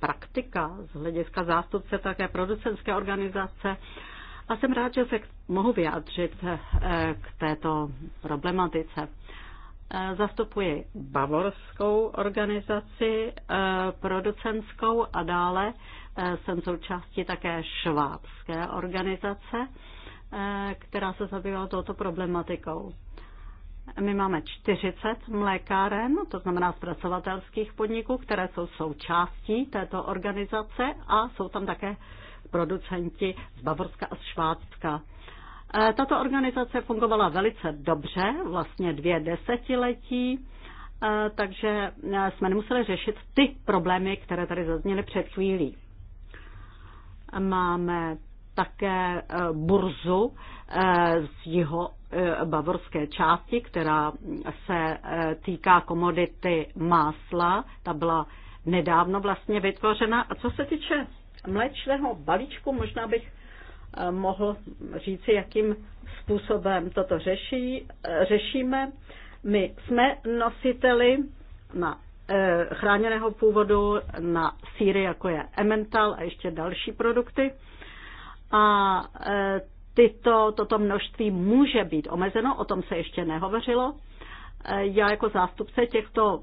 praktika, z hlediska zástupce také producentské organizace a jsem rád, že se mohu vyjádřit eh, k této problematice. Eh, zastupuji bavorskou organizaci producentskou a dále jsem součástí také švábské organizace Eh, která se zabývala touto problematikou. My máme 40 mlékáren, to znamená zpracovatelských podniků, které jsou součástí této organizace a jsou tam také producenti z Bavorska a z Švácka. Eh, tato organizace fungovala velice dobře, vlastně dvě desetiletí, eh, takže jsme nemuseli řešit ty problémy, které tady zazněly před chvílí. Máme také eh, burzu eh, z jeho eh, bavorské části, která se týká komodity másla. Ta byla nedávno vlastně vytvořena. A co se týče mléčného balíčku, možná bych mohl říci, jakým způsobem toto řeší, řešíme. My jsme nositeli na chráněného původu na síry, jako je Emmental a ještě další produkty a e, tyto, toto množství může být omezeno, o tom se ještě nehovořilo. E, já jako zástupce těchto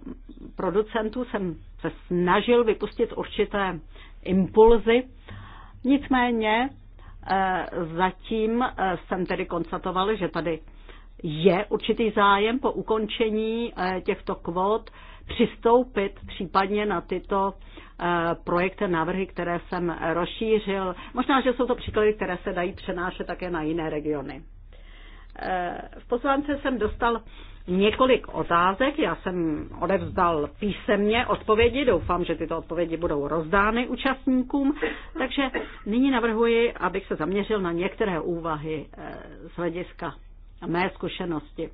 producentů jsem se snažil vypustit určité impulzy, nicméně e, zatím jsem tedy konstatoval, že tady je určitý zájem po ukončení těchto kvót přistoupit případně na tyto Eh, projekty, návrhy, které jsem rozšířil. Možná, že jsou to příklady, které se dají přenášet také na jiné regiony. Eh, v pozvánce jsem dostal několik otázek. Já jsem odevzdal písemně odpovědi. Doufám, že tyto odpovědi budou rozdány účastníkům. Takže nyní navrhuji, abych se zaměřil na některé úvahy eh, z hlediska mé zkušenosti.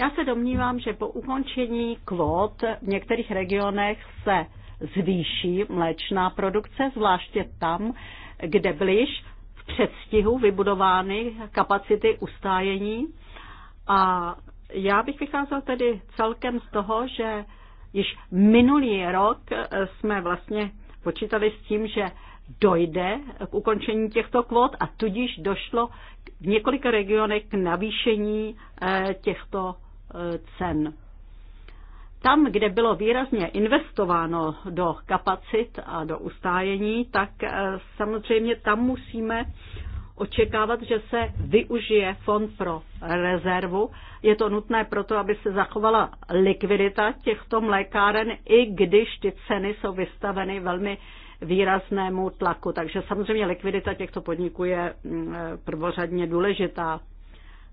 Já se domnívám, že po ukončení kvót v některých regionech se zvýší mléčná produkce, zvláště tam, kde blíž v předstihu vybudovány kapacity ustájení. A já bych vycházel tedy celkem z toho, že již minulý rok jsme vlastně počítali s tím, že dojde k ukončení těchto kvot a tudíž došlo v několika regionech k navýšení eh, těchto eh, cen. Tam, kde bylo výrazně investováno do kapacit a do ustájení, tak eh, samozřejmě tam musíme očekávat, že se využije fond pro rezervu. Je to nutné proto, aby se zachovala likvidita těchto mlékáren, i když ty ceny jsou vystaveny velmi výraznému tlaku. Takže samozřejmě likvidita těchto podniků je mm, eh, prvořadně důležitá.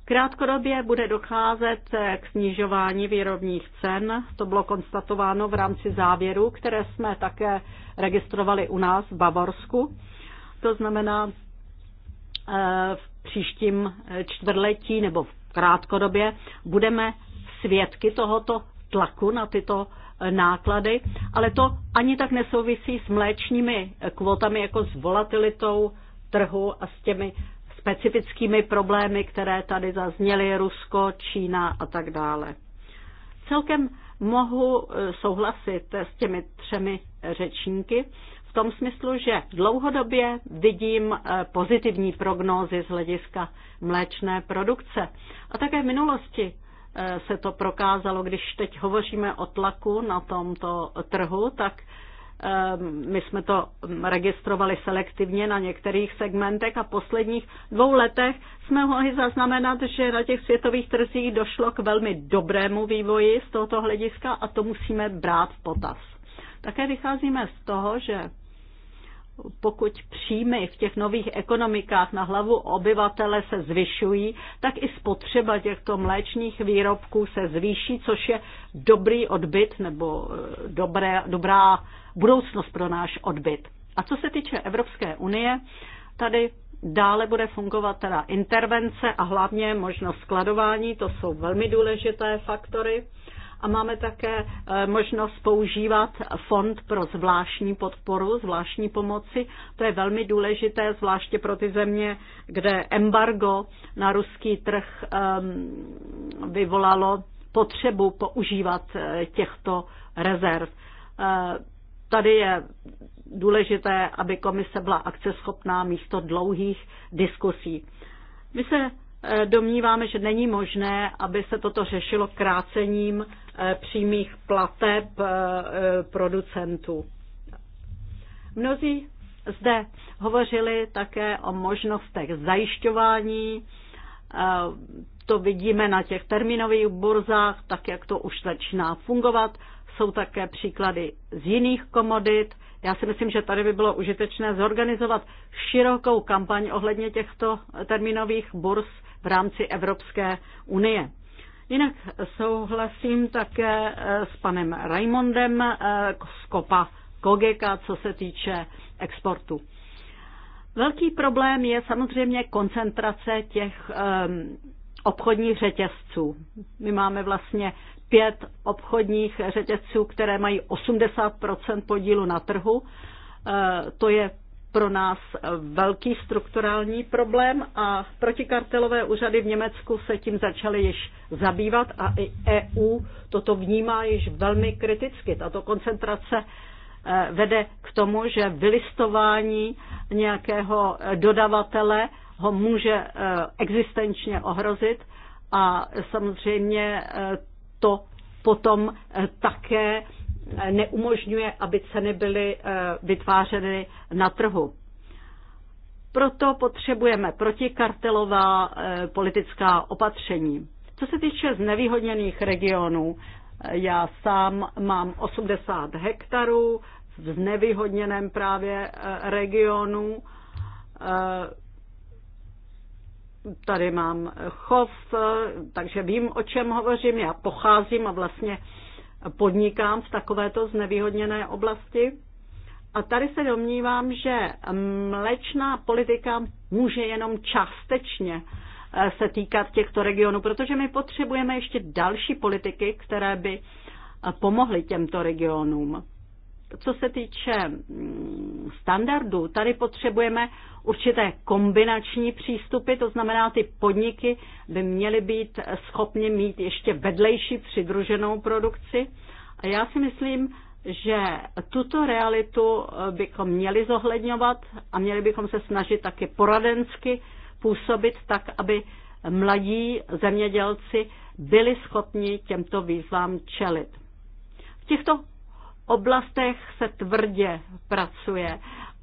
Krátkodobě bude docházet k snižování výrobních cen. To bylo konstatováno v rámci závěru, které jsme také registrovali u nás v Bavorsku. To znamená, eh, v příštím čtvrtletí nebo v krátkodobě budeme svědky tohoto tlaku na tyto eh, náklady, ale to ani tak nesouvisí s mléčními kvotami jako s volatilitou trhu a s těmi specifickými problémy, které tady zazněly, Rusko, Čína a tak dále. Celkem mohu eh, souhlasit s těmi třemi řečníky v tom smyslu, že dlouhodobě vidím eh, pozitivní prognózy z hlediska mléčné produkce. A také v minulosti eh, se to prokázalo, když teď hovoříme o tlaku na tomto trhu, tak Ehm, my jsme to registrovali selektivně na některých segmentech a posledních dvou letech jsme mohli zaznamenat, že na těch světových trzích došlo k velmi dobrému vývoji z tohoto hlediska a to musíme brát v potaz. Také vycházíme z toho, že pokud příjmy v těch nových ekonomikách na hlavu obyvatele se zvyšují, tak i spotřeba těchto mléčných výrobků se zvýší, což je dobrý odbyt nebo eh, dobré, dobrá budoucnost pro náš odbyt. A co se týče Evropské unie, tady dále bude fungovat teda intervence a hlavně možnost skladování, to jsou velmi důležité faktory. A máme také eh, možnost používat fond pro zvláštní podporu, zvláštní pomoci. To je velmi důležité, zvláště pro ty země, kde embargo na ruský trh ehm, vyvolalo potřebu používat eh, těchto rezerv. Eh, Tady je důležité, aby komise byla akceschopná místo dlouhých diskusí. My se eh, domníváme, že není možné, aby se toto řešilo krácením eh, přímých plateb eh, producentů. Mnozí zde hovořili také o možnostech zajišťování. To vidíme na těch termínových burzách, tak jak to už začíná fungovat. Jsou také příklady z jiných komodit. Já si myslím, že tady by bylo užitečné zorganizovat širokou kampaň ohledně těchto termínových burz v rámci Evropské unie. Jinak souhlasím také eh, s panem Raimondem eh, z Kopa Kogeka, co se týče exportu. Velký problém je samozřejmě koncentrace těch ehm, obchodních řetězců. My máme vlastně pět obchodních řetězců, které mají 80 podílu na trhu. E, to je pro nás velký strukturální problém a protikartelové úřady v Německu se tím začaly již zabývat a i EU toto vnímá již velmi kriticky. Tato koncentrace e, vede k tomu, že vylistování nějakého dodavatele ho může e, existenčně ohrozit a samozřejmě to potom eh, také eh, neumožňuje, aby ceny byly eh, vytvářeny na trhu. Proto potřebujeme protikartelová politická opatření. Co se týče znevýhodněných regionů, já sám mám 80 hektarů v znevýhodněném právě regionu. Tady mám chov, takže vím, o čem hovořím. Já pocházím a vlastně podnikám v takovéto znevýhodněné oblasti. A tady se domnívám, že mlečná politika může jenom částečně eh, se týkat těchto regionů, protože my potřebujeme ještě další politiky, které by eh, pomohly těmto regionům co se týče mm, standardů, tady potřebujeme určité kombinační přístupy, to znamená, ty podniky by měly být schopny mít ještě vedlejší přidruženou produkci. A já si myslím, že tuto realitu eh, bychom měli zohledňovat a měli bychom se snažit taky poradensky působit tak, aby mladí zemědělci byli schopni těmto výzvám čelit. V těchto oblastech se tvrdě pracuje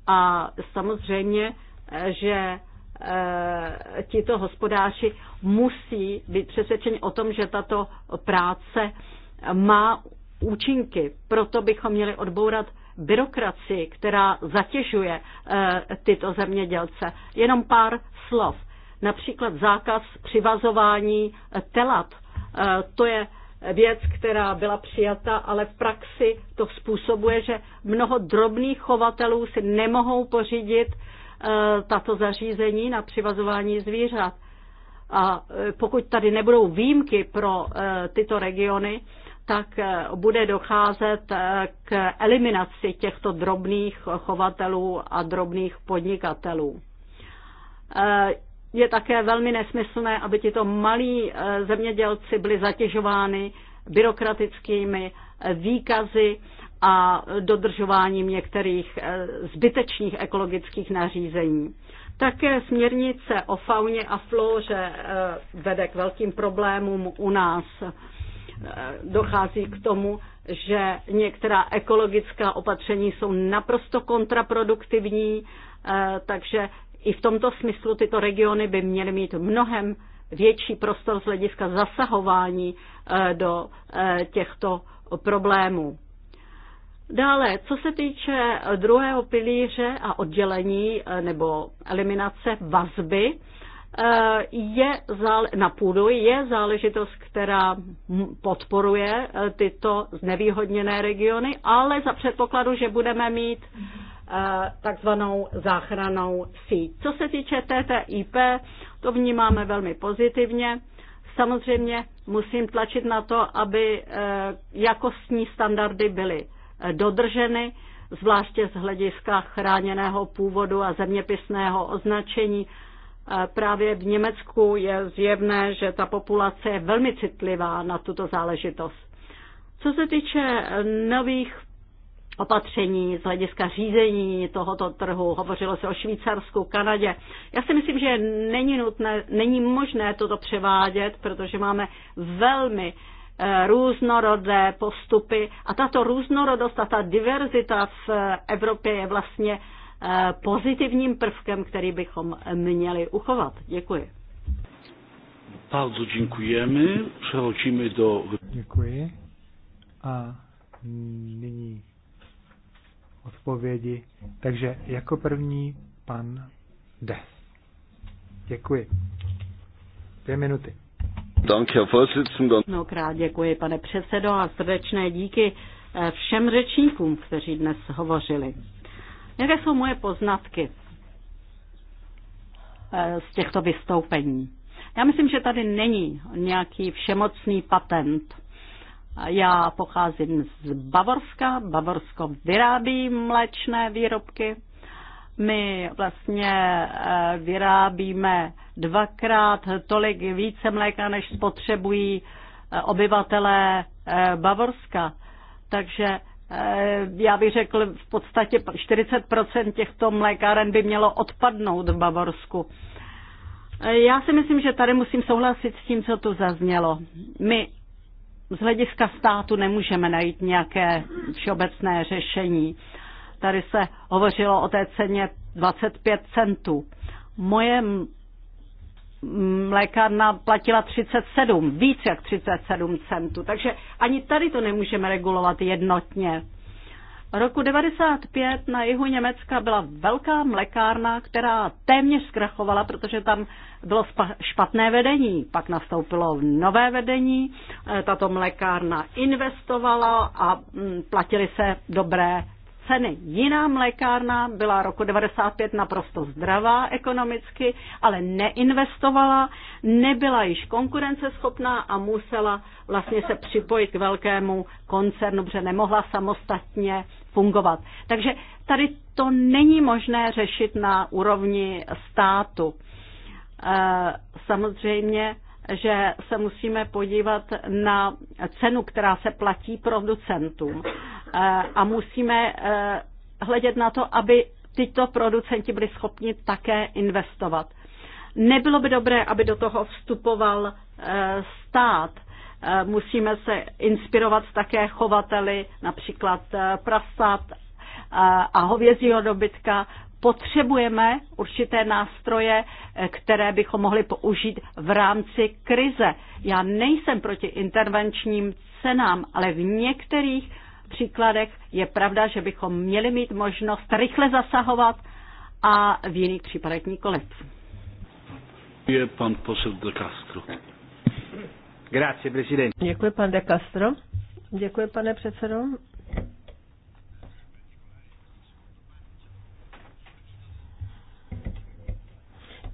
a samozřejmě, že e, tito hospodáři musí být přesvědčeni o tom, že tato práce má účinky. Proto bychom měli odbourat byrokracii, která zatěžuje e, tyto zemědělce. Jenom pár slov. Například zákaz přivazování e, telat. To je věc, která byla přijata, ale v praxi to způsobuje, že mnoho drobných chovatelů si nemohou pořídit eh, tato zařízení na přivazování zvířat. A eh, pokud tady nebudou výjimky pro eh, tyto regiony, tak bude docházet k eliminaci těchto drobných chovatelů a drobných podnikatelů je také velmi nesmyslné, aby tito malí eh, zemědělci byli zatěžováni byrokratickými eh, výkazy a dodržováním některých eh, zbytečných ekologických nařízení. Také směrnice o fauně a flóře vede k velkým problémům u nás. Dochází k tomu, že některá ekologická opatření jsou naprosto kontraproduktivní, takže i v tomto smyslu tyto regiony by měly mít mnohem větší prostor z hlediska zasahování eh, do eh, těchto problémů. Dále, co se týče druhého pilíře a oddělení eh, nebo eliminace vazby je na půdu je záležitost, která podporuje tyto znevýhodněné regiony, ale za předpokladu, že budeme mít Eh, takzvanou záchranou síť. Co se týče TTIP, to vnímáme velmi pozitivně. Samozřejmě musím tlačit na to, aby eh, jakostní standardy byly eh, dodrženy, zvláště z hlediska chráněného původu a zeměpisného označení. Právě v Německu je zjevné, že ta populace je velmi citlivá na tuto záležitost. Co se týče nových opatření z hlediska řízení tohoto trhu. Hovořilo se o Švýcarsku, Kanadě. Já si myslím, že není nutné, není možné toto převádět, protože máme velmi eh, různorodé postupy a tato různorodost a ta diverzita v Evropě je vlastně eh, pozitivním prvkem, který bychom měli uchovat. Děkuji. Bardzo děkujeme. Přehočíme do... Děkuji. A nyní odpovědi. Takže jako první pan Des. Děkuji. Dvě minuty. Mnohokrát děkuji, pane předsedo, a srdečné díky eh, všem řečníkům, kteří dnes hovořili. Jaké jsou moje poznatky eh, z těchto vystoupení? Já myslím, že tady není nějaký všemocný patent já pocházím z Bavorska. Bavorsko vyrábí mléčné výrobky. My vlastně e, vyrábíme dvakrát tolik více mléka, než spotřebují e, obyvatelé e, Bavorska. Takže já bych řekl, v podstatě 40% těchto mlékáren by mělo odpadnout v Bavorsku. Já si myslím, že tady musím souhlasit s tím, co tu zaznělo. My z hlediska státu nemůžeme najít nějaké všeobecné řešení. Tady se hovořilo o té ceně 25 centů. Moje mlékárna platila 37, víc jak 37 centů. Takže ani tady to nemůžeme regulovat jednotně. Roku 95 na jihu Německa byla velká mlekárna, která téměř zkrachovala, protože tam bylo špatné vedení. Pak nastoupilo nové vedení, e, tato mlekárna investovala a mm, platili se dobré ceny. Jiná mlékárna byla roku 95 naprosto zdravá ekonomicky, ale neinvestovala, nebyla již konkurenceschopná a musela vlastně se připojit k velkému koncernu, protože nemohla samostatně fungovat. Takže tady to není možné řešit na úrovni státu. Eh, samozřejmě že se musíme podívat na cenu, která se platí producentům e, a musíme e, hledět na to, aby tyto producenti byli schopni také investovat. Nebylo by dobré, aby do toho vstupoval e, stát. Musíme se inspirovat také chovateli, například prasat a hovězího dobytka potřebujeme určité nástroje, eh, které bychom mohli použít v rámci krize. Já nejsem proti intervenčním cenám, ale v některých příkladech je pravda, že bychom měli mít možnost rychle zasahovat a v jiných případech nikoliv. Je pan posel de Castro. Grazie, Děkuji, pan de Castro. Děkuji, pane předsedo.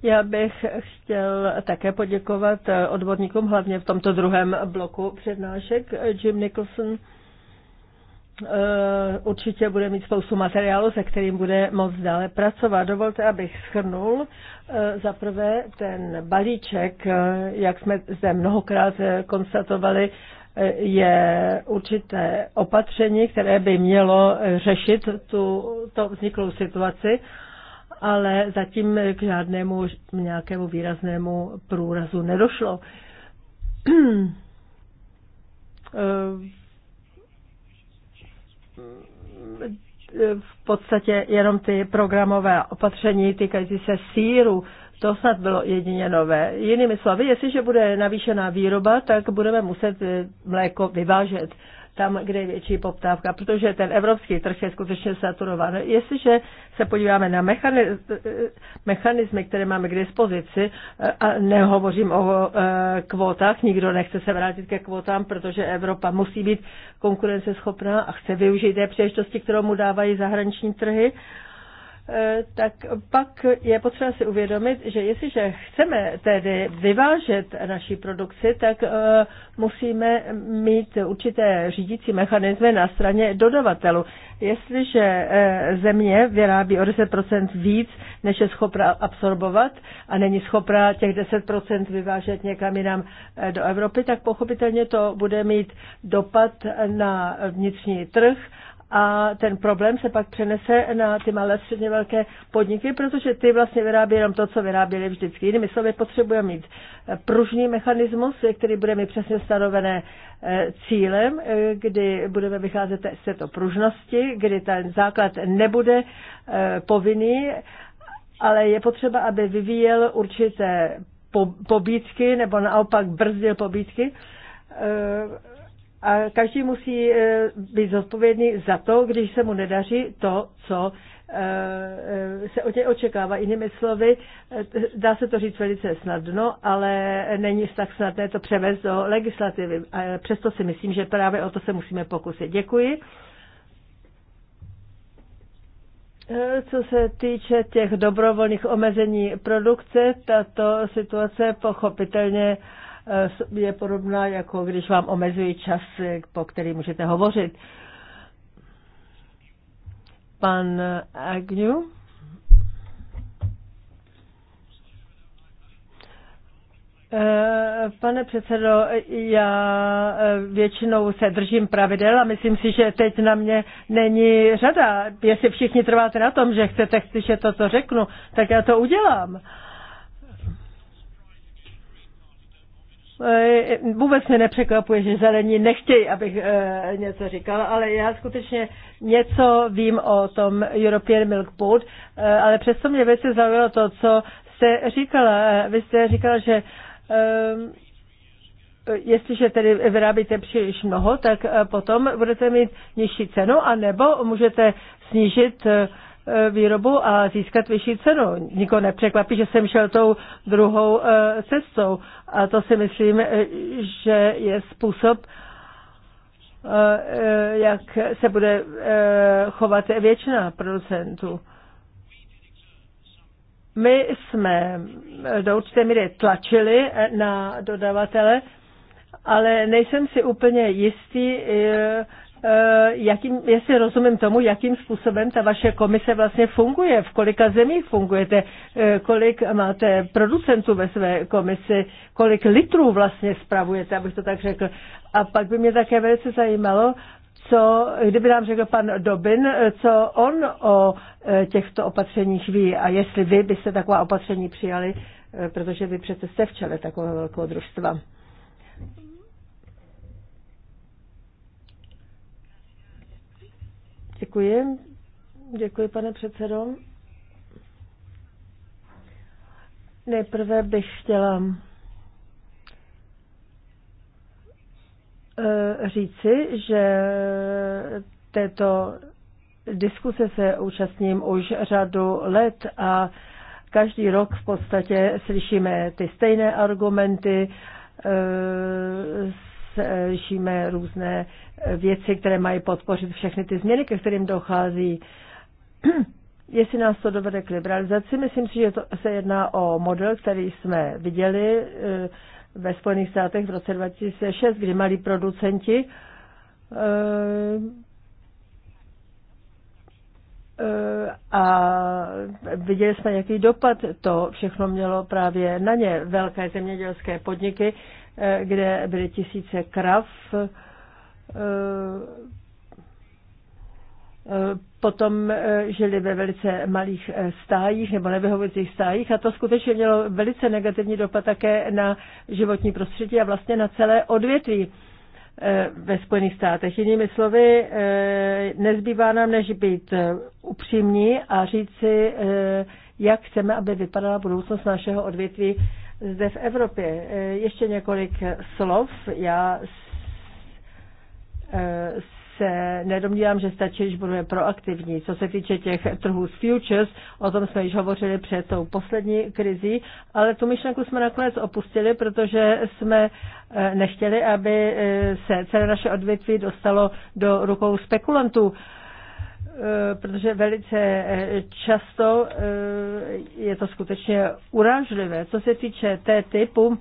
Já bych chtěl také poděkovat odborníkům, hlavně v tomto druhém bloku přednášek. Jim Nicholson eh, určitě bude mít spoustu materiálu, se kterým bude moc dále pracovat. Dovolte, abych schrnul eh, za prvé ten balíček, eh, jak jsme zde mnohokrát konstatovali, je určité opatření, které by mělo řešit tu, to vzniklou situaci ale zatím k žádnému nějakému výraznému průrazu nedošlo. v podstatě jenom ty programové opatření týkající se síru, to snad bylo jedině nové. Jinými slovy, jestliže bude navýšená výroba, tak budeme muset mléko vyvážet tam, kde je větší poptávka, protože ten evropský trh je skutečně saturován. Jestliže se podíváme na mechanizmy, které máme k dispozici, e, a nehovořím o e, kvótách, nikdo nechce se vrátit ke kvótám, protože Evropa musí být konkurenceschopná a chce využít té příležitosti, kterou mu dávají zahraniční trhy, Eh, tak pak je potřeba si uvědomit, že jestliže chceme tedy vyvážet naší produkci, tak eh, musíme mít určité řídící mechanismy na straně dodavatelů. Jestliže eh, země vyrábí o 10% víc, než je schopná absorbovat a není schopná těch 10% vyvážet někam jinam do Evropy, tak pochopitelně to bude mít dopad na vnitřní trh a ten problém se pak přenese na ty malé středně velké podniky, protože ty vlastně vyrábí jenom to, co vyráběli vždycky. Jinými slovy, potřebujeme mít eh, pružný mechanismus, který bude mít přesně stanovené eh, cílem, eh, kdy budeme vycházet z této pružnosti, kdy ten základ nebude povinný, ale je potřeba, aby vyvíjel určité pobídky nebo naopak brzdil pobídky a každý musí eh, být zodpovědný za to, když se mu nedaří to, co eh, eh, se od něj očekává. Jinými slovy, dá se to říct velice snadno, ale není tak snadné to převést do legislativy. A přesto si myslím, že právě o to se musíme pokusit. Děkuji. Co se týče těch dobrovolných omezení produkce, tato situace pochopitelně uh, Eh, je podobná, jako když vám omezují čas, eh, po který můžete hovořit. Pan Agnew? Eh, pane předsedo, já většinou se držím pravidel a myslím si, že teď na mě není řada. Jestli všichni trváte na tom, že chcete slyšet to, co řeknu, tak já to udělám. Uh, Eh, vůbec mě nepřekvapuje, že zelení nechtějí, abych eh, něco říkala, ale já skutečně něco vím o tom European Milk Board, eh, ale přesto mě věci zaujalo to, co jste říkala. Vy jste říkala, že jestliže tedy vyrábíte příliš mnoho, tak potom budete mít nižší cenu, anebo můžete snížit Eh, výrobu a získat vyšší cenu. Nikoho nepřekvapí, že jsem šel tou druhou eh, cestou. A to si myslím, eh, že je způsob, jak se bude chovat většina producentů. My jsme do určité míry tlačili na dodavatele, ale nejsem si úplně jistý, Eh, jakým, jestli rozumím tomu, jakým způsobem ta vaše komise vlastně funguje, v kolika zemích fungujete, eh, kolik máte producentů ve své komisi, kolik litrů vlastně spravujete, abych to tak řekl. A pak by mě také velice zajímalo, co, kdyby nám řekl pan Dobin, eh, co on o těchto opatřeních ví a jestli vy byste taková opatření přijali, protože vy přece jste v čele takového velkého družstva. Děkuji. Děkuji, pane předsedo. Nejprve bych chtěla eh, říci, že této diskuse se účastním už řadu let a každý rok v podstatě slyšíme ty stejné argumenty, eh, slyšíme různé věci, které mají podpořit všechny ty změny, ke kterým dochází. Jestli nás to dovede k liberalizaci, myslím si, že to se jedná o model, který jsme viděli eh, ve Spojených státech v roce 2006, kdy malí producenti eh, eh, a viděli jsme, jaký dopad to všechno mělo právě na ně. Velké zemědělské podniky Eh, kde byly tisíce krav. Eh, eh, potom žili ve velice malých stájích nebo nevyhovujících stájích a to skutečně mělo velice negativní dopad také na životní prostředí a vlastně na celé odvětví ve Spojených státech. Jinými slovy, nezbývá nám, než být upřímní a říci, jak chceme, aby vypadala budoucnost našeho odvětví zde v Evropě. E, ještě několik slov. Já e, se nedomnívám, že stačí, když budeme proaktivní. Co se týče těch trhů s futures, o tom jsme již hovořili před tou poslední krizí, ale tu myšlenku jsme nakonec opustili, protože jsme e, nechtěli, aby se celé naše odvětví dostalo do rukou spekulantů. Eh, protože velice eh, často eh, je to skutečně urážlivé. Co se týče té typu,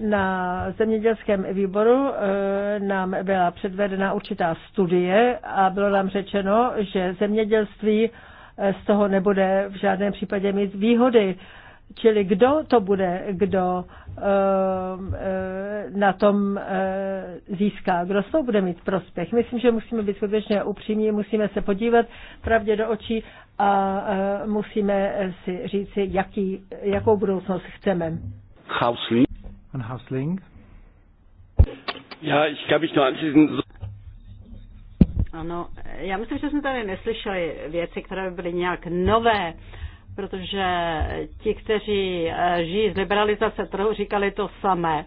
na zemědělském výboru nám byla předvedena určitá studie a bylo nám řečeno, že zemědělství z toho nebude v žádném případě mít výhody. Čili kdo to bude, kdo eh, eh, na tom eh, získá, kdo z toho bude mít prospěch. Myslím, že musíme být skutečně upřímní, musíme se podívat pravdě do očí a musíme si říci, jaký, jakou budoucnost chceme. Hausling. Pan Hausling. Ja, ich kann mich nur Ano, já myslím, že jsme tady neslyšeli věci, které by byly nějak nové. Uh, protože ti, kteří eh, žijí z liberalizace trhu, říkali to samé.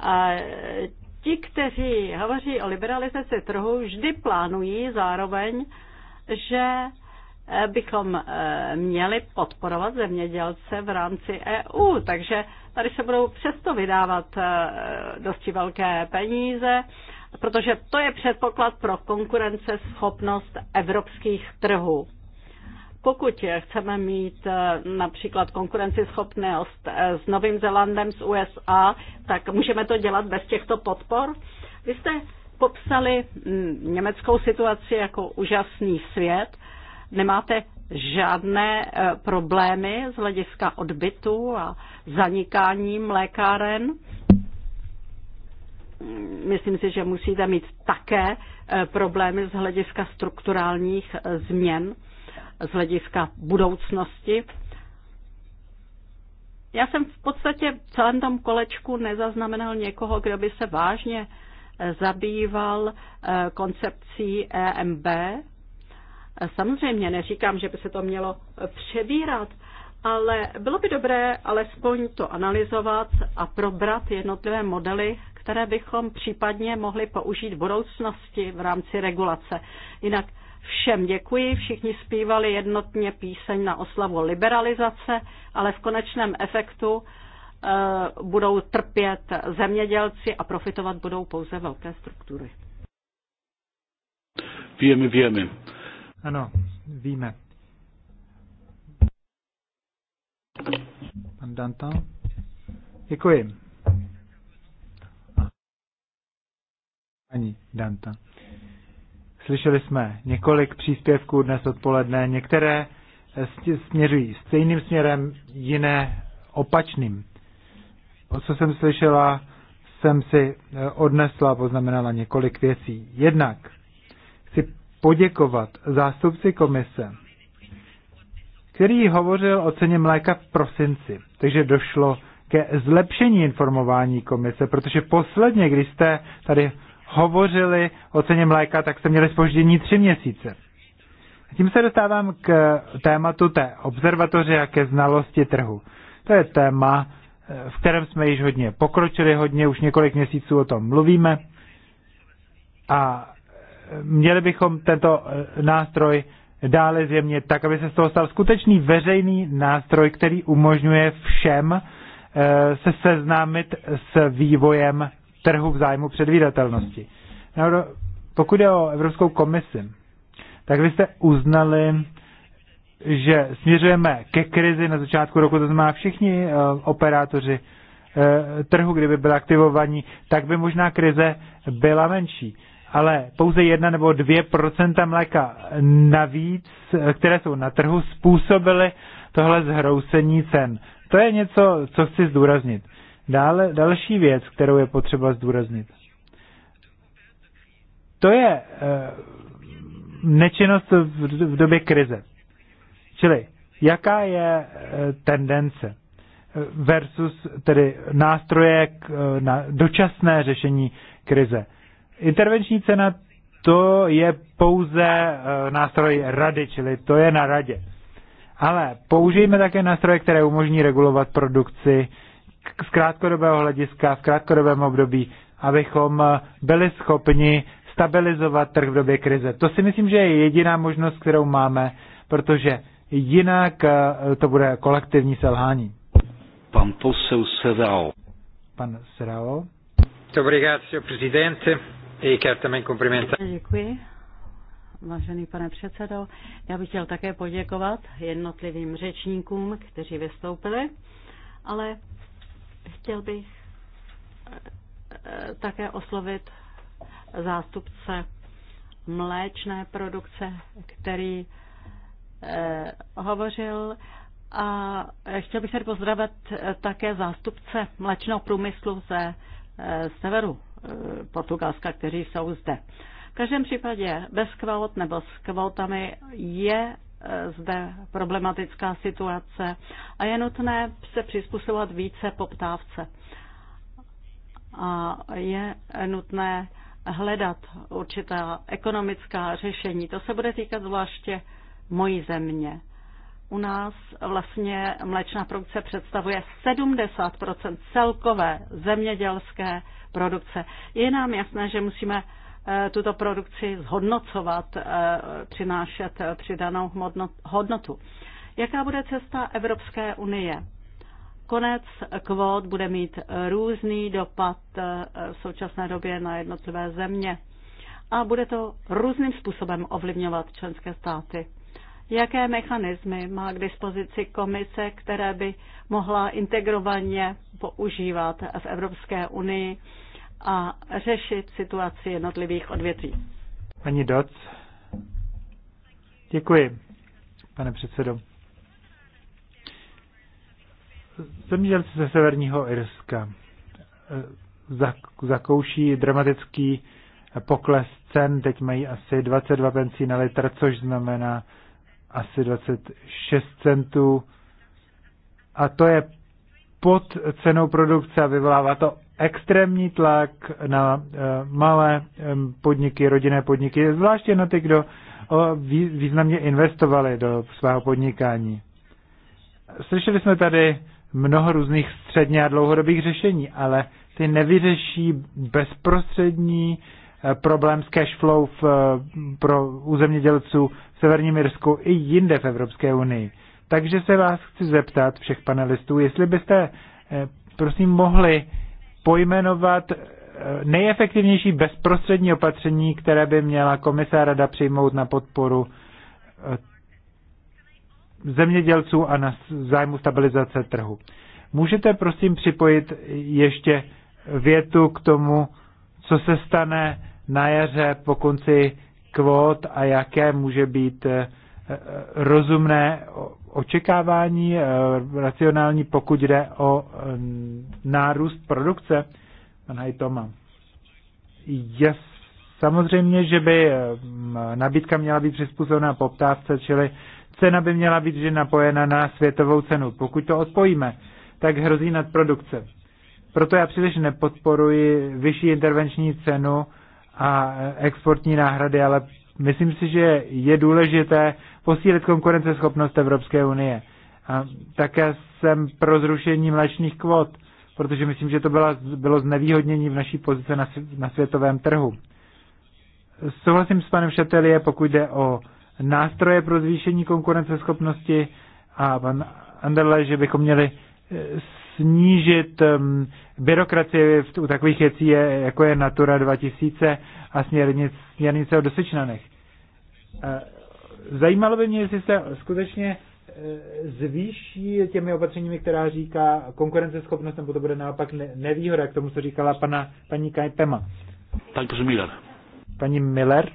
A eh, ti, kteří hovoří o liberalizaci trhu, vždy plánují zároveň, že eh, bychom měli podporovat zemědělce v rámci EU. Takže tady se budou přesto vydávat dosti velké peníze, protože to je předpoklad pro konkurenceschopnost evropských trhů. Pokud chceme mít eh, například konkurenceschopnost eh, s Novým Zelandem, s USA, tak můžeme to dělat bez těchto podpor? Vy jste popsali mm, německou situaci jako úžasný svět. Nemáte žádné eh, problémy z hlediska odbytu a zanikání mlékáren. Mm, myslím si, že musíte mít také problémy z hlediska strukturálních změn z hlediska budoucnosti. Já jsem v podstatě v celém tom kolečku nezaznamenal někoho, kdo by se vážně eh, zabýval eh, koncepcí EMB. Samozřejmě neříkám, že by se to mělo přebírat, ale bylo by dobré alespoň to analyzovat a probrat jednotlivé modely, které bychom případně mohli použít v budoucnosti v rámci regulace. Jinak všem děkuji, všichni zpívali jednotně píseň na oslavu liberalizace, ale v konečném efektu eh, budou trpět zemědělci a profitovat budou pouze velké struktury. Víme, víme. Ano, víme. Pan Danta. Děkuji. Ani Danta. Slyšeli jsme několik příspěvků dnes odpoledne, některé směřují stejným směrem, jiné opačným. O co jsem slyšela, jsem si eh, odnesla, poznamenala několik věcí. Jednak chci poděkovat zástupci komise, který hovořil o ceně mléka v prosinci. Takže došlo ke zlepšení informování komise, protože posledně, když jste tady hovořili o ceně mléka, tak jste měli spoždění tři měsíce. Tím se dostávám k tématu té observatoře a ke znalosti trhu. To je téma, eh, v kterém jsme již hodně pokročili, hodně už několik měsíců o tom mluvíme a eh, měli bychom tento eh, nástroj dále zjemnit, tak, aby se z toho stal skutečný veřejný nástroj, který umožňuje všem se seznámit s vývojem trhu v zájmu předvídatelnosti. No, pokud je o Evropskou komisi, tak vy jste uznali, že směřujeme ke krizi na začátku roku, to znamená všichni eh, operátoři eh, trhu, kdyby byly aktivovaní, tak by možná krize byla menší. Ale pouze jedna nebo dvě procenta mléka navíc, eh, které jsou na trhu, způsobily tohle zhrousení cen. To je něco, co chci zdůraznit. Dále další věc, kterou je potřeba zdůraznit. To je eh, nečinnost v době krize. Čili jaká je eh, tendence eh, versus tedy nástroje k, na dočasné řešení krize. Intervenční cena to je pouze nástroj rady, čili to je na radě. Ale použijeme také nástroje, které umožní regulovat produkci z krátkodobého hlediska, v krátkodobém období, abychom eh, byli schopni stabilizovat trh v době krize. To si myslím, že je jediná možnost, kterou máme, protože jinak eh, to bude kolektivní selhání. Pan posel Serao. Pan Serao. Obrigado, senhor E quero também cumprimentar. Děkuji. Vážený pane předsedo, já bych chtěl také poděkovat jednotlivým řečníkům, kteří vystoupili, ale Chtěl bych eh, také oslovit zástupce mléčné produkce, který eh, hovořil a chtěl bych tady pozdravit eh, také zástupce mléčného průmyslu ze severu Portugalska, kteří jsou zde. V každém případě bez kvót nebo s kvótami je E, zde problematická situace a je nutné se přizpůsobovat více poptávce. A je nutné hledat určitá ekonomická řešení. To se bude týkat zvláště mojí země. U nás vlastně mléčná produkce představuje 70 celkové zemědělské produkce. Je nám jasné, že musíme Eh, tuto produkci zhodnocovat, eh, přinášet eh, přidanou hodnotu. Jaká bude cesta Evropské unie? Konec kvót bude mít různý dopad v současné době na jednotlivé země a bude to různým způsobem ovlivňovat členské státy. Jaké mechanismy má k dispozici komise, které by mohla integrovaně používat v Evropské unii a řešit situaci jednotlivých odvětví. Paní Doc. Děkuji, pane předsedo. Zemědělci ze severního Irska eh, zakouší dramatický pokles cen. Teď mají asi 22 pencí na litr, což znamená asi 26 centů. A to je pod cenou produkce a vyvolává to extrémní tlak na eh, malé podniky, rodinné podniky, zvláště na ty, kdo významně investovali do svého podnikání. Slyšeli jsme tady mnoho různých středně a dlouhodobých řešení, ale ty nevyřeší bezprostřední eh, problém s cash flow v, pro územědělců v Severním Irsku i jinde v Evropské unii. Takže se vás chci zeptat všech panelistů, jestli byste eh, prosím mohli pojmenovat eh, nejefektivnější bezprostřední opatření, které by měla komise a rada přijmout na podporu eh, zemědělců a na zájmu stabilizace trhu. Můžete prosím připojit ještě větu k tomu, co se stane na jaře po konci kvót a jaké může být eh, rozumné očekávání eh, racionální, pokud jde o eh, nárůst produkce? Pan Hajtoma. Je Samozřejmě, že by eh, nabídka měla být přizpůsobena poptávce, čili cena by měla být že napojena na světovou cenu. Pokud to odpojíme, tak hrozí nadprodukce. Proto já příliš nepodporuji vyšší intervenční cenu a exportní náhrady, ale myslím si, že je důležité posílit konkurenceschopnost Evropské unie. A také jsem pro zrušení mléčných kvot, protože myslím, že to byla, bylo znevýhodnění v naší pozici na, na světovém trhu. Souhlasím s panem Šatelie, pokud jde o nástroje pro zvýšení konkurenceschopnosti a pan Anderle, že bychom měli eh, snížit um, byrokracie v, u takových věcí, je, jako je Natura 2000 a směrnic, směrnice o dosečnanech. Eh, Zajímalo by mě, jestli se skutečně e, zvýší těmi opatřeními, která říká konkurenceschopnost, nebo to bude naopak nevýhoda k tomu, co říkala pana, paní Kajpema. Pan Miller. Paní Miller.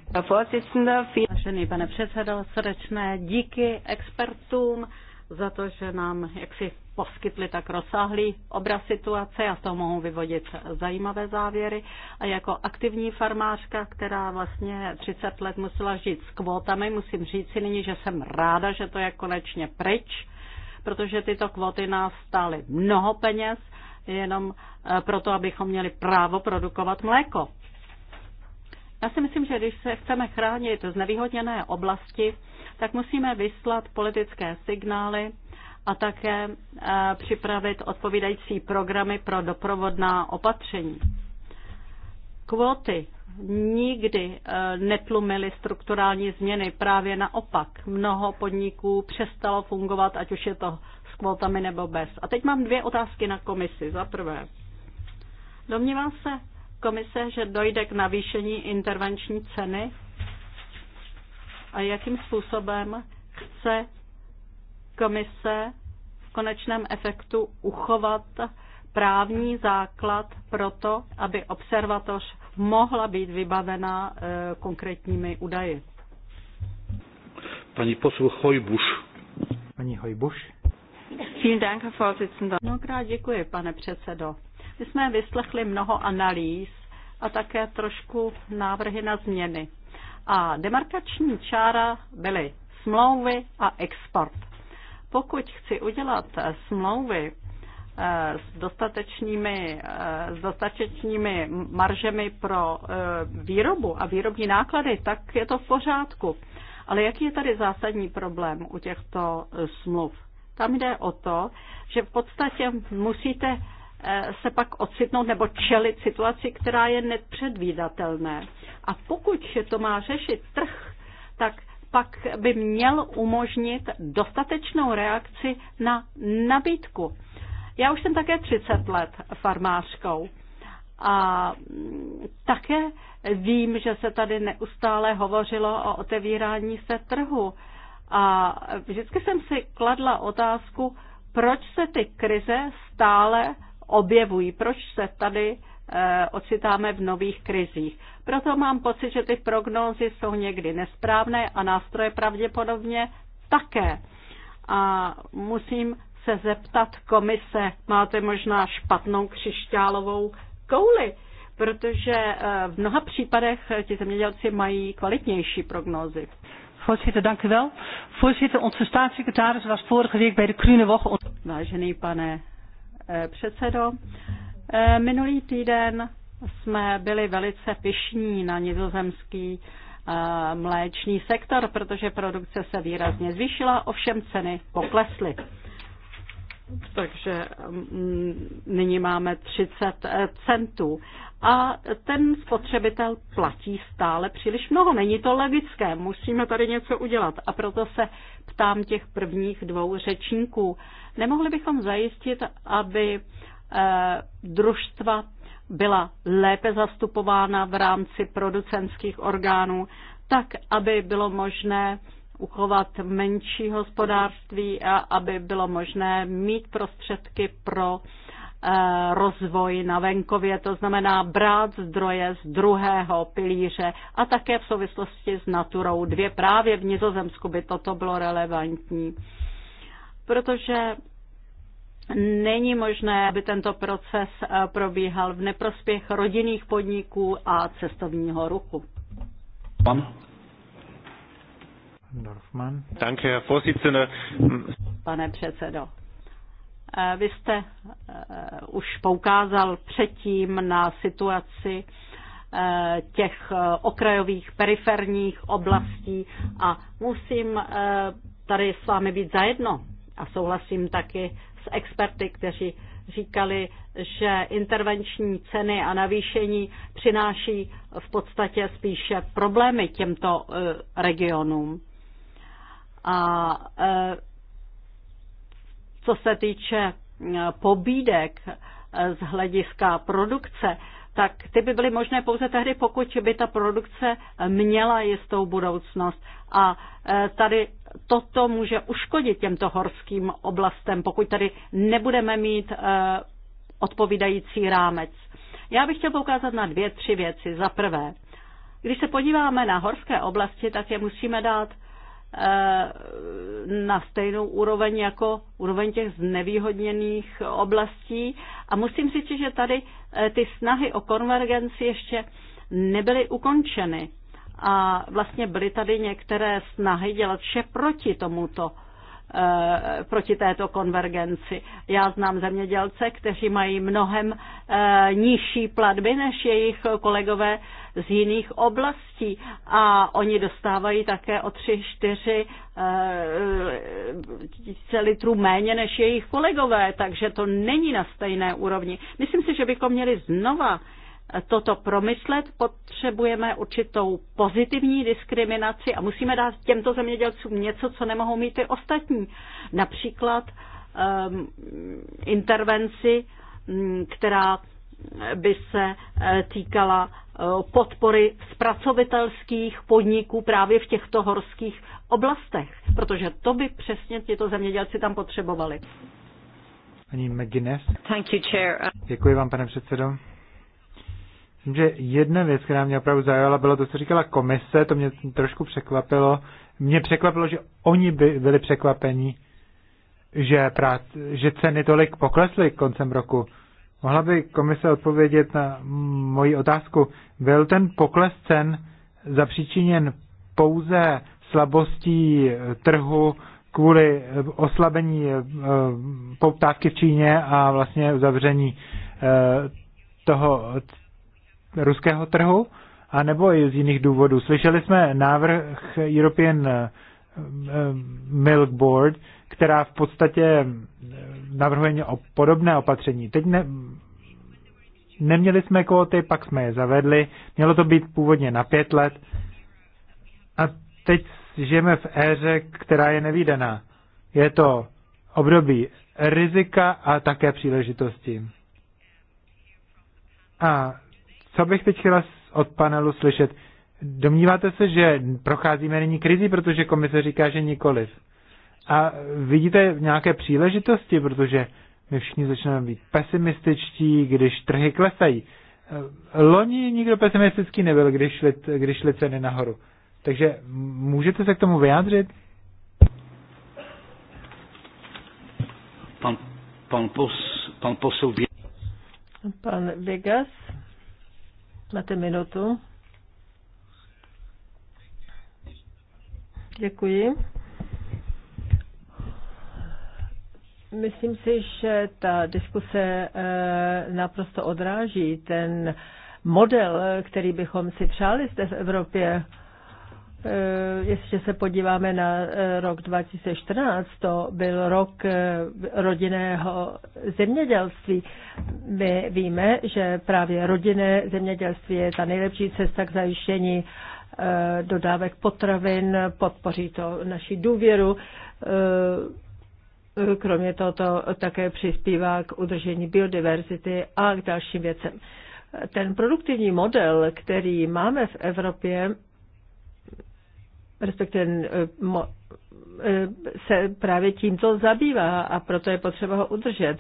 Vážený pane předsedo, srdečné díky expertům za to, že nám jaksi poskytli tak rozsáhlý obraz situace, a z toho mohu vyvodit zajímavé závěry. A jako aktivní farmářka, která vlastně 30 let musela žít s kvótami, musím říct si nyní, že jsem ráda, že to je konečně pryč, protože tyto kvóty nás stály mnoho peněz, jenom eh, proto, abychom měli právo produkovat mléko. Já si myslím, že když se chceme chránit z nevýhodněné oblasti, tak musíme vyslat politické signály, a také eh, připravit odpovídající programy pro doprovodná opatření. Kvóty nikdy eh, netlumily strukturální změny, právě naopak. Mnoho podniků přestalo fungovat, ať už je to s kvótami nebo bez. A teď mám dvě otázky na komisi. Za prvé, domnívá se komise, že dojde k navýšení intervenční ceny a jakým způsobem chce komise v konečném efektu uchovat právní základ pro to, aby observatoř mohla být vybavena eh, konkrétními údaji. Pani poslu Hojbuš. Pani Hojbuš. Mnohokrát děkuji, pane předsedo. My jsme vyslechli mnoho analýz a také trošku návrhy na změny. A demarkační čára byly smlouvy a export. Pokud chci udělat eh, smlouvy eh, s dostatečnými, eh, s dostatečnými maržemi pro výrobu a výrobní náklady, tak je to v pořádku. Ale jaký je tady zásadní problém u těchto smluv? Tam jde o to, že v podstatě musíte se pak ocitnout nebo čelit situaci, která je nepředvídatelná. A pokud to má řešit trh, tak pak by měl umožnit dostatečnou reakci na nabídku. Já už jsem také 30 let farmářkou a také vím, že se tady neustále hovořilo o otevírání se trhu. A vždycky jsem si kladla otázku, proč se ty krize stále objevují, proč se tady Eh, ocitáme v nových krizích. Proto mám pocit, že ty prognózy jsou někdy nesprávné a nástroje pravděpodobně také. A musím se zeptat komise, máte možná špatnou křišťálovou kouli, protože eh, v mnoha případech ti zemědělci mají kvalitnější prognózy. Voorzitter, dank u wel. Voorzitter, onze staatssecretaris was vorige week bij de Krunewoche. Vážený pane eh, předsedo, Eh, minulý týden jsme byli velice pišní na nizozemský eh, mléčný sektor, protože produkce se výrazně zvýšila, ovšem ceny poklesly. Takže mm, nyní máme 30 eh, centů. A ten spotřebitel platí stále příliš mnoho. Není to logické, musíme tady něco udělat. A proto se ptám těch prvních dvou řečníků. Nemohli bychom zajistit, aby Eh, družstva byla lépe zastupována v rámci producentských orgánů, tak aby bylo možné uchovat menší hospodářství a aby bylo možné mít prostředky pro eh, rozvoj na venkově, to znamená brát zdroje z druhého pilíře a také v souvislosti s naturou dvě. Právě v Nizozemsku by toto bylo relevantní, protože Není možné, aby tento proces eh, probíhal v neprospěch rodinných podniků a cestovního ruchu. Pan Dorfman. Danke, Herr Pane předsedo, eh, vy jste eh, už poukázal předtím na situaci těch okrajových periferních oblastí a musím tady s vámi být zajedno a souhlasím taky s experty, kteří říkali, že intervenční ceny a navýšení přináší v podstatě spíše problémy těmto eh, regionům. A eh, co se týče eh, pobídek z hlediska produkce, tak ty by byly možné pouze tehdy, pokud by ta produkce měla jistou budoucnost. A tady toto může uškodit těmto horským oblastem, pokud tady nebudeme mít eh, odpovídající rámec. Já bych chtěl poukázat na dvě, tři věci. Za prvé, když se podíváme na horské oblasti, tak je musíme dát eh, na stejnou úroveň jako úroveň těch znevýhodněných oblastí. A musím říct, že tady eh, ty snahy o konvergenci ještě nebyly ukončeny a vlastně byly tady některé snahy dělat vše proti tomuto eh, proti této konvergenci. Já znám zemědělce, kteří mají mnohem eh, nižší platby než jejich kolegové z jiných oblastí a oni dostávají také o 3-4 eh, litrů méně než jejich kolegové, takže to není na stejné úrovni. Myslím si, že bychom měli znova toto promyslet, potřebujeme určitou pozitivní diskriminaci a musíme dát těmto zemědělcům něco, co nemohou mít ty ostatní. Například um, intervenci, mm, která by se eh, týkala eh, podpory zpracovitelských podniků právě v těchto horských oblastech, protože to by přesně tyto zemědělci tam potřebovali. Paní McGuinness. Thank you, chair. Děkuji vám, pane předsedo. Myslím, že jedna věc, která mě opravdu zajala, bylo to, co říkala komise, to mě trošku překvapilo. Mě překvapilo, že oni by byli překvapení, že, prác, že ceny tolik poklesly koncem roku. Mohla by komise odpovědět na moji otázku. Byl ten pokles cen zapříčiněn pouze slabostí trhu kvůli eh, oslabení eh, poptávky v Číně a vlastně uzavření eh, toho ruského trhu, a nebo i z jiných důvodů. Slyšeli jsme návrh European eh, eh, Milk Board, která v podstatě eh, navrhuje o podobné opatření. Teď ne, neměli jsme kvóty, pak jsme je zavedli. Mělo to být původně na pět let. A teď žijeme v éře, která je nevýdaná. Je to období rizika a také příležitosti. A co bych teď chtěla od panelu slyšet? Domníváte se, že procházíme nyní krizi, protože komise říká, že nikoliv. A vidíte nějaké příležitosti, protože my všichni začneme být pesimističtí, když trhy klesají. Loni nikdo pesimistický nebyl, když šly, když šly ceny nahoru. Takže můžete se k tomu vyjádřit? Pan, pan, pos, pan posou Pan Vegas. Máte minutu. Děkuji. Myslím si, že ta diskuse eh, naprosto odráží ten model, který bychom si přáli zde v Evropě. Eh, jestliže se podíváme na eh, rok 2014, to byl rok eh, rodinného zemědělství. My víme, že právě rodinné zemědělství je ta nejlepší cesta k zajištění dodávek potravin, podpoří to naši důvěru. Kromě toho to také přispívá k udržení biodiverzity a k dalším věcem. Ten produktivní model, který máme v Evropě, respektive eh, eh, se právě tímto zabývá a proto je potřeba ho udržet.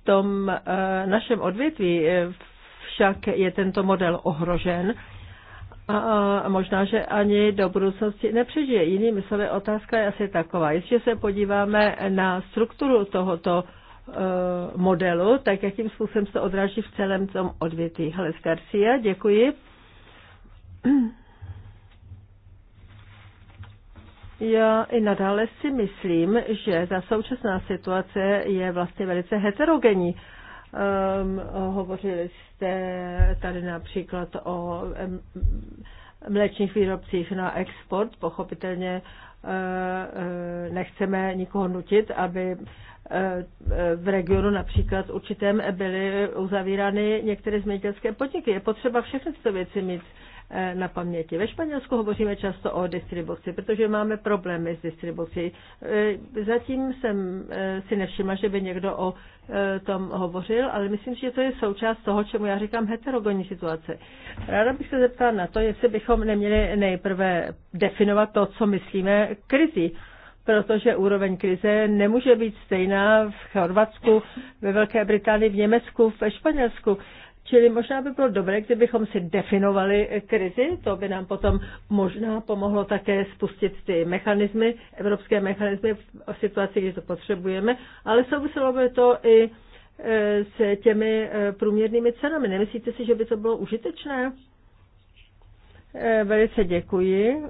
V tom eh, našem odvětví však je tento model ohrožen a možná, že ani do budoucnosti nepřežije. Jinými slovy, otázka je asi taková. Jestliže se podíváme na strukturu tohoto modelu, tak jakým způsobem se odráží v celém tom odvětví. Hele, Garcia, děkuji. Já i nadále si myslím, že ta současná situace je vlastně velice heterogenní. Um, hovořili jste tady například o mléčných výrobcích na export. Pochopitelně eh, eh, nechceme nikoho nutit, aby eh, v regionu například určitém byly uzavírány některé zemědělské podniky. Je potřeba všechny tyto věci mít Eh, na paměti. Ve Španělsku hovoříme často o distribuci, protože máme problémy s distribucí. Eh, zatím jsem eh, si nevšimla, že by někdo o tom hovořil, ale myslím, že to je součást toho, čemu já říkám heterogenní situace. Ráda bych se zeptala na to, jestli bychom neměli nejprve definovat to, co myslíme krizí protože úroveň krize nemůže být stejná v Chorvatsku, ve Velké Británii, v Německu, ve Španělsku. Čili možná by bylo dobré, kdybychom si definovali krizi, to by nám potom možná pomohlo také spustit ty mechanismy, evropské mechanismy v situaci, kdy to potřebujeme, ale souviselo by to i e, s těmi e, průměrnými cenami. Nemyslíte si, že by to bylo užitečné? E, velice děkuji.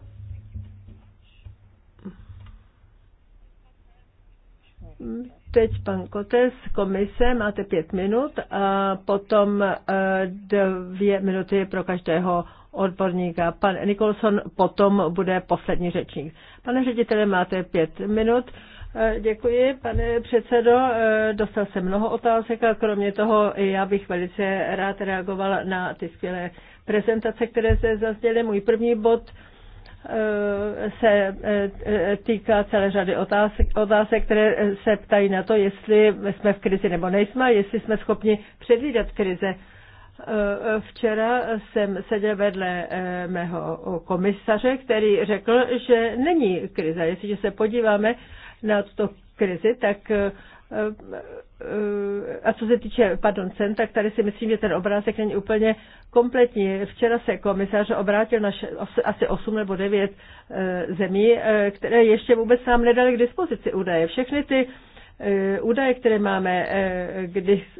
teď pan Kotes, komise, máte pět minut a potom eh, dvě minuty pro každého odborníka. Pan Nikolson potom bude poslední řečník. Pane ředitele, máte pět minut. Eh, děkuji, pane předsedo. Eh, dostal jsem mnoho otázek a kromě toho já bych velice rád reagoval na ty skvělé prezentace, které se zazděly. Můj první bod Eh, se eh, týká celé řady otázek, otázek, které se ptají na to, jestli jsme v krizi nebo nejsme, jestli jsme schopni předvídat krize. Eh, včera jsem seděl vedle mého komisaře, který řekl, že není krize. Jestliže se podíváme na tuto krizi, tak Eh, a co se týče, pardon, cen, tak tady si myslím, že ten obrázek není úplně kompletní. Včera se komisář obrátil na asi 8 nebo 9 eh, zemí, eh, které ještě vůbec nám nedali k dispozici údaje. Všechny ty údaje, které máme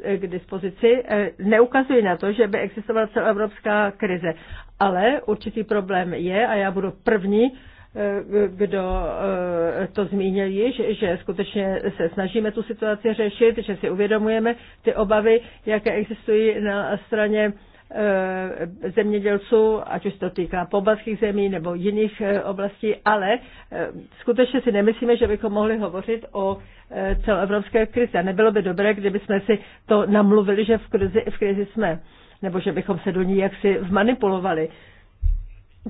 k dispozici, neukazují na to, že by existovala celoevropská krize. Ale určitý problém je, a já budu první, kdo eh, to zmínil již, že skutečně se snažíme tu situaci řešit, že si uvědomujeme ty obavy, jaké existují na straně eh, zemědělců, ať už to týká pobalských zemí nebo jiných eh, oblastí, ale skutečně si nemyslíme, že bychom mohli hovořit o celoevropské krizi. A nebylo by dobré, kdybychom si to namluvili, že v krizi, v krizi jsme, nebo že bychom se do ní jaksi vmanipulovali.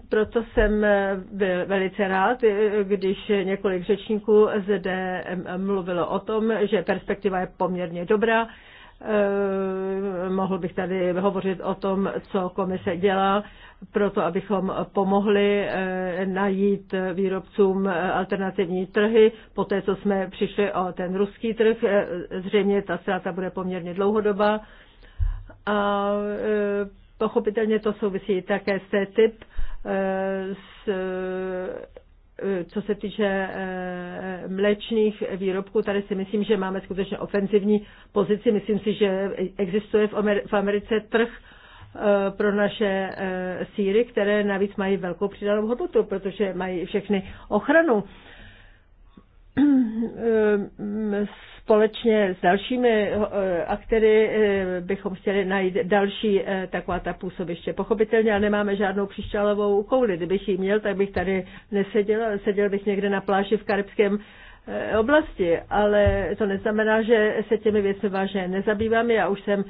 Proto jsem eh, byl velice rád, eh, když několik řečníků zde mluvilo o tom, že perspektiva je poměrně dobrá. Eh, mohl bych tady hovořit o tom, co komise dělá, proto abychom pomohli najít výrobcům alternativní trhy. Poté, co jsme přišli o ten ruský trh, zřejmě ta ztráta bude poměrně dlouhodobá. A pochopitelně to souvisí také s té typ s co se týče e, mléčných výrobků, tady si myslím, že máme skutečně ofenzivní pozici. Myslím si, že existuje v Americe trh e, pro naše e, síry, které navíc mají velkou přidanou hodnotu, protože mají všechny ochranu. Eh, společně s dalšími eh, aktéry eh, bychom chtěli najít další taková ta působiště. Pochopitelně, ale nemáme žádnou křišťálovou kouli. Kdybych ji měl, tak bych tady neseděl, ale seděl bych někde na pláži v Karibském oblasti, ale to neznamená, že se těmi věcmi vážně nezabýváme. Já už jsem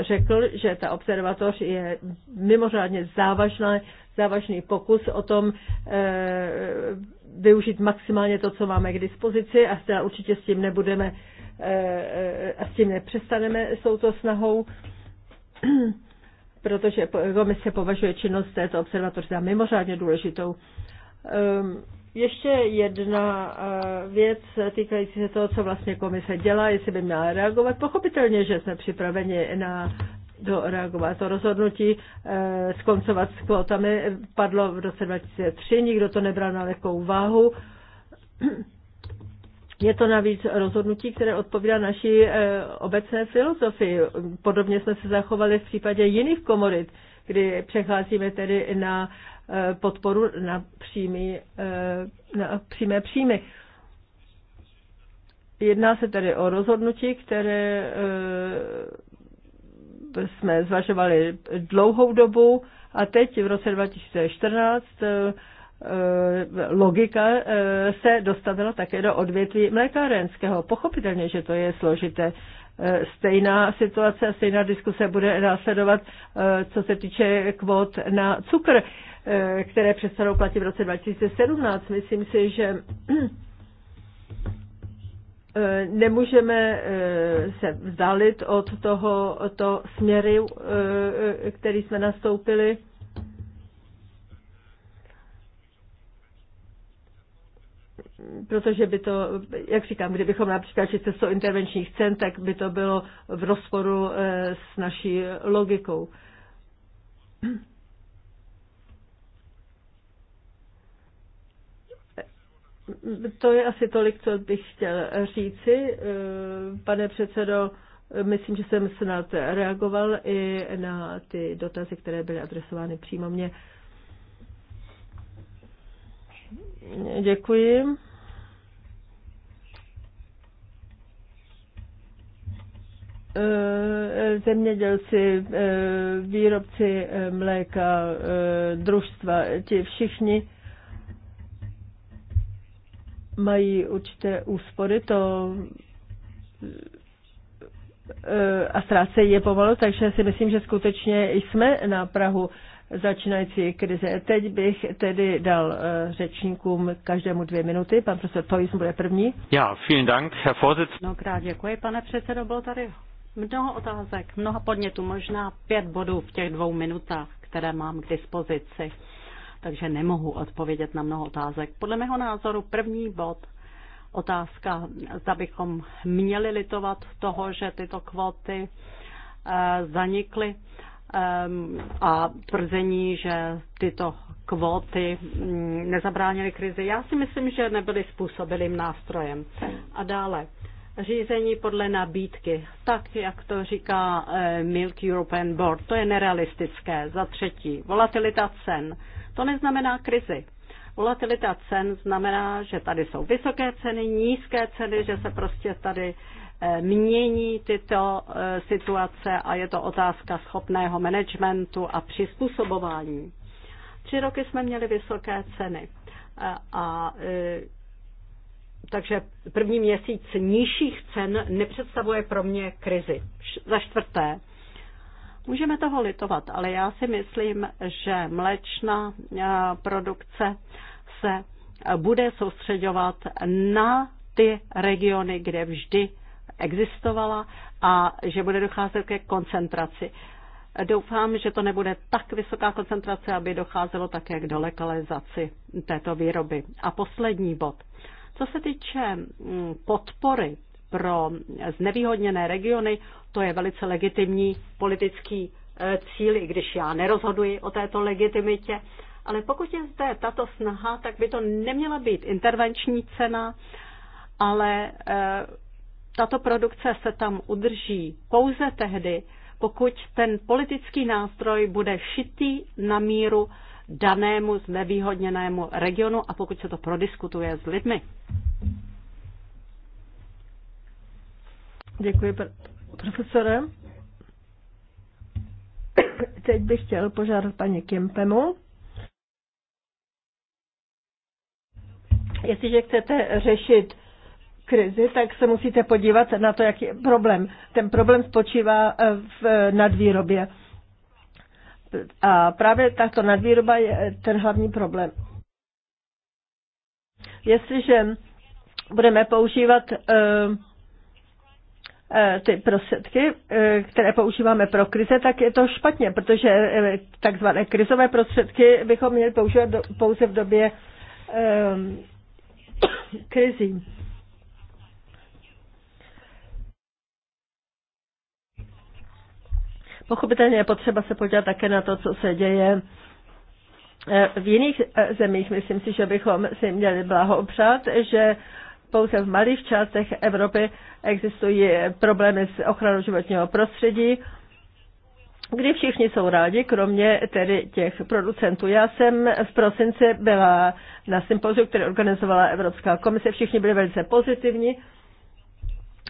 řekl, že ta observatoř je mimořádně závažná, závažný pokus o tom využít maximálně to, co máme k dispozici a teda určitě s tím nebudeme eh, eh, a s tím nepřestaneme s touto snahou, protože komise považuje činnost této observatoře za mimořádně důležitou. Ehm, ještě jedna eh, věc týkající se toho, co vlastně komise dělá, jestli by měla reagovat. Pochopitelně, že jsme připraveni na do reagovat To rozhodnutí eh, skoncovat s kvotami padlo v roce 2003, nikdo to nebral na lehkou váhu. Je to navíc rozhodnutí, které odpovídá naší eh, obecné filozofii. Podobně jsme se zachovali v případě jiných komorit, kdy přecházíme tedy na eh, podporu na, přímý, na přímé příjmy. Jedná se tedy o rozhodnutí, které jsme zvažovali dlouhou dobu a teď v roce 2014 eh, eh, logika eh, se dostavila také do odvětví mlékárenského. Pochopitelně, že to je složité. Stejná situace a stejná diskuse bude následovat, co se týče kvot na cukr, které přestanou platit v roce 2017. Myslím si, že Eh, nemůžeme eh, se vzdalit od to směru, eh, který jsme nastoupili. protože by to, jak říkám, kdybychom například šli cestou intervenčních cen, tak by to bylo v rozporu s naší logikou. To je asi tolik, co bych chtěl říci. Pane předsedo, myslím, že jsem snad reagoval i na ty dotazy, které byly adresovány přímo mně. Děkuji. zemědělci, výrobci mléka, družstva, ti všichni mají určité úspory, to eh, a ztrácejí je pomalu, takže si myslím, že skutečně jsme na Prahu začínající krize. Teď bych tedy dal eh, řečníkům každému dvě minuty. Pan profesor Toys bude první. Já, vielen Dank, Herr Vorsitz. Mnohokrát děkuji, pane předsedo, bylo tady mnoho otázek, mnoho podnětů, možná pět bodů v těch dvou minutách, které mám k dispozici takže nemohu odpovědět na mnoho otázek. Podle mého názoru první bod otázka, zda bychom měli litovat toho, že tyto kvóty eh, zanikly eh, a tvrzení, že tyto kvóty mm, nezabránily krizi. Já si myslím, že nebyly způsobilým nástrojem. A dále řízení podle nabídky, tak jak to říká eh, Milk European Board, to je nerealistické. Za třetí, volatilita cen. To neznamená krizi. Volatilita cen znamená, že tady jsou vysoké ceny, nízké ceny, že se prostě tady eh, mění tyto eh, situace a je to otázka schopného managementu a přizpůsobování. Tři roky jsme měli vysoké ceny a takže první měsíc nižších cen nepředstavuje pro mě krizi. Za čtvrté, můžeme toho litovat, ale já si myslím, že mléčná eh, produkce se eh, bude soustředovat na ty regiony, kde vždy existovala a že bude docházet ke koncentraci. Doufám, že to nebude tak vysoká koncentrace, aby docházelo také k dolekalizaci této výroby. A poslední bod. Co se týče mm, podpory pro znevýhodněné regiony, to je velice legitimní politický e, cíl, i když já nerozhoduji o této legitimitě. Ale pokud je zde tato snaha, tak by to neměla být intervenční cena, ale e, tato produkce se tam udrží pouze tehdy, pokud ten politický nástroj bude šitý na míru danému znevýhodněnému regionu a pokud se to prodiskutuje s lidmi. Děkuji, profesore. Teď bych chtěl požádat paní Kempemu. Jestliže chcete řešit krizi, tak se musíte podívat na to, jaký je problém. Ten problém spočívá eh, v eh, nadvýrobě. A právě tato nadvýroba je ten hlavní problém. Jestliže budeme používat eh, eh, ty prostředky, eh, které používáme pro krize, tak je to špatně, protože takzvané krizové prostředky bychom měli používat pouze v době krizí. Pochopitelně je potřeba se podívat také na to, co se děje eh, v jiných eh, zemích. Myslím si, že bychom si měli blahopřát, že pouze v malých částech Evropy existují problémy s ochranou životního prostředí, kdy všichni jsou rádi, kromě tedy těch producentů. Já jsem v prosinci byla na sympoziu, který organizovala Evropská komise, všichni byli velice pozitivní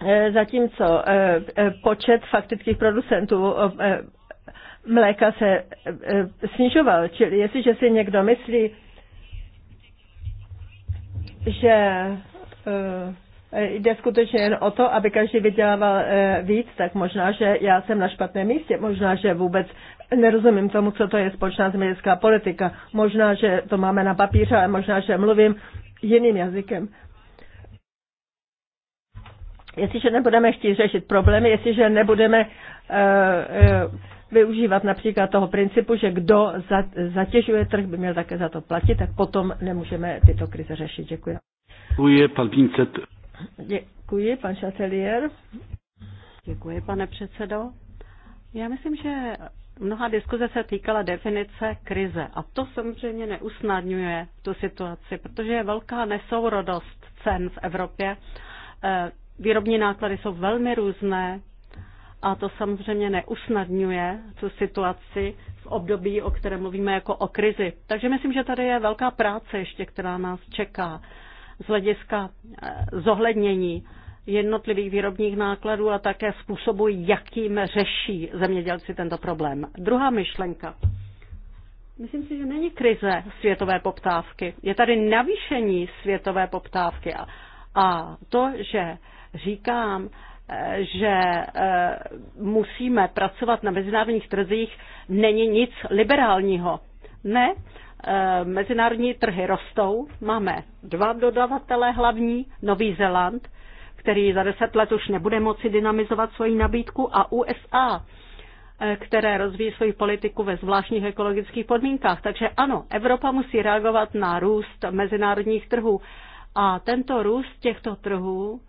Eh, zatímco eh, eh, počet faktických producentů mléka se snižoval. Čili jestliže si někdo myslí, že jde skutečně jen o to, aby každý vydělával víc, tak možná, že já jsem na špatném místě, možná, že vůbec nerozumím tomu, co to je společná zemědělská politika, možná, že to máme na papíře, ale možná, že mluvím jiným jazykem. Jestliže nebudeme chtít řešit problémy, jestliže nebudeme eh, eh, využívat například toho principu, že kdo zatěžuje trh, by měl také za to platit, tak potom nemůžeme tyto krize řešit. Děkuji. Děkuji, pan Vincent. Děkuji, pan Chatelier. Děkuji, pane předsedo. Já myslím, že mnoha diskuze se týkala definice krize a to samozřejmě neusnadňuje tu situaci, protože je velká nesourodost cen v Evropě eh, výrobní náklady jsou velmi různé a to samozřejmě neusnadňuje tu situaci v období, o kterém mluvíme jako o krizi. Takže myslím, že tady je velká práce ještě, která nás čeká z hlediska eh, zohlednění jednotlivých výrobních nákladů a také způsobu, jakým řeší zemědělci tento problém. Druhá myšlenka. Myslím si, že není krize světové poptávky. Je tady navýšení světové poptávky a, a to, že říkám, eh, že eh, musíme pracovat na mezinárodních trzích, není nic liberálního. Ne, eh, mezinárodní trhy rostou, máme dva dodavatele hlavní, Nový Zéland, který za deset let už nebude moci dynamizovat svoji nabídku, a USA, které rozvíjí svoji politiku ve zvláštních ekologických podmínkách. Takže ano, Evropa musí reagovat na růst mezinárodních trhů. A tento růst těchto trhů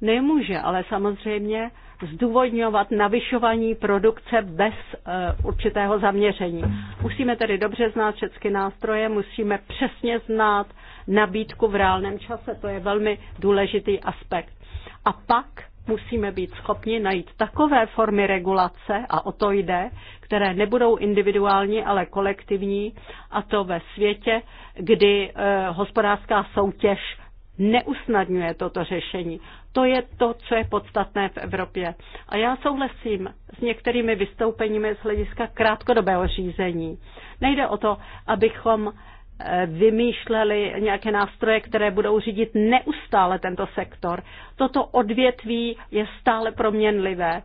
nemůže ale samozřejmě zdůvodňovat navyšování produkce bez eh, určitého zaměření. Musíme tedy dobře znát všechny nástroje, musíme přesně znát nabídku v reálném čase, to je velmi důležitý aspekt. A pak musíme být schopni najít takové formy regulace, a o to jde, které nebudou individuální, ale kolektivní, a to ve světě, kdy e, hospodářská soutěž neusnadňuje toto řešení. To je to, co je podstatné v Evropě. A já souhlasím s některými vystoupeními z hlediska krátkodobého řízení. Nejde o to, abychom eh, vymýšleli nějaké nástroje, které budou řídit neustále tento sektor. Toto odvětví je stále proměnlivé.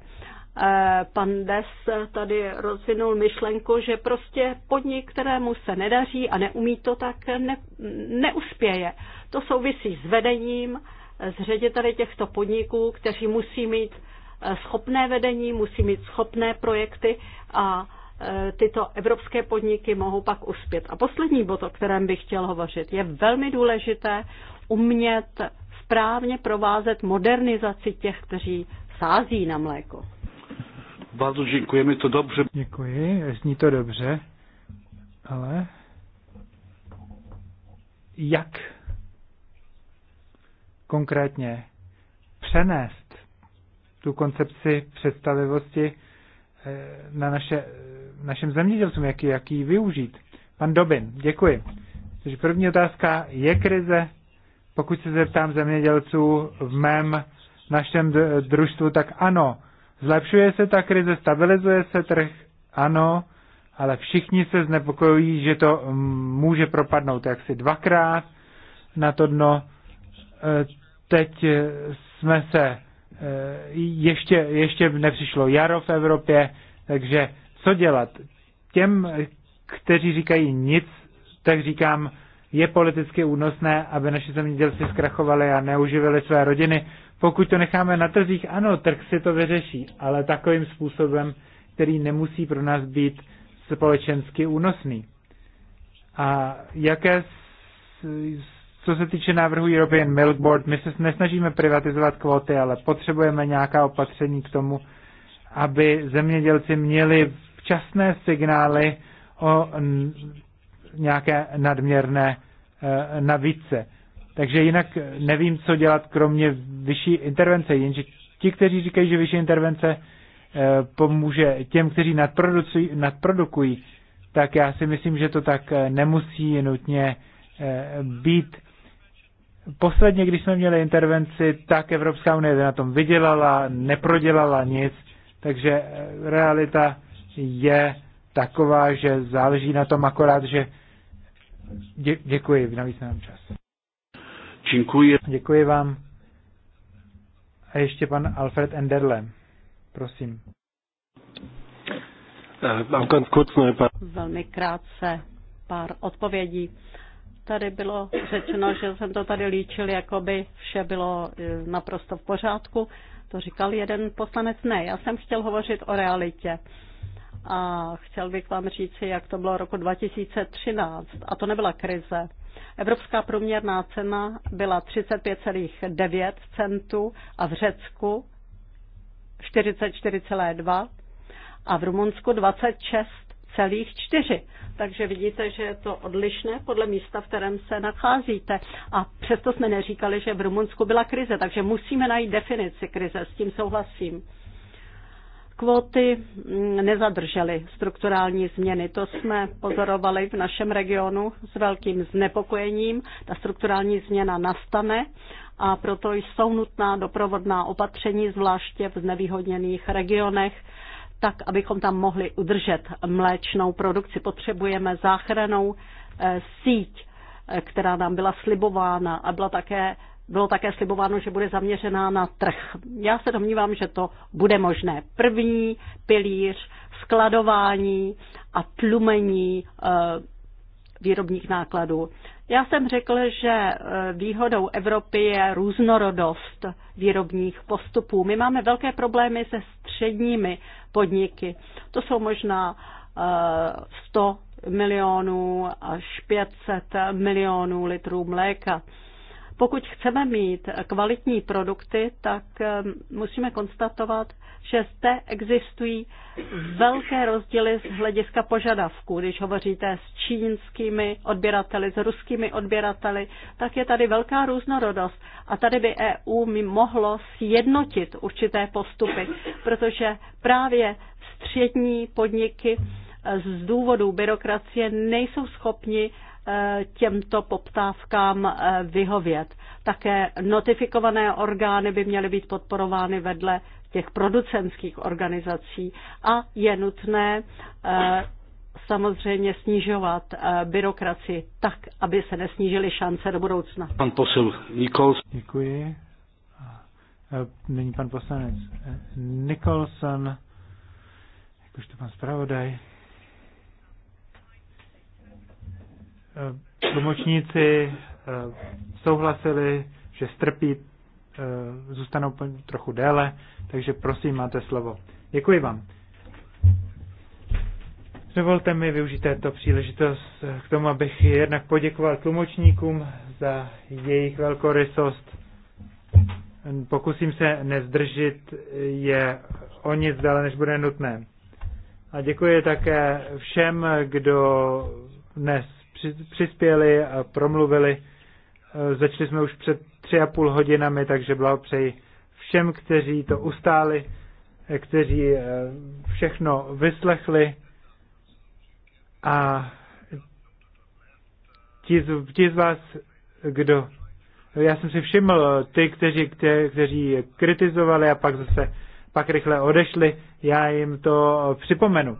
Eh, pan Des tady rozvinul myšlenku, že prostě podnik, kterému se nedaří a neumí to, tak ne, neuspěje. To souvisí s vedením, s řediteli těchto podniků, kteří musí mít eh, schopné vedení, musí mít schopné projekty a eh, tyto evropské podniky mohou pak uspět. A poslední bod, o kterém bych chtěl hovořit, je velmi důležité umět správně provázet modernizaci těch, kteří sází na mléko. Bardzo děkuji, mi to dobře. Děkuji, zní to dobře, ale jak konkrétně přenést tu koncepci představivosti eh, na naše, našem zemědělcům, jak, jak ji využít. Pan Dobin, děkuji. Takže první otázka, je krize? Pokud se zeptám zemědělců v mém našem družstvu, tak ano. Zlepšuje se ta krize, stabilizuje se trh? Ano, ale všichni se znepokojují, že to mm, může propadnout jaksi dvakrát na to dno eh, teď eh, jsme se eh, ještě, ještě nepřišlo jaro v Evropě, takže co dělat? Těm, kteří říkají nic, tak říkám, je politicky únosné, aby naši zemědělci zkrachovali a neuživili své rodiny. Pokud to necháme na trzích, ano, trh si to vyřeší, ale takovým způsobem, který nemusí pro nás být společensky únosný. A jaké co se týče návrhu European Milk Board, my se nesnažíme privatizovat kvóty, ale potřebujeme nějaká opatření k tomu, aby zemědělci měli včasné signály o nějaké nadměrné e, navíce. Takže jinak nevím, co dělat, kromě vyšší intervence. Jenže ti, kteří říkají, že vyšší intervence e, pomůže těm, kteří nadprodukují, tak já si myslím, že to tak e, nemusí nutně být. Posledně, když jsme měli intervenci, tak Evropská unie na tom vydělala, neprodělala nic, takže eh, realita je taková, že záleží na tom akorát, že dě, děkuji, navíc nám čas. Děkuji. Děkuji vám. A ještě pan Alfred Enderle. Prosím. Eh, Velmi krátce pár odpovědí tady bylo řečeno, že jsem to tady líčil, jako by vše bylo e, naprosto v pořádku. To říkal jeden poslanec. Ne, já jsem chtěl hovořit o realitě. A chtěl bych vám říci, jak to bylo roku 2013. A to nebyla krize. Evropská průměrná cena byla 35,9 centů a v Řecku 44,2 a v Rumunsku 26 celých čtyři. Takže vidíte, že je to odlišné podle místa, v kterém se nacházíte. A přesto jsme neříkali, že v Rumunsku byla krize, takže musíme najít definici krize, s tím souhlasím. Kvóty mm, nezadržely strukturální změny. To jsme pozorovali v našem regionu s velkým znepokojením. Ta strukturální změna nastane a proto jsou nutná doprovodná opatření, zvláště v znevýhodněných regionech tak abychom tam mohli udržet mléčnou produkci. Potřebujeme záchranou eh, síť, eh, která nám byla slibována a byla také, bylo také slibováno, že bude zaměřená na trh. Já se domnívám, že to bude možné. První pilíř, skladování a tlumení eh, výrobních nákladů. Já jsem řekl, že e, výhodou Evropy je různorodost výrobních postupů. My máme velké problémy se středními podniky. To jsou možná 100 e, milionů až 500 milionů litrů mléka. Pokud chceme mít kvalitní produkty, tak eh, musíme konstatovat, že zde existují velké rozdíly z hlediska požadavků. Když hovoříte s čínskými odběrateli, s ruskými odběrateli, tak je tady velká různorodost. A tady by EU mi mohlo sjednotit určité postupy, protože právě střední podniky eh, z důvodu byrokracie nejsou schopni těmto poptávkám eh, vyhovět. Také notifikované orgány by měly být podporovány vedle těch producentských organizací a je nutné eh, samozřejmě snižovat eh, byrokracii tak, aby se nesnížily šance do budoucna. Pan posil Nikols. Děkuji. Nyní pan poslanec Nikolson, jakožto pan zpravodaj. Eh, tlumočníci eh, souhlasili, že strpí, eh, zůstanou trochu déle, takže prosím, máte slovo. Děkuji vám. Dovolte mi využít této příležitost k tomu, abych jednak poděkoval tlumočníkům za jejich velkorysost. Pokusím se nezdržit je o nic dále, než bude nutné. A děkuji také všem, kdo dnes přispěli a promluvili. E, Začali jsme už před tři a půl hodinami, takže blahopřeji všem, kteří to ustáli, e, kteří e, všechno vyslechli a ti z, ti z vás, kdo já jsem si všiml ty, kteří, kte, kteří kritizovali a pak zase pak rychle odešli, já jim to připomenu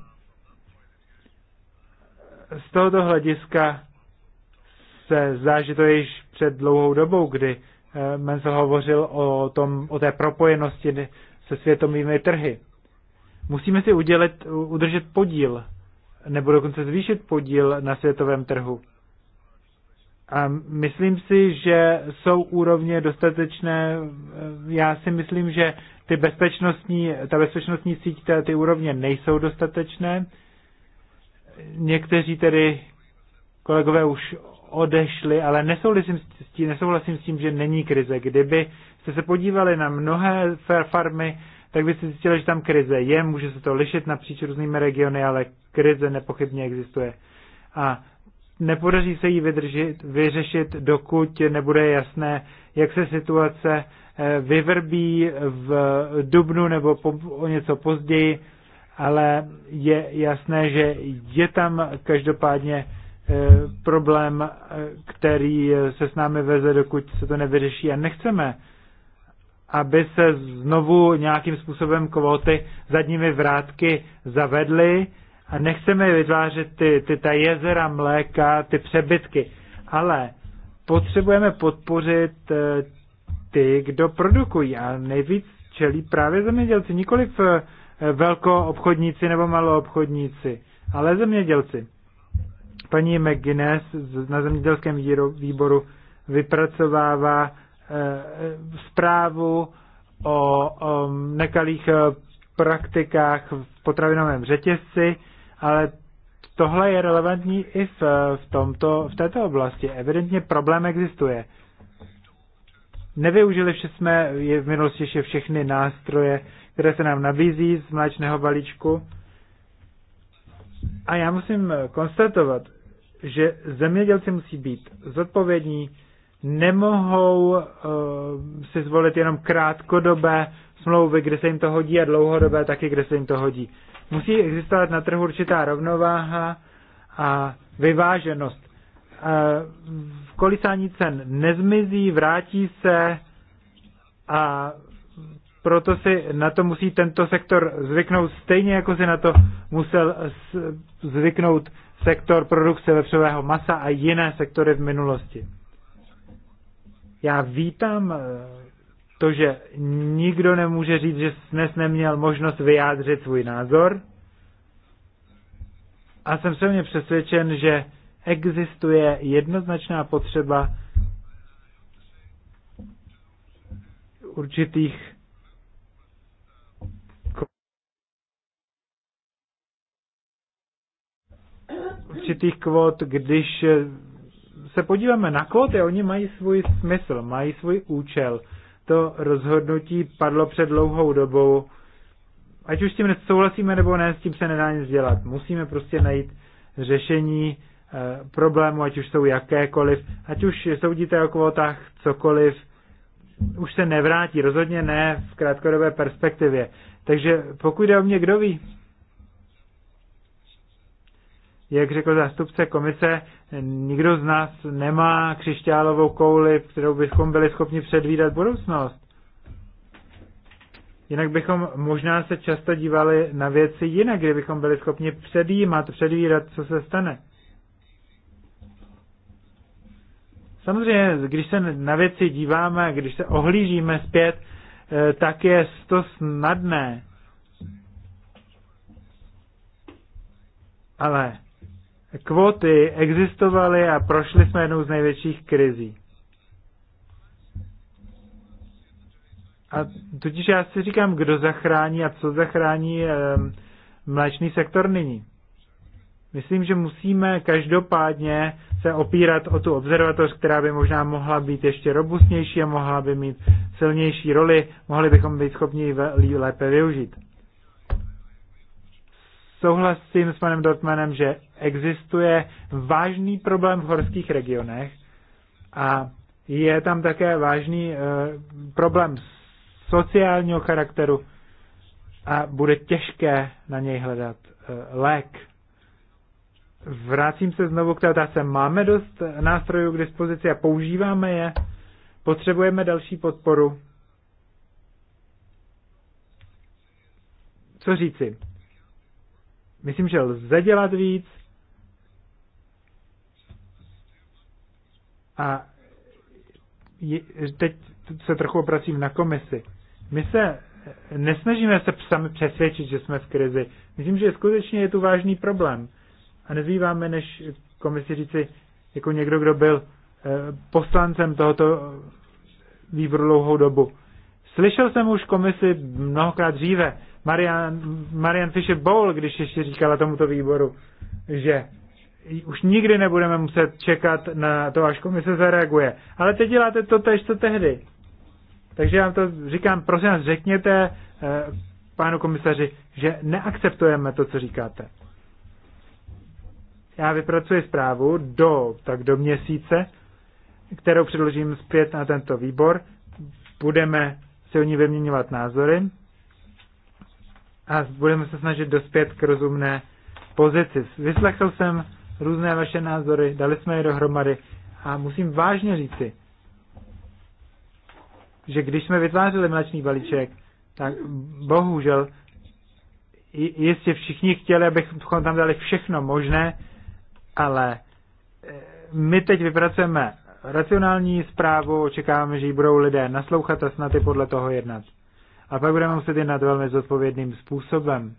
z tohoto hlediska se zdá, že to je již před dlouhou dobou, kdy eh, Menzel hovořil o, tom, o té propojenosti se světovými trhy. Musíme si udělat, udržet podíl, nebo dokonce zvýšit podíl na světovém trhu. A myslím si, že jsou úrovně dostatečné. Eh, já si myslím, že ty bezpečnostní, ta bezpečnostní síť, ty, ty úrovně nejsou dostatečné. Někteří tedy kolegové už odešli, ale nesouhlasím s tím, nesouhlasím s tím že není krize. Kdyby jste se podívali na mnohé farmy, tak byste zjistili, že tam krize je, může se to lišit napříč různými regiony, ale krize nepochybně existuje. A nepodaří se ji vydržit, vyřešit, dokud nebude jasné, jak se situace eh, vyvrbí v dubnu nebo po, o něco později ale je jasné, že je tam každopádně e, problém, e, který se s námi veze, dokud se to nevyřeší a nechceme, aby se znovu nějakým způsobem kvóty zadními vrátky zavedly a nechceme vytvářet ty, ty ta jezera mléka, ty přebytky, ale potřebujeme podpořit e, ty, kdo produkují a nejvíc čelí právě zemědělci, nikoliv Eh, velkoobchodníci nebo maloobchodníci, ale zemědělci. Paní McGuinness na zemědělském výboru vypracovává eh, zprávu o, nekalých eh, praktikách v potravinovém řetězci, ale tohle je relevantní i v, tomto, v této oblasti. Evidentně problém existuje. Nevyužili jsme je v minulosti ještě všechny nástroje, které se nám nabízí z mléčného balíčku. A já musím konstatovat, že zemědělci musí být zodpovědní, nemohou uh, si zvolit jenom krátkodobé smlouvy, kde se jim to hodí, a dlouhodobé taky, kde se jim to hodí. Musí existovat na trhu určitá rovnováha a vyváženost. Uh, eh, kolisání cen nezmizí, vrátí se a proto si na to musí tento sektor zvyknout, stejně jako si na to musel zvyknout sektor produkce vepřového masa a jiné sektory v minulosti. Já vítám eh, to, že nikdo nemůže říct, že dnes neměl možnost vyjádřit svůj názor. A jsem silně přesvědčen, že existuje jednoznačná potřeba určitých určitých kvot, když eh, se podíváme na kvoty, oni mají svůj smysl, mají svůj účel. To rozhodnutí padlo před dlouhou dobou. Ať už s tím souhlasíme nebo ne, s tím se nedá nic dělat. Musíme prostě najít řešení e, problému, ať už jsou jakékoliv, ať už soudíte o kvotách cokoliv, už se nevrátí, rozhodně ne v krátkodobé perspektivě. Takže pokud jde o mě, kdo ví, jak řekl zástupce komise, nikdo z nás nemá křišťálovou kouli, kterou bychom byli schopni předvídat budoucnost. Jinak bychom možná se často dívali na věci jinak, kdybychom byli schopni předjímat, předvídat, co se stane. Samozřejmě, když se na věci díváme, když se ohlížíme zpět, eh, tak je to snadné. Ale Kvóty existovaly a prošli jsme jednou z největších krizí. A totiž já si říkám, kdo zachrání a co zachrání ehm, mléčný sektor nyní. Myslím, že musíme každopádně se opírat o tu observatoř, která by možná mohla být ještě robustnější a mohla by mít silnější roli, mohli bychom být schopni ji lépe využít. Souhlasím s panem Dortmanem, že existuje vážný problém v horských regionech a je tam také vážný eh, problém sociálního charakteru a bude těžké na něj hledat eh, lék. Vracím se znovu k té otázce. Máme dost nástrojů k dispozici a používáme je? Potřebujeme další podporu? Co říci? Myslím, že lze dělat víc, A teď se trochu obracím na komisi. My se nesnažíme se sami přesvědčit, že jsme v krizi. Myslím, že skutečně je tu vážný problém. A nezbýváme, než komisi říci, jako někdo, kdo byl eh, poslancem tohoto výboru dlouhou dobu. Slyšel jsem už komisi mnohokrát dříve, Marian, Marian Fisher Bowl, když ještě říkala tomuto výboru, že už nikdy nebudeme muset čekat na to, až komise zareaguje. Ale teď děláte to tež, co tehdy. Takže já vám to říkám, prosím vás, řekněte eh, pánu komisaři, že neakceptujeme to, co říkáte. Já vypracuji zprávu do, tak do měsíce, kterou předložím zpět na tento výbor. Budeme se o ní vyměňovat názory a budeme se snažit dospět k rozumné pozici. Vyslechl jsem různé vaše názory, dali jsme je dohromady a musím vážně říci, že když jsme vytvářeli mlečný balíček, tak bohužel jistě všichni chtěli, abychom tam dali všechno možné, ale eh, my teď vypracujeme racionální zprávu, očekáváme, že ji budou lidé naslouchat a snad i podle toho jednat. A pak budeme muset jednat velmi zodpovědným způsobem.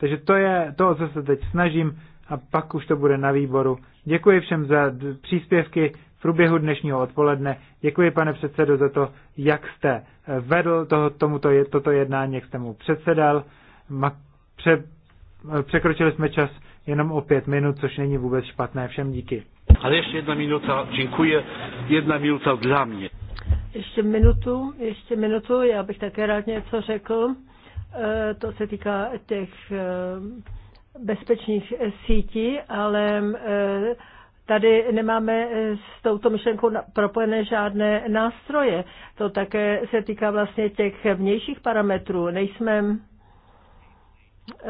Takže to je to, o co se teď snažím a pak už to bude na výboru. Děkuji všem za příspěvky v průběhu dnešního odpoledne. Děkuji, pane předsedo, za to, jak jste eh, vedl toho, tomuto, toto jednání, jak jste mu předsedal. Ma, pře, eh, překročili jsme čas jenom o pět minut, což není vůbec špatné. Všem díky. Ale ještě jedna minuta, děkuji. Jedna minuta dla mě. Ještě minutu, ještě minutu, já bych také rád něco řekl. Eh, to se týká těch bezpečných sítí, ale eh, tady nemáme eh, s touto myšlenkou propojené žádné nástroje. To také se týká vlastně těch vnějších parametrů. Nejsme eh,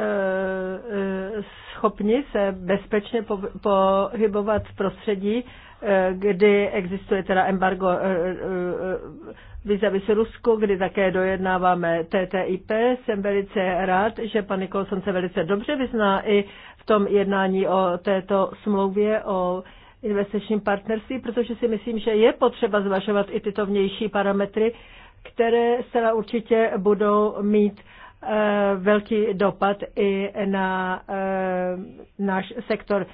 schopni se bezpečně pohybovat v prostředí, kdy existuje teda embargo Vizavis Rusko, kdy také dojednáváme TTIP. Jsem velice rád, že pan Nikolson se velice dobře vyzná i v tom jednání o této smlouvě, o investičním partnerství, protože si myslím, že je potřeba zvažovat i tyto vnější parametry, které zcela určitě budou mít eh, velký dopad i na eh, náš sektor.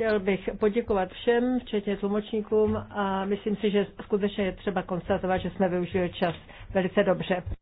Chtěl bych poděkovat všem, včetně tlumočníkům a myslím si, že skutečně je třeba konstatovat, že jsme využili čas velice dobře.